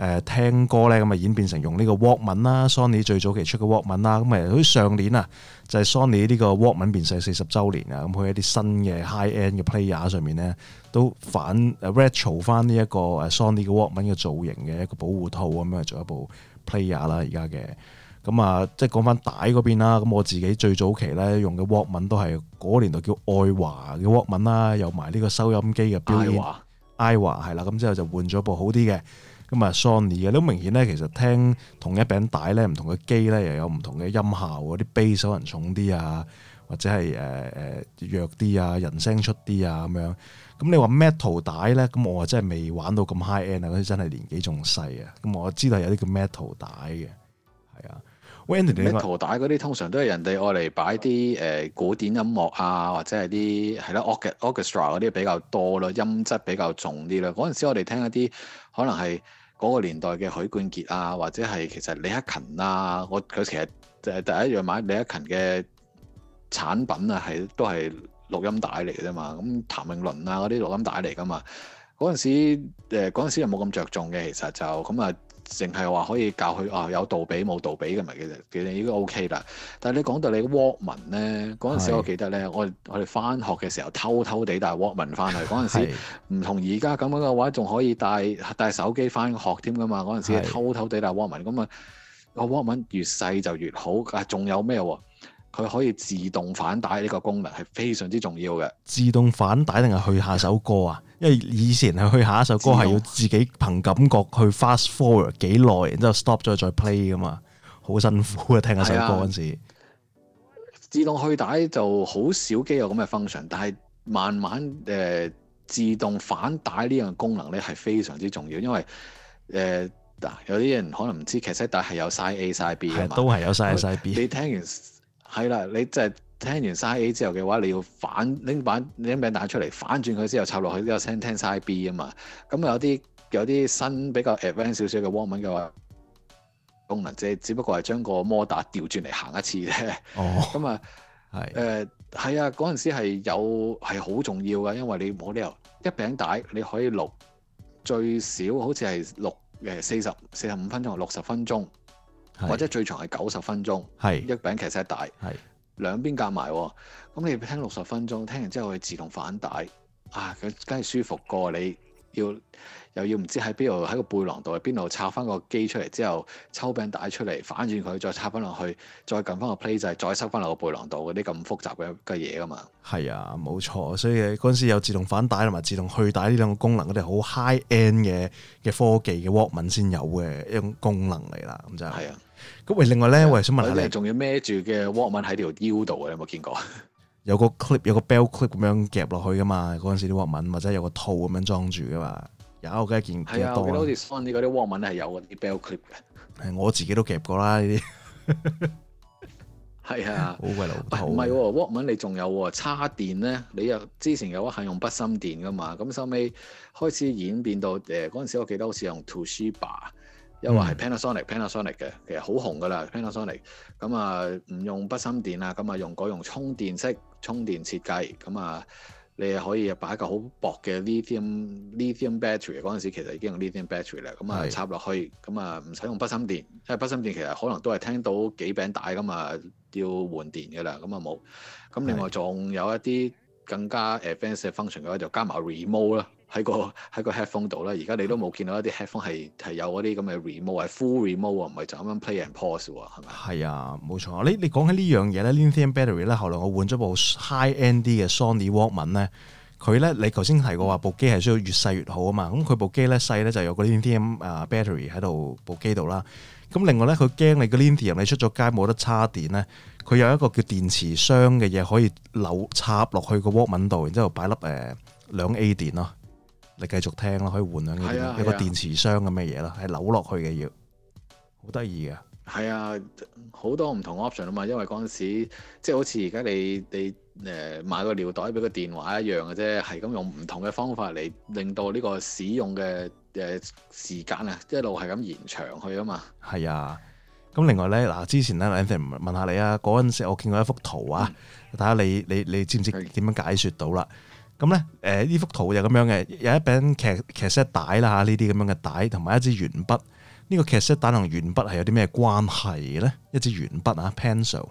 誒聽歌呢，咁啊演變成用呢個 Walkman 啦，Sony 最早期出嘅 w a l Walkman 啦，咁誒好似上年啊。就係 Sony 呢個 Walkman 面世四十週年啊！咁佢喺一啲新嘅 High End 嘅 Player 上面咧，都反、啊、retro 翻呢一個 Sony 嘅 Walkman 嘅造型嘅一個保護套咁嚟做一部 Player 啦。而家嘅咁啊，即係講翻帶嗰邊啦。咁我自己最早期咧用嘅 Walkman 都係嗰年代叫愛華嘅 Walkman 啦，有埋呢個收音機嘅 i 誌愛華係啦。咁之後就換咗部好啲嘅。咁啊 Sony 嘅，你好明顯咧，其實聽同一餅帶咧，唔同嘅機咧，又有唔同嘅音效，啲 bass 可能重啲啊，或者係誒誒弱啲啊，人聲出啲啊咁樣。咁你話 metal 帶咧，咁我啊真係未玩到咁 high end 啊，嗰啲真係年紀仲細啊。咁我知道有啲叫 metal 帶嘅。metal 帶嗰啲通常都係人哋愛嚟擺啲誒古典音樂啊，或者係啲係咯 orchestra 嗰啲比較多咯，音質比較重啲咧。嗰陣時我哋聽一啲可能係嗰個年代嘅許冠傑啊，或者係其實李克勤啊，我佢其實誒第一樣買李克勤嘅產品啊，係都係錄音帶嚟嘅啫嘛。咁譚詠麟啊嗰啲錄音帶嚟㗎嘛。嗰陣時誒嗰陣時又冇咁着重嘅，其實就咁啊。淨係話可以教佢啊，有度比冇度比嘅咪，其實其實已經 OK 啦。但係你講到你 walkman 咧嗰陣時，我記得咧，是我我哋翻學嘅時候偷偷地帶 walkman 翻去。嗰陣時，唔同而家咁樣嘅話，仲可以帶帶手機翻學添㗎嘛。嗰陣時偷偷地帶 walkman 是。咁啊，個 walkman 越細就越好。啊，仲有咩？佢可以自動反帶呢個功能係非常之重要嘅。自動反帶定係去下首歌啊？即以前係去下一首歌係要自己憑感覺去 fast forward 幾耐，然之後 stop 咗再 play 噶嘛，好辛苦啊聽下首歌嗰陣時。自動去帶就好少機有咁嘅 function，但係慢慢誒、呃、自動反帶呢樣功能咧係非常之重要，因為誒嗱、呃、有啲人可能唔知，其實帶係有 side A、side B 啊嘛，都係有 side A、side B。你聽完係啦，你就係。聽完 side A 之後嘅話，你要反拎把拎餅帶出嚟，反轉佢之後插落去，之後先聽 side B 啊嘛。咁、嗯、有啲有啲新比較 advanced 少少嘅 Walkman 嘅話，功能，即係只不過係將個摩打調轉嚟行一次啫。哦。咁、嗯是呃、啊，係。誒係啊，嗰陣時係有係好重要嘅，因為你冇理由一餅帶你可以錄最少好似係六誒四十四十五分鐘、六十分鐘，是或者最長係九十分鐘。係是一餅其實大係。兩邊夾埋，咁你聽六十分鐘，聽完之後會自動反帶，啊，佢梗係舒服過你要又要唔知喺邊度，喺個背囊度，喺邊度插翻個機出嚟之後，抽柄帶出嚟，反轉佢，再插翻落去，再撳翻個 play 掣，再收翻落個背囊度嗰啲咁複雜嘅嘅嘢噶嘛。係啊，冇錯，所以嗰陣時有自動反帶同埋自動去帶呢兩個功能，佢哋好 high end 嘅嘅科技嘅 Walkman 先有嘅一種功能嚟啦，咁就係。咁喂，另外咧，的喂，想問下你，仲要孭住嘅 Walkman 喺條腰度啊？你有冇見過？有個 clip，有個 bell clip 咁樣夾落去噶嘛？嗰陣時啲 Walkman 或者有個套咁樣裝住噶嘛？有，我記得見見到。係啊的，好似 Sony 啲嗰啲 Walkman 係有嗰啲 bell clip 嘅。係我自己都夾過啦，呢啲係啊， 的好鬼老土。唔係，Walkman 你仲有、哦、叉電咧？你又之前有係用筆芯電噶嘛？咁收尾開始演變到誒，嗰陣時我記得好似用 to 因為係 Panasonic、嗯、Panasonic 嘅，其實好紅噶啦 Panasonic。咁啊，唔用筆芯電啊，咁啊用嗰用充電式充電設計。咁啊，你可以擺一個好薄嘅 lithium lithium battery，嗰陣時其實已經用 lithium battery 啦。咁啊插落去，咁啊唔使用筆芯電，因為筆芯電其實可能都係聽到幾餅帶咁啊要換電噶啦。咁啊冇。咁另外仲有一啲更加 advanced function 嘅話，就加埋 remote 啦。喺個喺個 headphone 度啦，而家你都冇見到一啲 headphone 係係有嗰啲咁嘅 remote，係 full remote 啊，唔係就咁樣 play and pause 喎，係咪？係啊，冇錯啊！你你講起呢樣嘢咧，lithium battery 咧，後來我換咗部 high end 嘅 Sony Walkman 咧，佢咧你頭先提過話部機係需要越細越好啊嘛，咁佢部機咧細咧就有個 lithium battery 喺度部機度啦。咁另外咧，佢驚你個 lithium 你出咗街冇得插電咧，佢有一個叫電池箱嘅嘢可以扭插落去個 Walkman 度，然之後擺粒誒兩 A 電咯。你繼續聽咯，可以換兩樣、啊、一個電池箱咁嘅嘢咯，係、啊、扭落去嘅要，好得意嘅。係啊，好多唔同 option 啊嘛，因為嗰陣時即係好似而家你你誒、呃、買個尿袋俾個電話一樣嘅啫，係咁用唔同嘅方法嚟令到呢個使用嘅誒時間啊一路係咁延長去啊嘛。係啊，咁另外咧嗱，之前咧 Anthony 問下你啊，嗰陣時我見過一幅圖啊，睇下、嗯、你你你，你，你知唔知點樣解説到啦？咁咧，誒呢、呃、幅圖就咁樣嘅，有一餅劇劇 set 帶啦，呢啲咁樣嘅帶，同埋一支鉛筆。這個、劇幀幀原筆呢個劇 set 帶同鉛筆係有啲咩關係咧？一支鉛筆啊，pencil。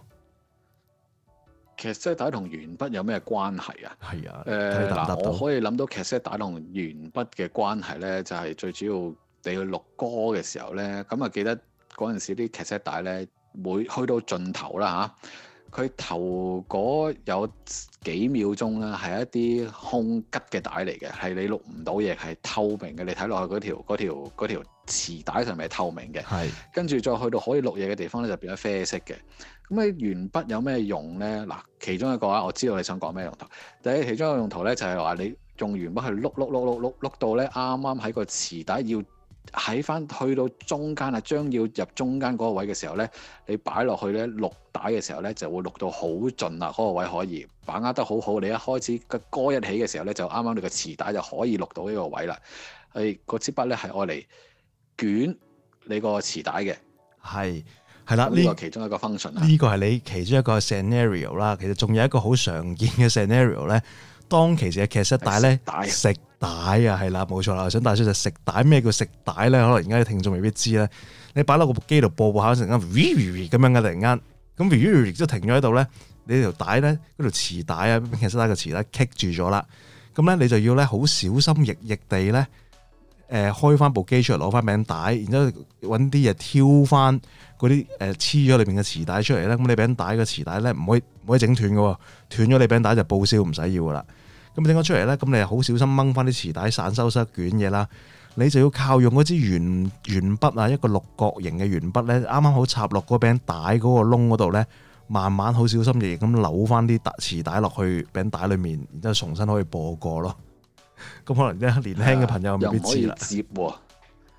劇 set 帶同鉛筆有咩關係啊？係啊、呃，誒我可以諗到劇 set 帶同鉛筆嘅關係咧，就係、是、最主要你去錄歌嘅時候咧，咁啊記得嗰陣時啲劇 set 帶咧會去到盡頭啦嚇。啊佢頭嗰有幾秒鐘咧係一啲空吉嘅帶嚟嘅，係你錄唔到嘢，係透明嘅，你睇落去嗰條嗰條嗰條磁帶上面係透明嘅。係是，跟住再去到可以錄嘢嘅地方咧，就變咗啡色嘅。咁你鉛筆有咩用咧？嗱，其中一個啊，我知道你想講咩用途。第一，其中一個用途咧就係話你用鉛筆去碌碌碌碌碌碌到咧，啱啱喺個磁帶要。喺翻去到中間啊，將要入中間嗰個位嘅時候呢，你擺落去呢錄帶嘅時候呢，就會錄到好盡啦。嗰個位可以把握得好好。你一開始個歌一起嘅時候呢，就啱啱你個磁帶就可以錄到呢個位啦。係，支筆呢，係愛嚟捲你個磁帶嘅，係係啦。呢個其中一個 function，呢個係你其中一個 scenario 啦。其實仲有一個好常見嘅 scenario 咧。當其時嘅劇集，但係咧食帶啊，係啦，啊，冇錯啦，我想帶出就食帶。咩叫食帶咧？可能而家啲聽眾未必知咧。你擺落個部機度播，播下成間，咁樣嘅突然間，咁亦都停咗喺度咧。你帶呢條帶咧，嗰條磁帶啊，劇集帶嘅磁帶，棘住咗啦。咁咧，你就要咧好小心翼翼地咧，誒，呃、開翻部機出嚟攞翻餅帶，然之後揾啲嘢挑翻嗰啲誒撕咗裏面嘅磁帶出嚟咧。咁你餅帶嘅磁帶咧，唔可以唔可以整斷嘅喎，斷咗你餅帶就報銷，唔使要噶啦。咁整翻出嚟咧，咁你又好小心掹翻啲磁帶散收失捲嘢啦，你就要靠用嗰支圓圓筆啊，一個六角形嘅圓筆咧，啱啱好插落個餅帶嗰個窿嗰度咧，慢慢好小心哋咁扭翻啲磁帶落去餅帶裏面，然之後重新可以播過咯。咁 可能咧年輕嘅朋友未必、啊、可以接喎，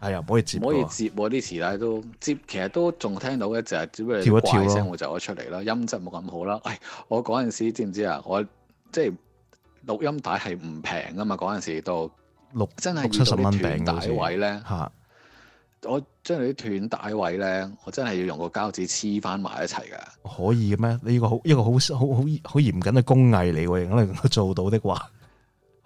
係啊，唔可以接，唔、啊、可以接喎啲、啊、磁帶都接，其實都仲聽到嘅、就是，就係只不過怪聲會走咗出嚟啦，跳一跳音質冇咁好啦。我嗰陣時知唔知啊？我，我，我即係。錄音帶係唔平噶嘛？嗰陣時都 6, 到錄真係要七十蚊餅帶位咧，嚇！我將你啲斷帶位咧，我真係要用個膠紙黐翻埋一齊噶、這個。可以嘅咩？你依個好一個好好好好嚴謹嘅工藝嚟喎，如果你做到的話，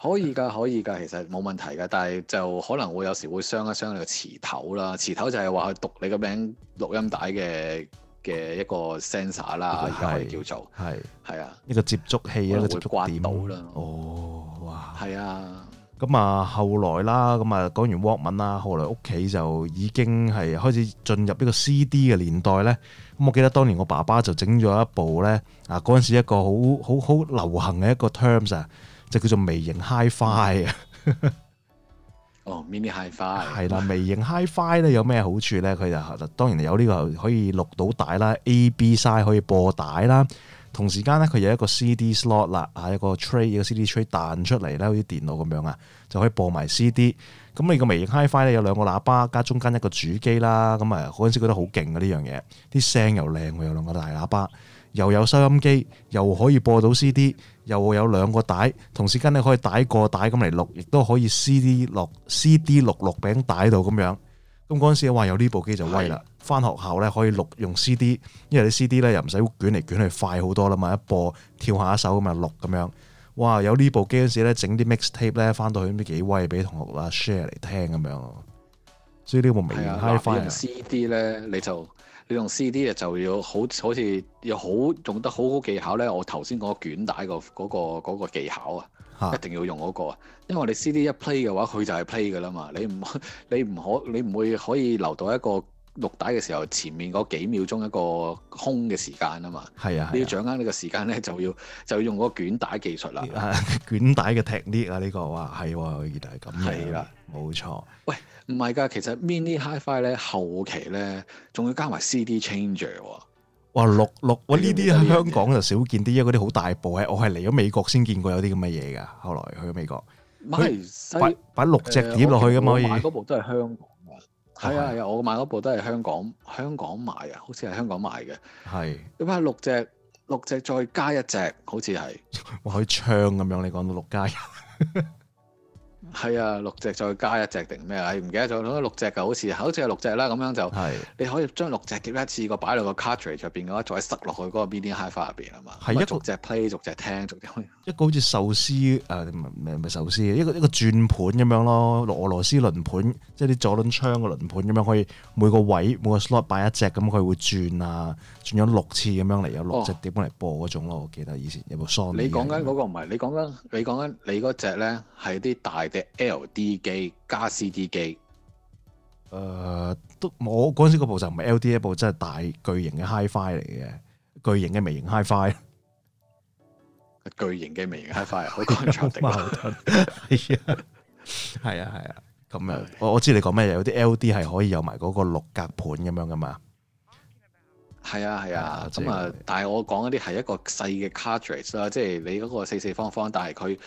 可以㗎，可以㗎，其實冇問題㗎。但係就可能會有時會傷一傷你個磁頭啦。磁頭就係話去讀你個名錄音帶嘅。嘅一個 sensor 啦，是可以叫做係係是啊，一個接觸器啊，嗰隻關到啦。哦，哇，係啊。咁啊，後來啦，咁啊，講完 Walkman 啦，後來屋企就已經係開始進入呢個 CD 嘅年代咧。咁我記得當年我爸爸就整咗一部咧，啊，嗰陣時一個好好好流行嘅一個 terms 啊，就叫做微型 HiFi 啊。Fi 哦，mini hi-fi 係啦，微型 hi-fi 咧有咩好處咧？佢就當然有呢個可以錄到帶啦，A/B side 可以播帶啦。同時間咧，佢有一個 CD slot 啦，啊，一個 tray，一個 CD tray 彈出嚟啦，好似電腦咁樣啊，就可以播埋 CD。咁你個微型 hi-fi 咧有兩個喇叭，加中間一個主機啦。咁啊嗰陣時覺得好勁啊呢樣嘢，啲聲又靚，有兩個大喇叭，又有收音機，又可以播到 CD。又會有兩個帶，同時間你可以帶個帶咁嚟錄，亦都可以 CD 錄 CD 錄六餅帶到咁樣。咁嗰陣時話有呢部機就威啦，翻是的 學校咧可以錄用 CD，因為啲 CD 咧又唔使捲嚟捲去，快好多啦嘛，一播跳下一首咁啊錄咁樣。哇！有呢部機嗰陣時咧，整啲 mixtape 咧，翻到去都幾威，俾同學啦 share 嚟聽咁樣。所以部的呢部微 HiFi CD 咧你就。你用 C D 嘅就要好好似又好用得好好技巧咧，我頭先嗰個卷帶、嗰個嗰、嗰個技巧啊，一定要用嗰、嗰個，因為你 C D 一 play 嘅話，佢就係 play 嘅啦嘛，你唔你唔可你唔會可以留到一個錄帶嘅時候前面嗰幾秒鐘一個空嘅時間啊嘛，係啊，啊你要掌握呢個時間咧，就要就要用嗰個捲帶技術啦、啊，捲帶嘅踢裂啊，呢、呢個哇係喎、啊，原來係咁樣，係啦、啊，冇錯錯。喂唔係㗎，其實 mini hi-fi 咧，後期咧仲要加埋 CD changer 哇，六六的哇！呢啲喺香港就少見啲，的因為嗰啲好大部。係的我係嚟咗美國先見過有啲咁嘅嘢㗎。後來去咗美國，擺擺六隻碟落去㗎嘛、呃、可以。嗰部都係香港㗎。係啊係啊，我買嗰部都係香港，香港買啊。好似係香港買嘅。係的。咁啊，六隻六隻，六隻再加一隻，好似係 可以唱咁樣。你講到六加一。 係啊，六隻再加一隻定咩啊？誒，唔記得咗，六隻㗎好似，好似係六隻啦。咁樣就，係是，你可以將六隻碟一次過擺落個 cartridge 入邊嘅話，再塞落去個個 mini hi-fi 入邊啊嘛。係逐隻 play，逐隻聽，逐隻可一個好似壽司誒，唔係唔係壽司，一個一個轉盤咁樣咯，羅俄羅斯輪盤，即係啲左輪槍嘅輪盤咁樣，可以每個位每個 slot 擺一隻咁，佢會轉啊，轉咗六次咁樣嚟，有六隻碟嚟播嗰種咯，哦、我記得以前有部 Sony。你講緊嗰個唔係，你講緊你講緊你嗰隻咧，係啲大嘅 LD 機加 CD 機。誒、呃，都我嗰陣時嗰部就唔係 LD，嗰部真係大巨型嘅 HiFi 嚟嘅，巨型嘅微型 HiFi。Fi 巨型嘅微型 HiFi 可以裝定，係 啊，係啊，係啊，咁啊，我我知你講咩，有啲 L.D 係可以有埋嗰個六格盤咁樣噶嘛？係啊，係啊，咁啊、嗯，但係我講嗰啲係一個細嘅 cartridge 啦，即係你嗰個四四方方，但係佢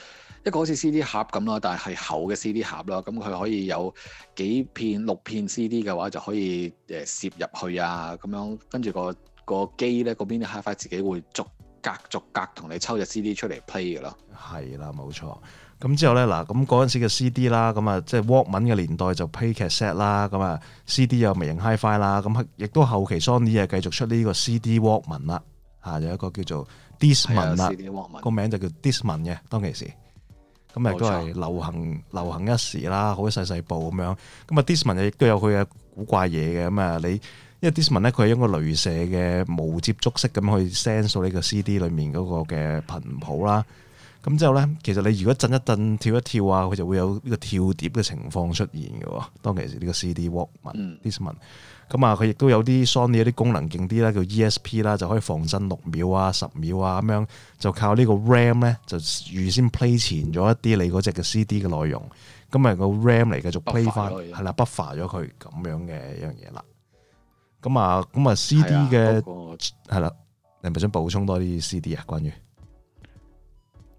一個好似 CD 盒咁啦，但係厚嘅 CD 盒啦，咁、嗯、佢可以有幾片六片 CD 嘅話，就可以誒攝入去啊，咁樣跟住、那個個機咧，嗰邊嘅 HiFi 自己會捉。隔逐隔同你抽隻 CD 出嚟 play 嘅咯，係啦，冇錯。咁之後咧，嗱咁嗰陣時嘅 CD 啦，咁啊即係 Walkman 嘅年代就 play cassette 啦，咁啊 CD 又微型 HiFi 啦，咁亦都後期 Sony 啊繼續出呢個 CD Walkman 啦、啊，啊有一個叫做 Discman 啦，個了名就叫 Discman 嘅，當其時咁啊都係流行錯流行一時啦，好細細部咁樣。咁啊 Discman 又亦都有佢嘅古怪嘢嘅，咁啊你。因為 Discman 咧，佢係一個雷射嘅無接觸式咁去 sense 呢個 CD 裏面嗰個嘅頻譜啦。咁之後咧，其實你如果震一震、跳一跳啊，佢就會有呢個跳碟嘅情況出現嘅。當其時呢個 CD Walkman，Discman，咁啊、嗯，佢亦都有啲 Sony 一啲功能勁啲啦，叫 ESP 啦，就可以防震六秒啊、十秒啊咁樣，就靠呢個 RAM 咧，就預先 play 前咗一啲你嗰隻嘅 CD 嘅內容，咁啊個 RAM 嚟繼續 play 翻、嗯，係啦 buffer 咗佢咁樣嘅一樣嘢啦。咁啊，咁啊，C D 嘅係啦，你係咪想補充多啲 C D 啊？關於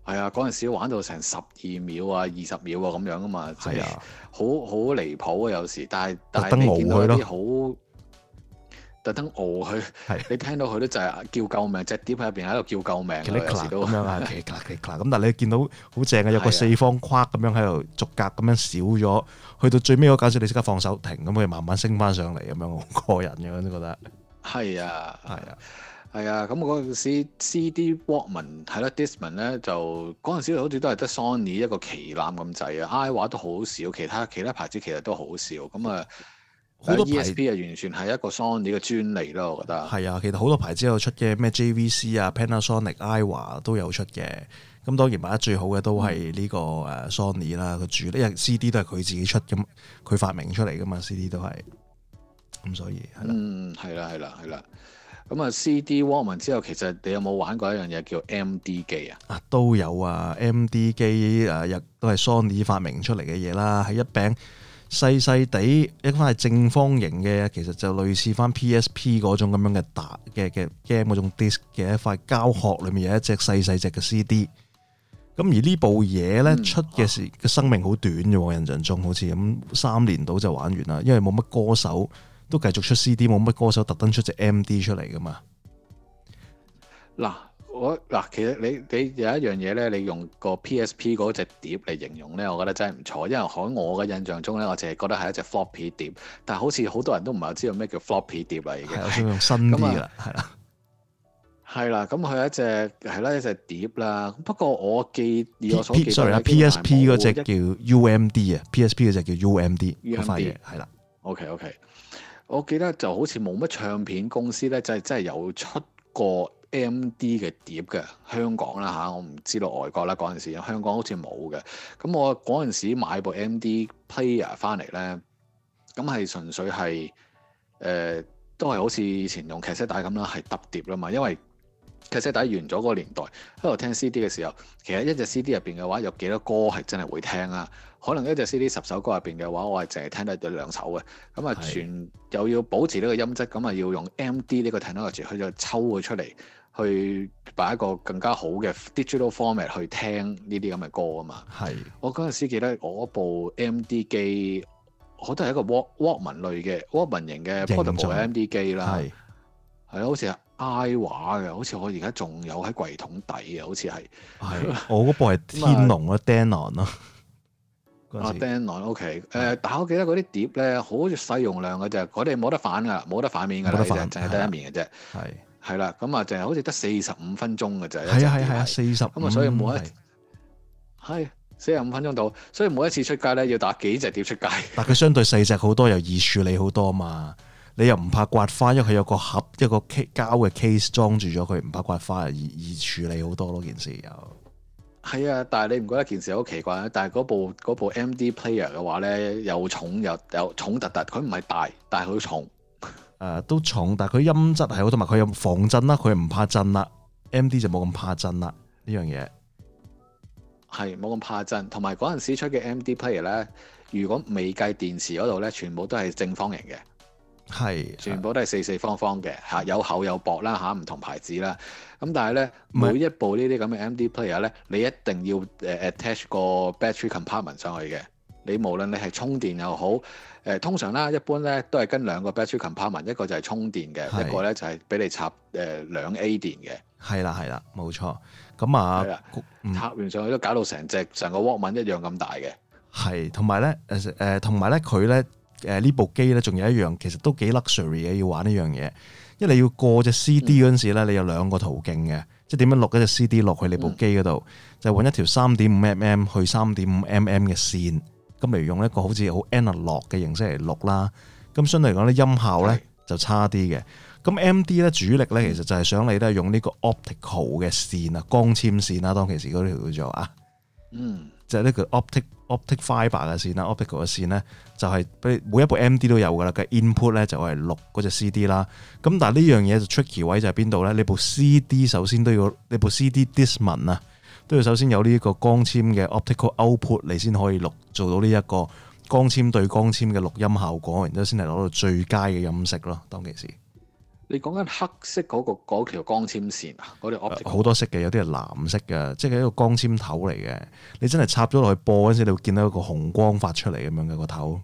係啊，嗰陣時玩到成十二秒啊，二十秒啊咁樣啊嘛，係啊，好好離譜啊有時，但係但係你見到啲好。特登餓佢， 你聽到佢都就係叫救命，隻碟喺入邊喺度叫救命，咁樣咁但係你見到好正嘅有個四方框咁樣喺度逐格咁樣少咗， 去到最尾嗰格你即刻放手停，咁佢慢慢升翻上嚟咁樣，我個人嘅都覺得係 啊，係啊，係啊，咁嗰陣時 CD Walkman 係咯 Discman 咧就嗰陣時好似都係得 Sony 一個旗艦咁滯啊，Aiwa 都好少，其他其他牌子其實都好少咁啊。 好多 p s 牌係完全係一個 Sony 嘅專利咯，我覺得。係啊，其實好多牌之後出嘅咩 JVC 啊、Panasonic、Aiwa 都有出嘅。咁當然賣得最好嘅都係呢個誒 Sony 啦，佢、嗯、主，因為 CD 都係佢自己出咁，佢發明出嚟㗎嘛，CD 都係。咁所以，啊、嗯，係啦、啊，係啦、啊，係啦、啊。咁啊，CD Walkman 之後，其實你有冇玩過一樣嘢叫 MD 機啊？啊，都有啊，MD 機誒，亦、啊、都係 Sony 發明出嚟嘅嘢啦，係一餅。細細地一塊係正方形嘅，其實就類似翻 PSP 嗰種咁樣嘅打嘅嘅 game 嗰種 disc 嘅一塊膠殼裏面有一隻細細隻嘅 CD。咁而呢部嘢呢，嗯、出嘅時個生命好短嘅，我印象中好似咁三年到就玩完啦，因為冇乜歌手都繼續出 CD，冇乜歌手特登出隻 MD 出嚟噶嘛。嗱。嗱，其實你你有一樣嘢咧，你用個 PSP 嗰隻碟嚟形容咧，我覺得真係唔錯，因為喺我嘅印象中咧，我淨係覺得係一隻 floppy 碟，但係好似好多人都唔係知道咩叫 floppy 碟嚟已經用新啲啦，係啦 那，係啦，咁佢一隻係啦 一,一隻碟啦，不過我記得，P, P, 我所記，sorry 啊，PSP 嗰隻叫 UMD 啊，PSP 嗰隻叫 UMD 嗰塊嘢係啦，OK OK，我記得就好似冇乜唱片公司咧，就係真係有出過,過。M.D. 嘅碟嘅香港啦吓、啊，我唔知道外國啦嗰陣時。香港好似冇嘅。咁我嗰陣時買部 M.D. player 翻嚟咧，咁係純粹係誒、呃，都係好似以前用卡式帶咁啦，係揼碟啦嘛。因為卡式帶完咗嗰個年代，喺度聽 C.D. 嘅時候，其實一隻 C.D. 入邊嘅話有幾多歌係真係會聽啊？可能一隻 C.D. 十首歌入邊嘅話，我係淨係聽得咗兩首嘅。咁啊，全是又要保持呢個音質，咁啊要用 M.D. 呢個 technology 去再抽佢出嚟。去擺一個更加好嘅 digital format 去聽呢啲咁嘅歌啊嘛，係。我嗰陣時記得我部 MD 機，我都係一個 walk walkman 類嘅 walkman 型嘅 portable MD 機啦，係。係咯，好似 I 畫嘅，好似我而家仲有喺櫃桶底嘅，好似係。係，我嗰部係天龍咯 Denon 咯。啊 Denon，OK 誒，但我記得嗰啲碟咧好似細容量嘅啫，嗰啲冇得反㗎，冇得反面㗎，淨係得一面嘅啫。係。係啦，咁啊，淨係好似得四十五分鐘嘅啫，係係係啊，四十咁啊，所以每一係四十五分鐘到，所以每一次出街咧，要打幾隻碟出街。但佢相對細隻好多，又易處理好多嘛。你又唔怕刮花，因為佢有個盒一個膠嘅 case 裝住咗佢，唔怕刮花，而易處理好多咯。件事又係啊，但係你唔覺得件事好奇怪咧？但係嗰部嗰部 MD Player 嘅話咧，又重又又重突突，佢唔係大，但係好重。誒都重，但係佢音質係好，同埋佢有防震啦，佢唔怕震啦。MD 就冇咁怕震啦，呢樣嘢係冇咁怕震。同埋嗰陣時出嘅 MD player 咧，如果未計電池嗰度咧，全部都係正方形嘅，係全部都係四四方方嘅嚇，有厚有薄啦嚇，唔同牌子啦。咁但係咧，每一部呢啲咁嘅 MD player 咧、嗯，你一定要誒 attach 個 battery compartment 上去嘅。你無論你係充電又好。誒通常啦，一般咧都係跟兩個 battery compartment，一個就係充電嘅，是一個咧就係俾你插誒兩 A 電嘅。係啦，係啦，冇錯。咁啊，的嗯、插完上去都搞到成隻成個 walkman 一樣咁大嘅。係，同埋咧誒誒，同埋咧佢咧誒呢，呢、呃、部機咧，仲有一樣其實都幾 luxury 嘅，要玩呢樣嘢。因為你要過隻 CD 嗰陣時咧，嗯、你有兩個途徑嘅，即係點樣落嗰隻 CD 落去你部機嗰度，嗯、就揾一條三點五 mm 去三點五 mm 嘅線。咁例如用一個好似好 analog 嘅形式嚟錄啦，咁相對嚟講啲音效咧是就差啲嘅。咁 M D 咧主力咧是其實就係想你都係用呢個 optical 嘅線啊，光纖線啦，啊，當其時嗰條叫做啊，嗯，就係呢個 optic optic fiber 嘅線啦，optical 嘅線咧就係每每一部 M D 都有噶啦。嘅 input 咧就係錄嗰隻 C D 啦。咁但係呢樣嘢就 tricky 位就係邊度咧？你部 C D 首先都要你部 C D 啲紋啊。因為首先有呢一個光纖嘅 optical output，你先可以錄做到呢一個光纖對光纖嘅錄音效果，然之後先係攞到最佳嘅音色咯。當其時，你講緊黑色嗰、嗰個條光纖線啊，嗰條 optical 好、呃、多色嘅，有啲係藍色嘅，即係一個光纖頭嚟嘅。你真係插咗落去播嗰時，你會見到一個紅光發出嚟咁樣嘅個頭。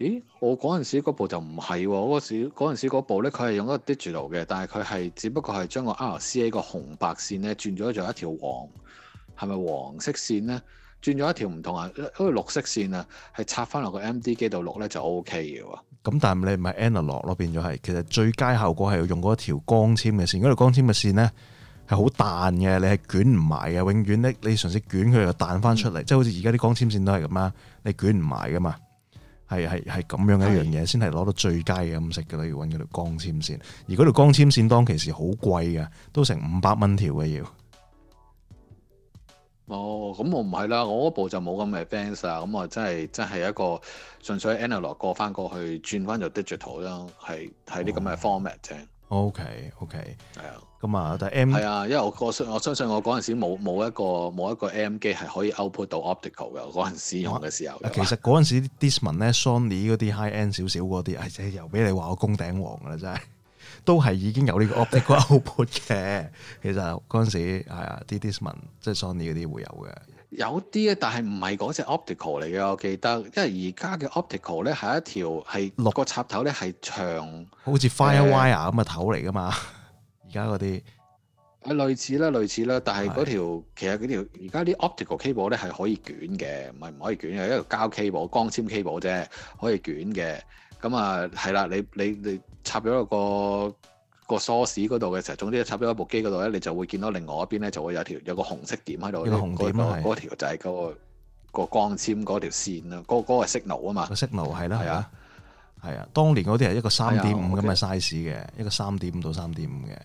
咦，我嗰陣時嗰部就唔係喎，我嗰時嗰部咧，佢係用一個 digital 嘅，但係佢係只不過係將個 RCA 個紅白線咧轉咗做一條黃，係咪黃色線咧？轉咗一條唔同啊，嗰、嗰個綠色線啊，係插翻落個 M D 機度錄咧就 O K 嘅喎。咁、嗯、但係你唔係 analogue 咯，變咗係其實最佳效果係用嗰一條光纖嘅線，嗰條光纖嘅線咧係好彈嘅，你係捲唔埋嘅，永遠咧你，你純粹捲佢又彈翻出嚟，嗯、即係好似而家啲光纖線都係咁啊，你捲唔埋噶嘛。係係係咁樣嘅一樣嘢，先係攞到最佳嘅音色嘅啦。要揾嗰條光纖線，而嗰條光纖線當其時好貴嘅，都成五百蚊條嘅要。哦，咁我唔係啦，我嗰部就冇咁嘅 fans 啊，咁我真係真係一個純粹 analog 過翻過去轉翻做 digital 啦，係係啲咁嘅 format 啫、哦。OK OK，係啊。咁啊！但係 M 系啊，因為我我相信我嗰陣時冇冇一個冇一個 M 機係可以 output 到 optical 嘅嗰陣時用嘅時候、啊。其實嗰陣時 Discman 咧，Sony 嗰啲 high end 少少嗰啲，唉、哎，又俾你話我攻頂王啦，真係都係已經有呢個 optical output 嘅。 其實嗰陣時係啊，啲 Discman 即係 Sony 嗰啲會有嘅。有啲啊，但係唔係嗰隻 optical 嚟嘅，我記得，因為而家嘅 optical 咧係一條係六個插頭咧係長，好似 fire wire 咁嘅、嗯、頭嚟噶嘛。而家嗰啲，啊，類似啦，類似啦，但係嗰條是其實嗰條而家啲 optical cable 咧係可以捲嘅，唔係唔可以捲嘅，一個膠 cable 光纖 cable 啫，可以捲嘅。咁啊，係啦，你你你插咗一個個 source 嗰度嘅時候，總之插咗一部機嗰度咧，你就會見到另外一邊咧就會有條有個紅色點喺度，個紅點嗰條就係、嗰個、嗰個光纖嗰條、嗰個、線啦，嗰、嗰、嗰個識路啊嘛，識路係啦，係啊。係啊，當年嗰啲係一個三點五咁嘅 size 嘅，一個三點五到三點五嘅。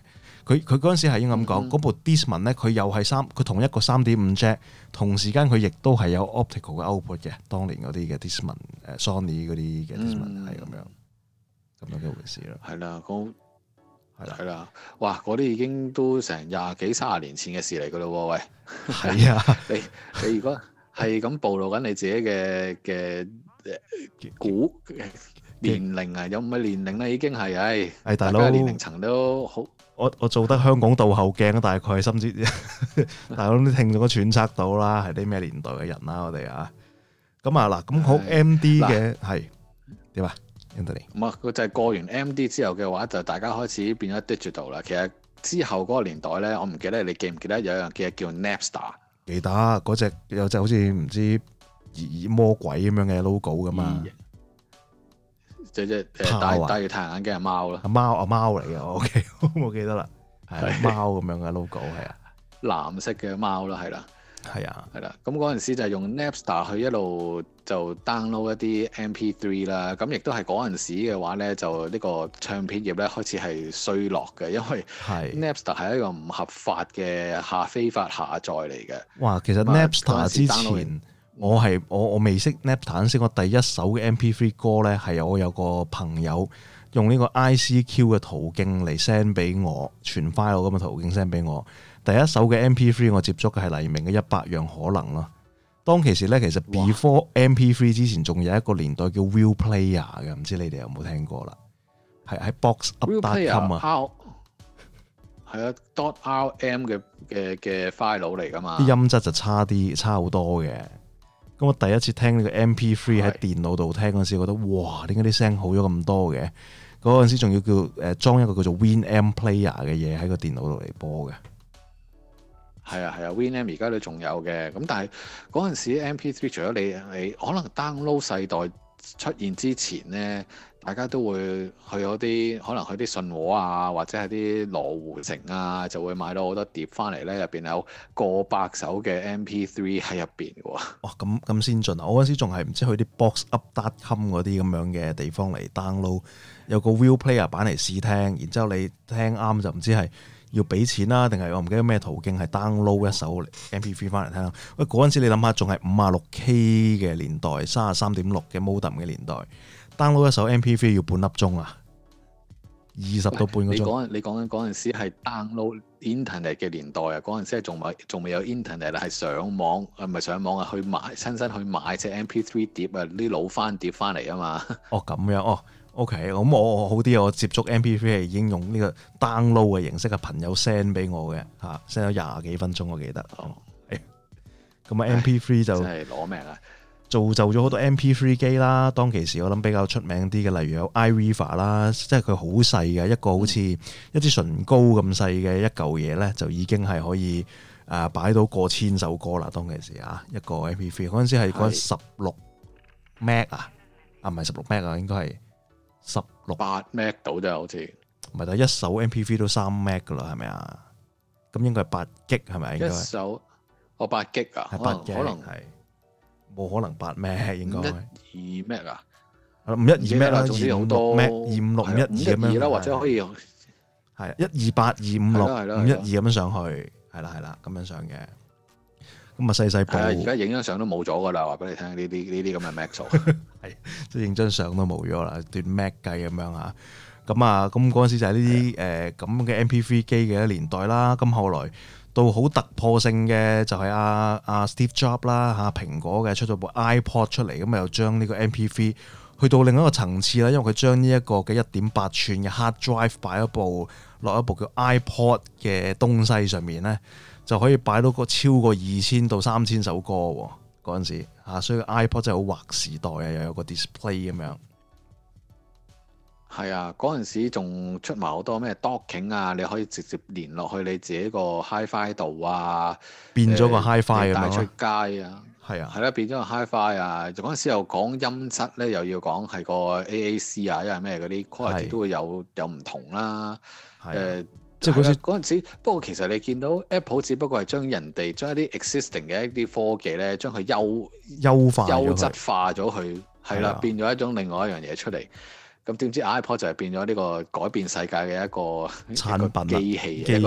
佢佢嗰陣時係應該咁講，嗰部 Discman 咧，佢又係三，佢同一個三點五 Jack，同時間佢亦都係有 optical 嘅 output 嘅。當年嗰啲嘅 Discman，誒 Sony 嗰啲嘅 Discman 係咁樣，咁樣嘅回事咯。係啦，咁係啦、啊，係啦，啊、哇！嗰啲已經都成廿幾卅年前嘅事嚟噶咯喎，喂！係啊， 你你如果係咁暴露緊你自己嘅嘅股。 年齡啊，有唔係年齡咧，已經係，唉、哎，大家年齡層都好。我我做得香港倒後鏡大概甚至， 大佬你聽眾都揣測到啦，係啲咩年代嘅人啦，我哋啊，咁啊嗱，咁好 M D 嘅係點啊，Anthony。唔係，就係、是、過完 M D 之後嘅話，就大家開始變咗 digital 啦。其實之後嗰個年代咧，我唔記得你記唔記得有一樣嘢叫 Napster 記得嗰隻有隻好似唔知魔鬼咁樣嘅 logo 噶嘛、嗯。即係戴戴住太陽眼鏡嘅貓咯、啊啊，貓啊貓嚟嘅，我記我冇記得啦，係貓咁樣嘅 logo 係啊，藍色嘅貓啦，係啦，係啊的，係啦，咁嗰陣時就用 Napster 去一路就 download 一啲 MP3 啦，咁亦都係嗰陣時嘅話咧，就呢個唱片業咧，開始係衰落嘅，因為係 Napster 係一個唔合法嘅下非法下載嚟嘅。哇，其實 Napster 之前。我係我我未識 Napster 先，我第一首嘅 MP3 歌呢係我有個朋友用呢個 ICQ 嘅途徑嚟 send 俾我，傳 file 咁嘅途徑 send 俾我。第一首嘅 MP3 我接觸嘅係黎明嘅一百樣可能咯。當其時呢，其實 before MP3 之前仲有一個年代叫 Real Player 嘅，唔知你哋有冇聽過啦？係喺 Box Up.com Real player, 啊，係啊，.dot r m 嘅嘅嘅 file 嚟噶嘛，啲音質就差啲，差好多嘅。咁我第一次聽呢個 MP3 喺電腦度聽嗰時，是覺得哇，點解啲聲好咗咁多嘅？嗰陣時仲要叫誒、呃、裝一個叫做 Winamp Player 嘅嘢喺個電腦度嚟播嘅。係啊係啊，Winamp 而家都仲有嘅。咁但係嗰陣時 MP3 除咗你你可能 download 世代出現之前呢。大家都會去嗰啲，可能去啲信和啊，或者係啲羅湖城啊，就會買到好多碟翻嚟咧，入邊有過百首嘅 M P three 喺入邊喎。哇、哦，咁咁先進啊！我嗰陣時仲係唔知去啲 Box Up.com 嗰啲咁樣嘅地方嚟 download，有個 View Player 版嚟試聽，然之後你聽啱就唔知係要俾錢啦，定係我唔記得咩途徑係 download 一首 M P three 翻嚟聽。喂，嗰陣時你諗下，仲係五啊六 K 嘅年代，三啊三點六嘅 modem 嘅年代。download 一首 MP3 要半粒鐘啊，二十到半個鐘。你講你講緊嗰時係 download internet 嘅年代啊，嗰陣時仲未仲未有 internet，係上網啊，唔係上網啊，去買親身去買隻 MP3 碟啊，啲老翻碟翻嚟啊嘛。哦咁樣哦，OK，咁、嗯、我好啲，我接觸 MP3 係已經用呢個 download 嘅形式嘅朋友 send 俾我嘅，嚇 send 咗廿幾分鐘我記得。哦好，咁啊、哎、MP3 就真係攞命啊！造就咗好多 MP3 機啦，當其時我諗比較出名啲嘅，例如有 iRiver 啦，即係佢好細嘅一個，好似一支唇膏咁細嘅一嚿嘢咧，就已經係可以誒擺到過千首歌啦。當其時, 3, 當時啊，一個 MP3 嗰陣時係嗰十六 meg 啊，啊唔係十六 meg 啊，應該係十六八 meg 到啫，好似唔係，但一首 MP3 都三 meg 噶啦，係咪啊？咁應該係八 G 係咪？一首哦，八 G 啊，GB, 可能係。冇可能八咩，應該二咩噶，五一二咩啦，總之好多二五六五一二咁樣啦，或者可以係一二八二五六五一二咁樣上去，係啦係啦咁樣上嘅，咁啊細細部。而家影張相都冇咗噶啦，話俾你聽呢啲呢啲咁嘅 maxo，係即係認真相都冇咗啦，段 mac 計咁樣吓，咁啊咁嗰陣時就係呢啲誒咁嘅 mp3 機嘅年代啦，咁後來。到好突破性嘅就係阿阿 Steve Jobs 啦、啊、吓蘋果嘅出咗部 iPod 出嚟，咁啊又將呢個 MP3 去到另一個層次啦，因為佢將呢一個嘅一點八寸嘅 hard drive 擺一部落一部叫 iPod 嘅東西上面咧，就可以擺到個超過二千到三千首歌喎，嗰陣時嚇，所以 iPod 真係好劃時代啊，又有個 display 咁樣。係啊，嗰陣時仲出埋好多咩 Docking 啊，你可以直接連落去你自己個 HiFi 度啊，變咗個 HiFi 啊，呃、帶出街啊，係啊，係啦、啊，變咗個 HiFi 啊，就嗰陣時又講音質咧，又要講係個 AAC 啊，因為咩嗰啲 quality、啊、都會有有唔同啦，係啊，啊啊即係好似嗰陣時，不過其實你見到 Apple 只不過係將人哋將一啲 existing 嘅一啲科技咧，將佢優優化優質化咗佢，係啦、啊啊啊，變咗一種另外一樣嘢出嚟。咁點知 iPod 就係變咗呢個改變世界嘅一個產品機器，機器，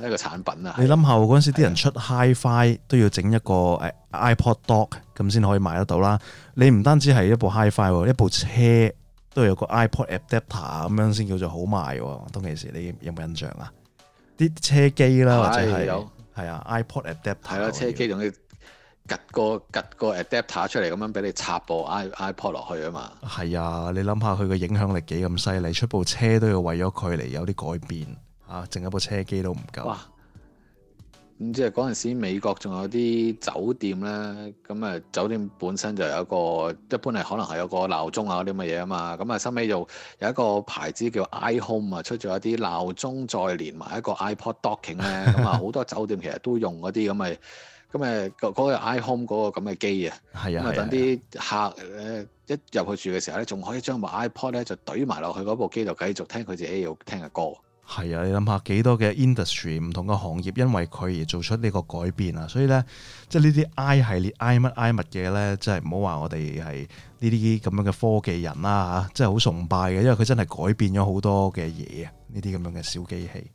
一個產品啊！你諗下喎，嗰陣時啲人出 HiFi 都要整一個誒 iPod dock，咁先可以買得到啦。你唔單止係一部 HiFi，一部車都有個 iPod adapter 咁樣先叫做好賣喎。當其時你有冇印象啊？啲車機啦，或者係係啊 iPod adapter 啦，車機仲要夾個夾個 adapter 出嚟咁樣俾你插部 i iPod 落去啊嘛！係啊，你諗下佢個影響力幾咁犀利，出部車都要為咗佢嚟有啲改變啊！淨一部車機都唔夠。哇！唔知係嗰陣時美國仲有啲酒店呢？咁啊酒店本身就有一個，一般係可能係有個鬧鐘啊啲咁嘅嘢啊嘛。咁啊收尾又有一個牌子叫 iHome 啊，home，出咗一啲鬧鐘再連埋一個 iPod docking 呢。咁啊好多酒店其實都用嗰啲咁嘅。咁誒，嗰個 iHome 嗰個咁嘅機啊，係啊的等啲客咧一入去住嘅時候咧，仲可以將部 iPod 咧就懟埋落去嗰部機度繼續聽佢自己要聽嘅歌。係啊，你諗下幾多嘅 industry 唔同嘅行業因為佢而做出呢個改變啊！所以咧，即係呢啲 i 系列 i 乜 i 乜嘢咧，即係唔好話我哋係呢啲咁樣嘅科技人啦嚇，即係好崇拜嘅，因為佢真係改變咗好多嘅嘢啊！呢啲咁樣嘅小機器。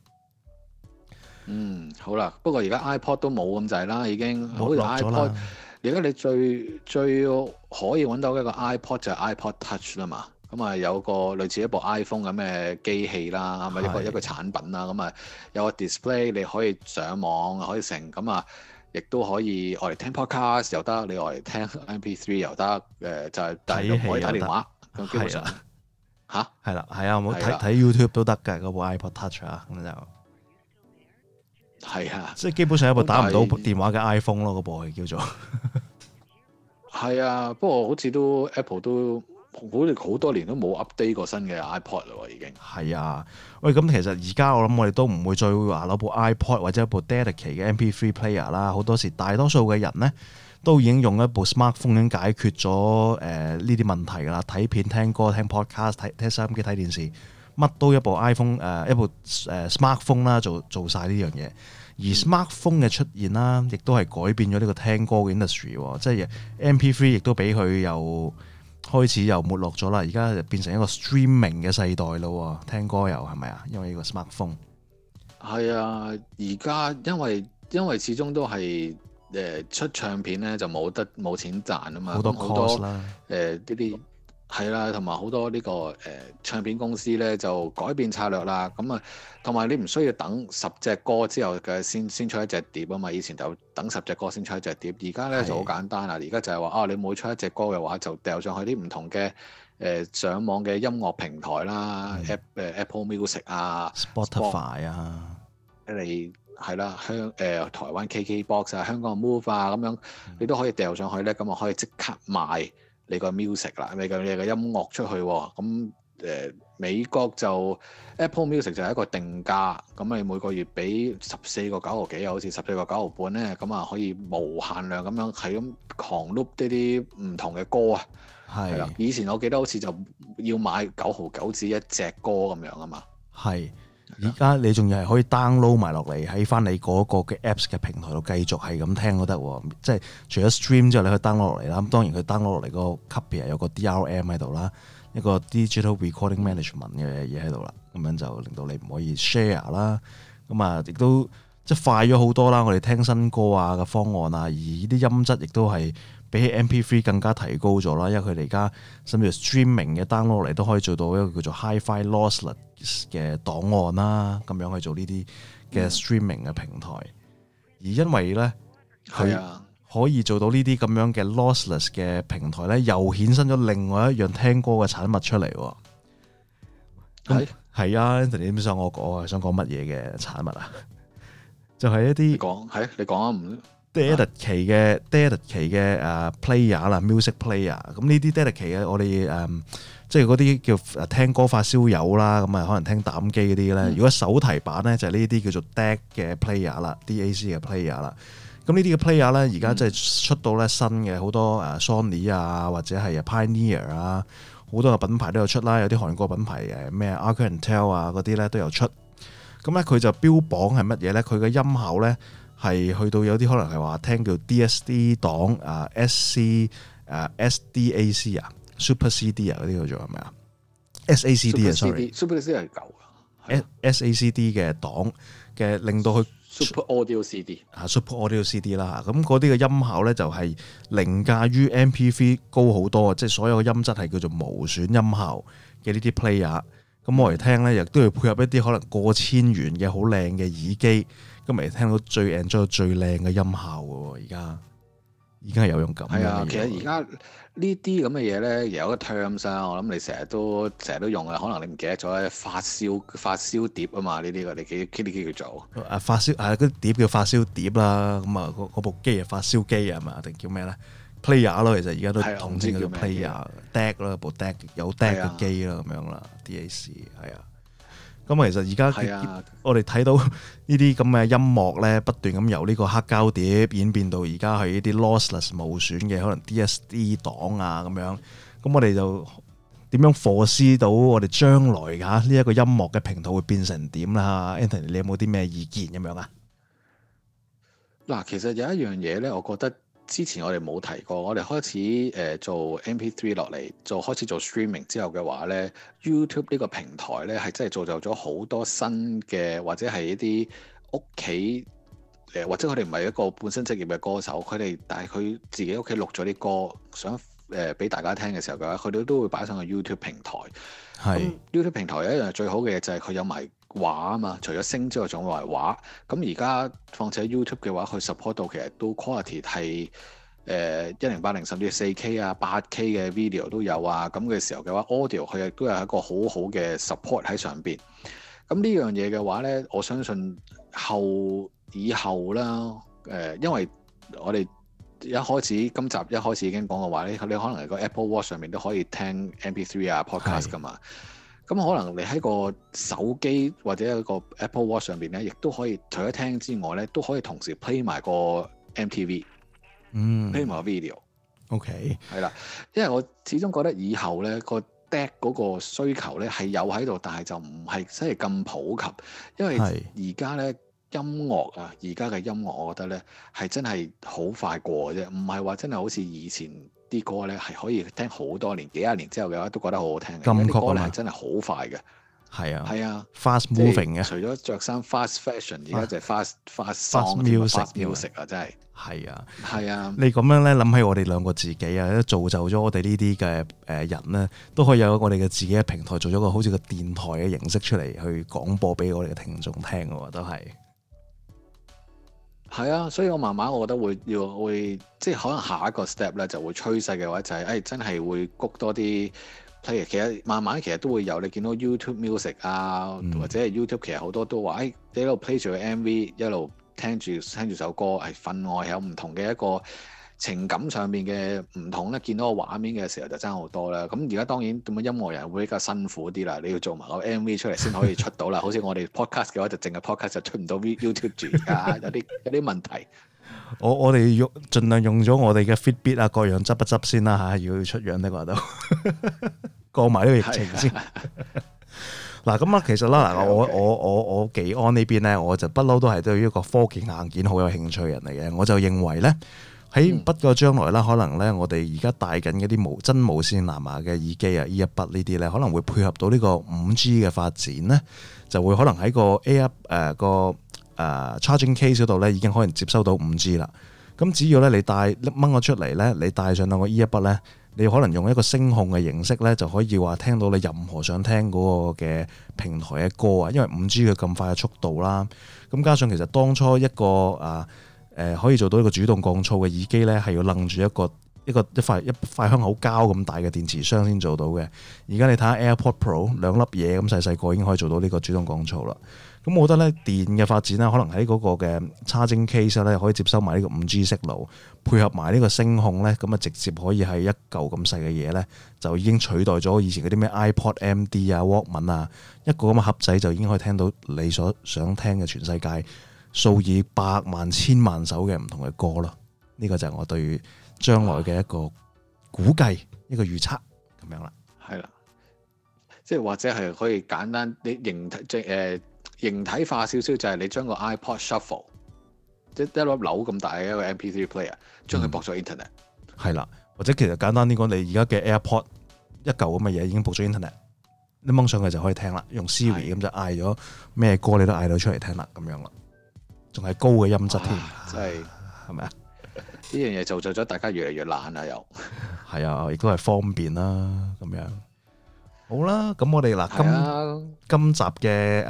嗯，好啦，不過而家 iPod 都冇咁滯啦，已經冇咗 iPod。而家你最最可以揾到一個 iPod 就係 iPod Touch 啦嘛。咁啊，有個類似一部 iPhone 咁嘅機器啦，係咪一個一個產品啦？咁啊，有個 display 你可以上網，可以成咁啊，亦都可以我嚟聽 Podcast 又得，你我嚟聽 MP3 又得。誒，就係但係都可以打電話，咁基本上吓，係啦，係啊，冇睇睇 YouTube 都得㗎，嗰部 iPod Touch 啊，咁就。係啊，即係基本上一部是打唔到電話嘅 iPhone 咯，嗰部叫做、啊。係 啊，不過好似都 Apple 都好似好多年都冇 update 過新嘅 iPod 嘞，已經。係啊，喂，咁其實而家我諗我哋都唔會再話攞部 iPod 或者一部 dedicated MP3 player 啦。好多時大多數嘅人呢，都已經用一部 smartphone 已經解決咗誒呢啲問題㗎啦。睇片、聽歌、聽 podcast、聽收音機、睇電視。乜都一部 iPhone 誒、呃、一部誒 smartphone 啦，做做曬呢樣嘢。而 smartphone 嘅出現啦，亦都係改變咗呢個聽歌嘅 industry，哦、即係 MP3 亦都俾佢又開始又沒落咗啦。而家變成一個 streaming 嘅世代啦，聽歌又係咪啊？因為呢個 smartphone 係啊，而家因為因為始終都係誒、呃、出唱片咧就冇得冇錢賺啊嘛，好多誒呢啲啦。係啦，同埋好多呢個誒唱片公司咧就改變策略啦。咁啊，同埋你唔需要等十隻歌之後嘅先先出一隻碟啊嘛。以前就等十隻歌先出一隻碟，而家咧就好簡單啦。而家就係話啊，你每出一隻歌嘅話，就掉上去啲唔同嘅誒上網嘅音樂平台啦的，Apple Music 啊，Spotify 啊，Spot, 你係啦，香誒台灣 KKBox 啊，香港 Move 啊咁樣，的你都可以掉上去咧，咁啊可以即刻賣。你個 music 啦，你個你個音樂出去喎、哦，咁誒、呃、美國就 Apple Music 就係一個定價，咁你每個月俾十四個九毫幾啊，好似十四個九毫半咧，咁啊可以無限量咁樣係咁狂碌呢啲唔同嘅歌啊，係啦是，以前我記得好似就要買九毫九至一隻歌咁樣啊嘛，係。而家你仲要係可以 download 埋落嚟喺翻你嗰個嘅 apps 嘅平台度繼續係咁聽都得，即係除咗 stream 之後你可以 download 落嚟啦。咁當然佢 download 落嚟個 copy 係有個 DRM 喺度啦，一個 digital recording management 嘅嘢喺度啦，咁樣就令到你唔可以 share 啦。咁啊，亦都即係快咗好多啦。我哋聽新歌啊嘅方案啊，而呢啲音質亦都係。比起 MP3 更加提高咗啦，因為佢哋而家甚至 streaming 嘅 download 落嚟都可以做到一個叫做 HiFi lossless 嘅檔案啦，咁樣去做呢啲嘅 streaming 嘅平台。而因為咧，佢可以做到呢啲咁樣嘅 lossless 嘅平台咧，又衍生咗另外一樣聽歌嘅產物出嚟。係係啊，Anthony，你想我我係想講乜嘢嘅產物啊？就係、是、一啲講，係你講啊，唔。你 dedicated 嘅 dedicated 嘅誒 player 啦，music player，咁呢啲 dedicated 嘅我哋誒、嗯，即係嗰啲叫聽歌發燒友啦，咁啊可能聽膽機嗰啲咧，如果手提版咧就係呢啲叫做 DAC 嘅 player 啦，DAC 嘅 player 啦，咁呢啲嘅 player 咧而家即係出到咧新嘅好多誒 Sony 啊，或者係 Pioneer 啊，好多嘅品牌都有出啦，有啲韓國品牌誒咩 Astell&Kern 啊嗰啲咧都有出，咁咧佢就標榜係乜嘢咧？佢嘅音效咧。係去到有啲可能係話聽叫 DSD 檔、uh, uh，啊，SC 啊，SDAC 啊，Super C D 啊嗰啲叫做咩啊？SACD 啊 sorry，Super C D 係舊噶，SACD 嘅檔嘅令到佢 Super Audio C D 吓、啊、，Super Audio C D 啦，咁嗰啲嘅音效咧就係、是、凌駕於 M P v 高好多，即、就、係、是、所有嘅音質係叫做無損音效嘅呢啲 player，咁我嚟聽咧亦都要配合一啲可能過千元嘅好靚嘅耳機。今日聽到最 enjoy 最靚嘅音效喎，而家而家係有用咁。係啊，其實而家呢啲咁嘅嘢咧，有一個 terms、啊、我諗你成日都成日都用嘅，可能你唔記得咗。發燒發燒碟啊嘛，呢啲你記得記呢啲叫做。啊發燒係、啊、嗰碟叫發燒碟啦。咁啊，嗰部機啊發燒機啊嘛，定叫咩咧？Player 咯，其實而家都統稱、啊、叫 Player Deck 啦，部 Deck 有 Deck 嘅、啊、De 機啦，咁樣啦，DAC 係啊。咁啊，其實而家我哋睇到呢啲咁嘅音樂咧，不斷咁由呢個黑膠碟演變到而家係呢啲 lossless 無損嘅，可能 DSD 檔啊咁樣。咁我哋就點樣 foresight 到我哋將來㗎呢一個音樂嘅平臺會變成點啦？Anthony，你有冇啲咩意見咁樣啊？嗱，其實有一樣嘢咧，我覺得。之前我哋冇提過，我哋開始誒做 MP3 落嚟，做，做開始做 streaming 之後嘅話呢，YouTube 呢個平台呢，係真係造就咗好多新嘅或者係一啲屋企誒，或者佢哋唔係一個本身職業嘅歌手，佢哋但係佢自己屋企錄咗啲歌想誒俾，呃，大家聽嘅時候嘅話，佢哋都會擺上個 YouTube 平台。係是 YouTube 平台有一樣最好嘅就係佢有埋。畫啊嘛，除咗聲之外仲有畫。咁而家況且 YouTube 嘅話，佢 support 到其實都 quality 係誒一零八零甚至四 K 啊、八 K 嘅 video 都有啊。咁嘅時候嘅話，audio 佢亦都有一個好好嘅 support 喺上邊。咁呢樣嘢嘅話呢，我相信後以後啦，誒、呃，因為我哋一開始今集一開始已經講過嘅話呢，你可能喺個 Apple Watch 上面都可以聽 MP3 啊、Podcast 㗎是嘛。咁可能你喺個手機或者一個 Apple Watch 上面咧，亦都可以除咗聽之外咧，都可以同時 play 埋個 MTV，嗯，play 埋個 video。OK，係啦，因為我始終覺得以後咧個 deck 嗰個需求咧係有喺度，但係就唔係真係咁普及，因為而家咧音樂啊，而家嘅音樂我覺得咧係真係好快過嘅啫，唔係話真係好似以前。啲歌咧係可以聽好多年，幾廿年之後嘅話都覺得好好聽嘅。啲歌係真係好快嘅，係啊，係啊，fast moving 嘅。除咗着衫 fast fashion，而家、啊、就係 fast fast, song, fast music fast music 啊，music, 真係。係啊，係啊，你咁樣咧諗起我哋兩個自己啊，都造就咗我哋呢啲嘅誒人咧，都可以有我哋嘅自己嘅平台，做咗個好似個電台嘅形式出嚟去廣播俾我哋嘅聽眾聽嘅喎，都係。係啊，所以我慢慢，我覺得會要會即係可能下一個 step 咧就會趨勢嘅話就係、是，誒、哎、真係會谷多啲 player。其實慢慢其實都會有，你見到 YouTube Music 啊，嗯、或者係 YouTube 其實好多都話、哎，你一路 play 住個 MV，一路聽住聽住首歌，係分外有唔同嘅一個。情感上面嘅唔同咧，見到個畫面嘅時候就爭好多啦。咁而家當然咁樣音樂人會比較辛苦啲啦。你要做埋個 M V 出嚟先可以出到啦。 好似我哋 podcast 嘅話就淨係 podcast 就出唔到 YouTube 啊， 有啲有啲問題。我我哋用盡量用咗我哋嘅 Fitbit 啊各樣執一執先啦吓，如果要出樣嘅話都過埋呢個疫情先。嗱咁啊，其實啦嗱 Okay, okay.，我我我我，技安呢邊咧，我就不嬲都係對於一個科技硬件好有興趣人嚟嘅，我就認為咧。喺不過將來啦，可能咧，我哋而家戴緊嗰啲無真無線藍牙嘅耳機啊，earbud 呢啲咧，可能會配合到呢個五 G 嘅發展咧，就會可能喺個 A 一誒個誒 charging case 嗰度咧，已經可能接收到五 G 啦。咁只要咧你帶掹咗出嚟咧，你戴上兩個 earbud 咧，你可能用一個聲控嘅形式咧，就可以話聽到你任何想聽嗰個嘅平台嘅歌啊。因為五 G 佢咁快嘅速度啦，咁加上其實當初一個啊。誒、呃、可以做到一個主動降噪嘅耳機呢，係要楞住一個一個一塊一塊香口膠咁大嘅電池箱先做到嘅。而家你睇下 AirPod Pro 兩粒嘢咁細細個已經可以做到呢個主動降噪啦。咁我覺得呢電嘅發展呢，可能喺嗰個嘅 charging case 咧，可以接收埋呢個五 G circuit 配合埋呢個聲控呢，咁啊直接可以係一嚿咁細嘅嘢呢就已經取代咗以前嗰啲咩 iPod MD 啊、Walkman 啊，一個咁嘅盒仔就已經可以聽到你所想聽嘅全世界。數以百萬、千萬首嘅唔同嘅歌咯，呢、這個就係我對將來嘅一個估計、哇一個預測咁樣啦，係啦，即係或者係可以簡單，你形體即誒形體化少少，就係你將個 iPod shuffle 即係一粒樓咁大嘅一個 MP3 player，將佢駁咗 internet，係啦、嗯，或者其實簡單啲講，你而家嘅 AirPod 一舊咁嘅嘢已經駁咗 internet，你掹上去就可以聽啦，用 Siri 咁是的 就嗌咗咩歌，你都嗌到出嚟聽啦，咁樣啦。仲係高嘅音質添，真係咪啊？呢樣嘢造就咗，大家又越嚟越懶啊！又係啊，亦都係方便啦，咁樣好啦。咁我哋嗱、啊，今今集嘅誒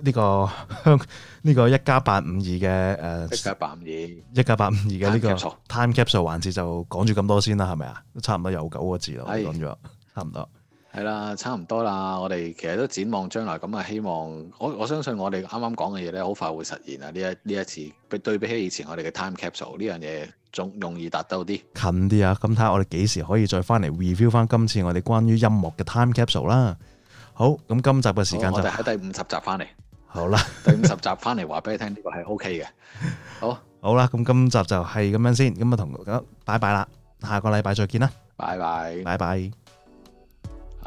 呢個呢、呢個一加八五二嘅誒一加八五二，一加八五二嘅呢個 Time, Time Capsule 環節就講住咁多先啦，係咪啊？都差唔多有九個字啦，講咗的差唔多。係啦，差唔多啦。我哋其實都展望將來咁啊，希望我我相信我哋啱啱講嘅嘢咧，好快會實現啊。呢一呢一次，比對比起以前我哋嘅 time capsule 呢樣嘢，仲容易達到啲，近啲啊！咁睇下我哋幾時可以再翻嚟 review 翻今次我哋關於音樂嘅 time capsule 啦。好，咁今集嘅時間就喺第五十集翻嚟。好啦，第五十集翻嚟，話俾你聽呢個係 OK 嘅。好，好啦，咁今集就係咁樣先，咁啊同大家拜拜啦，下個禮拜再見啦，拜拜，拜拜。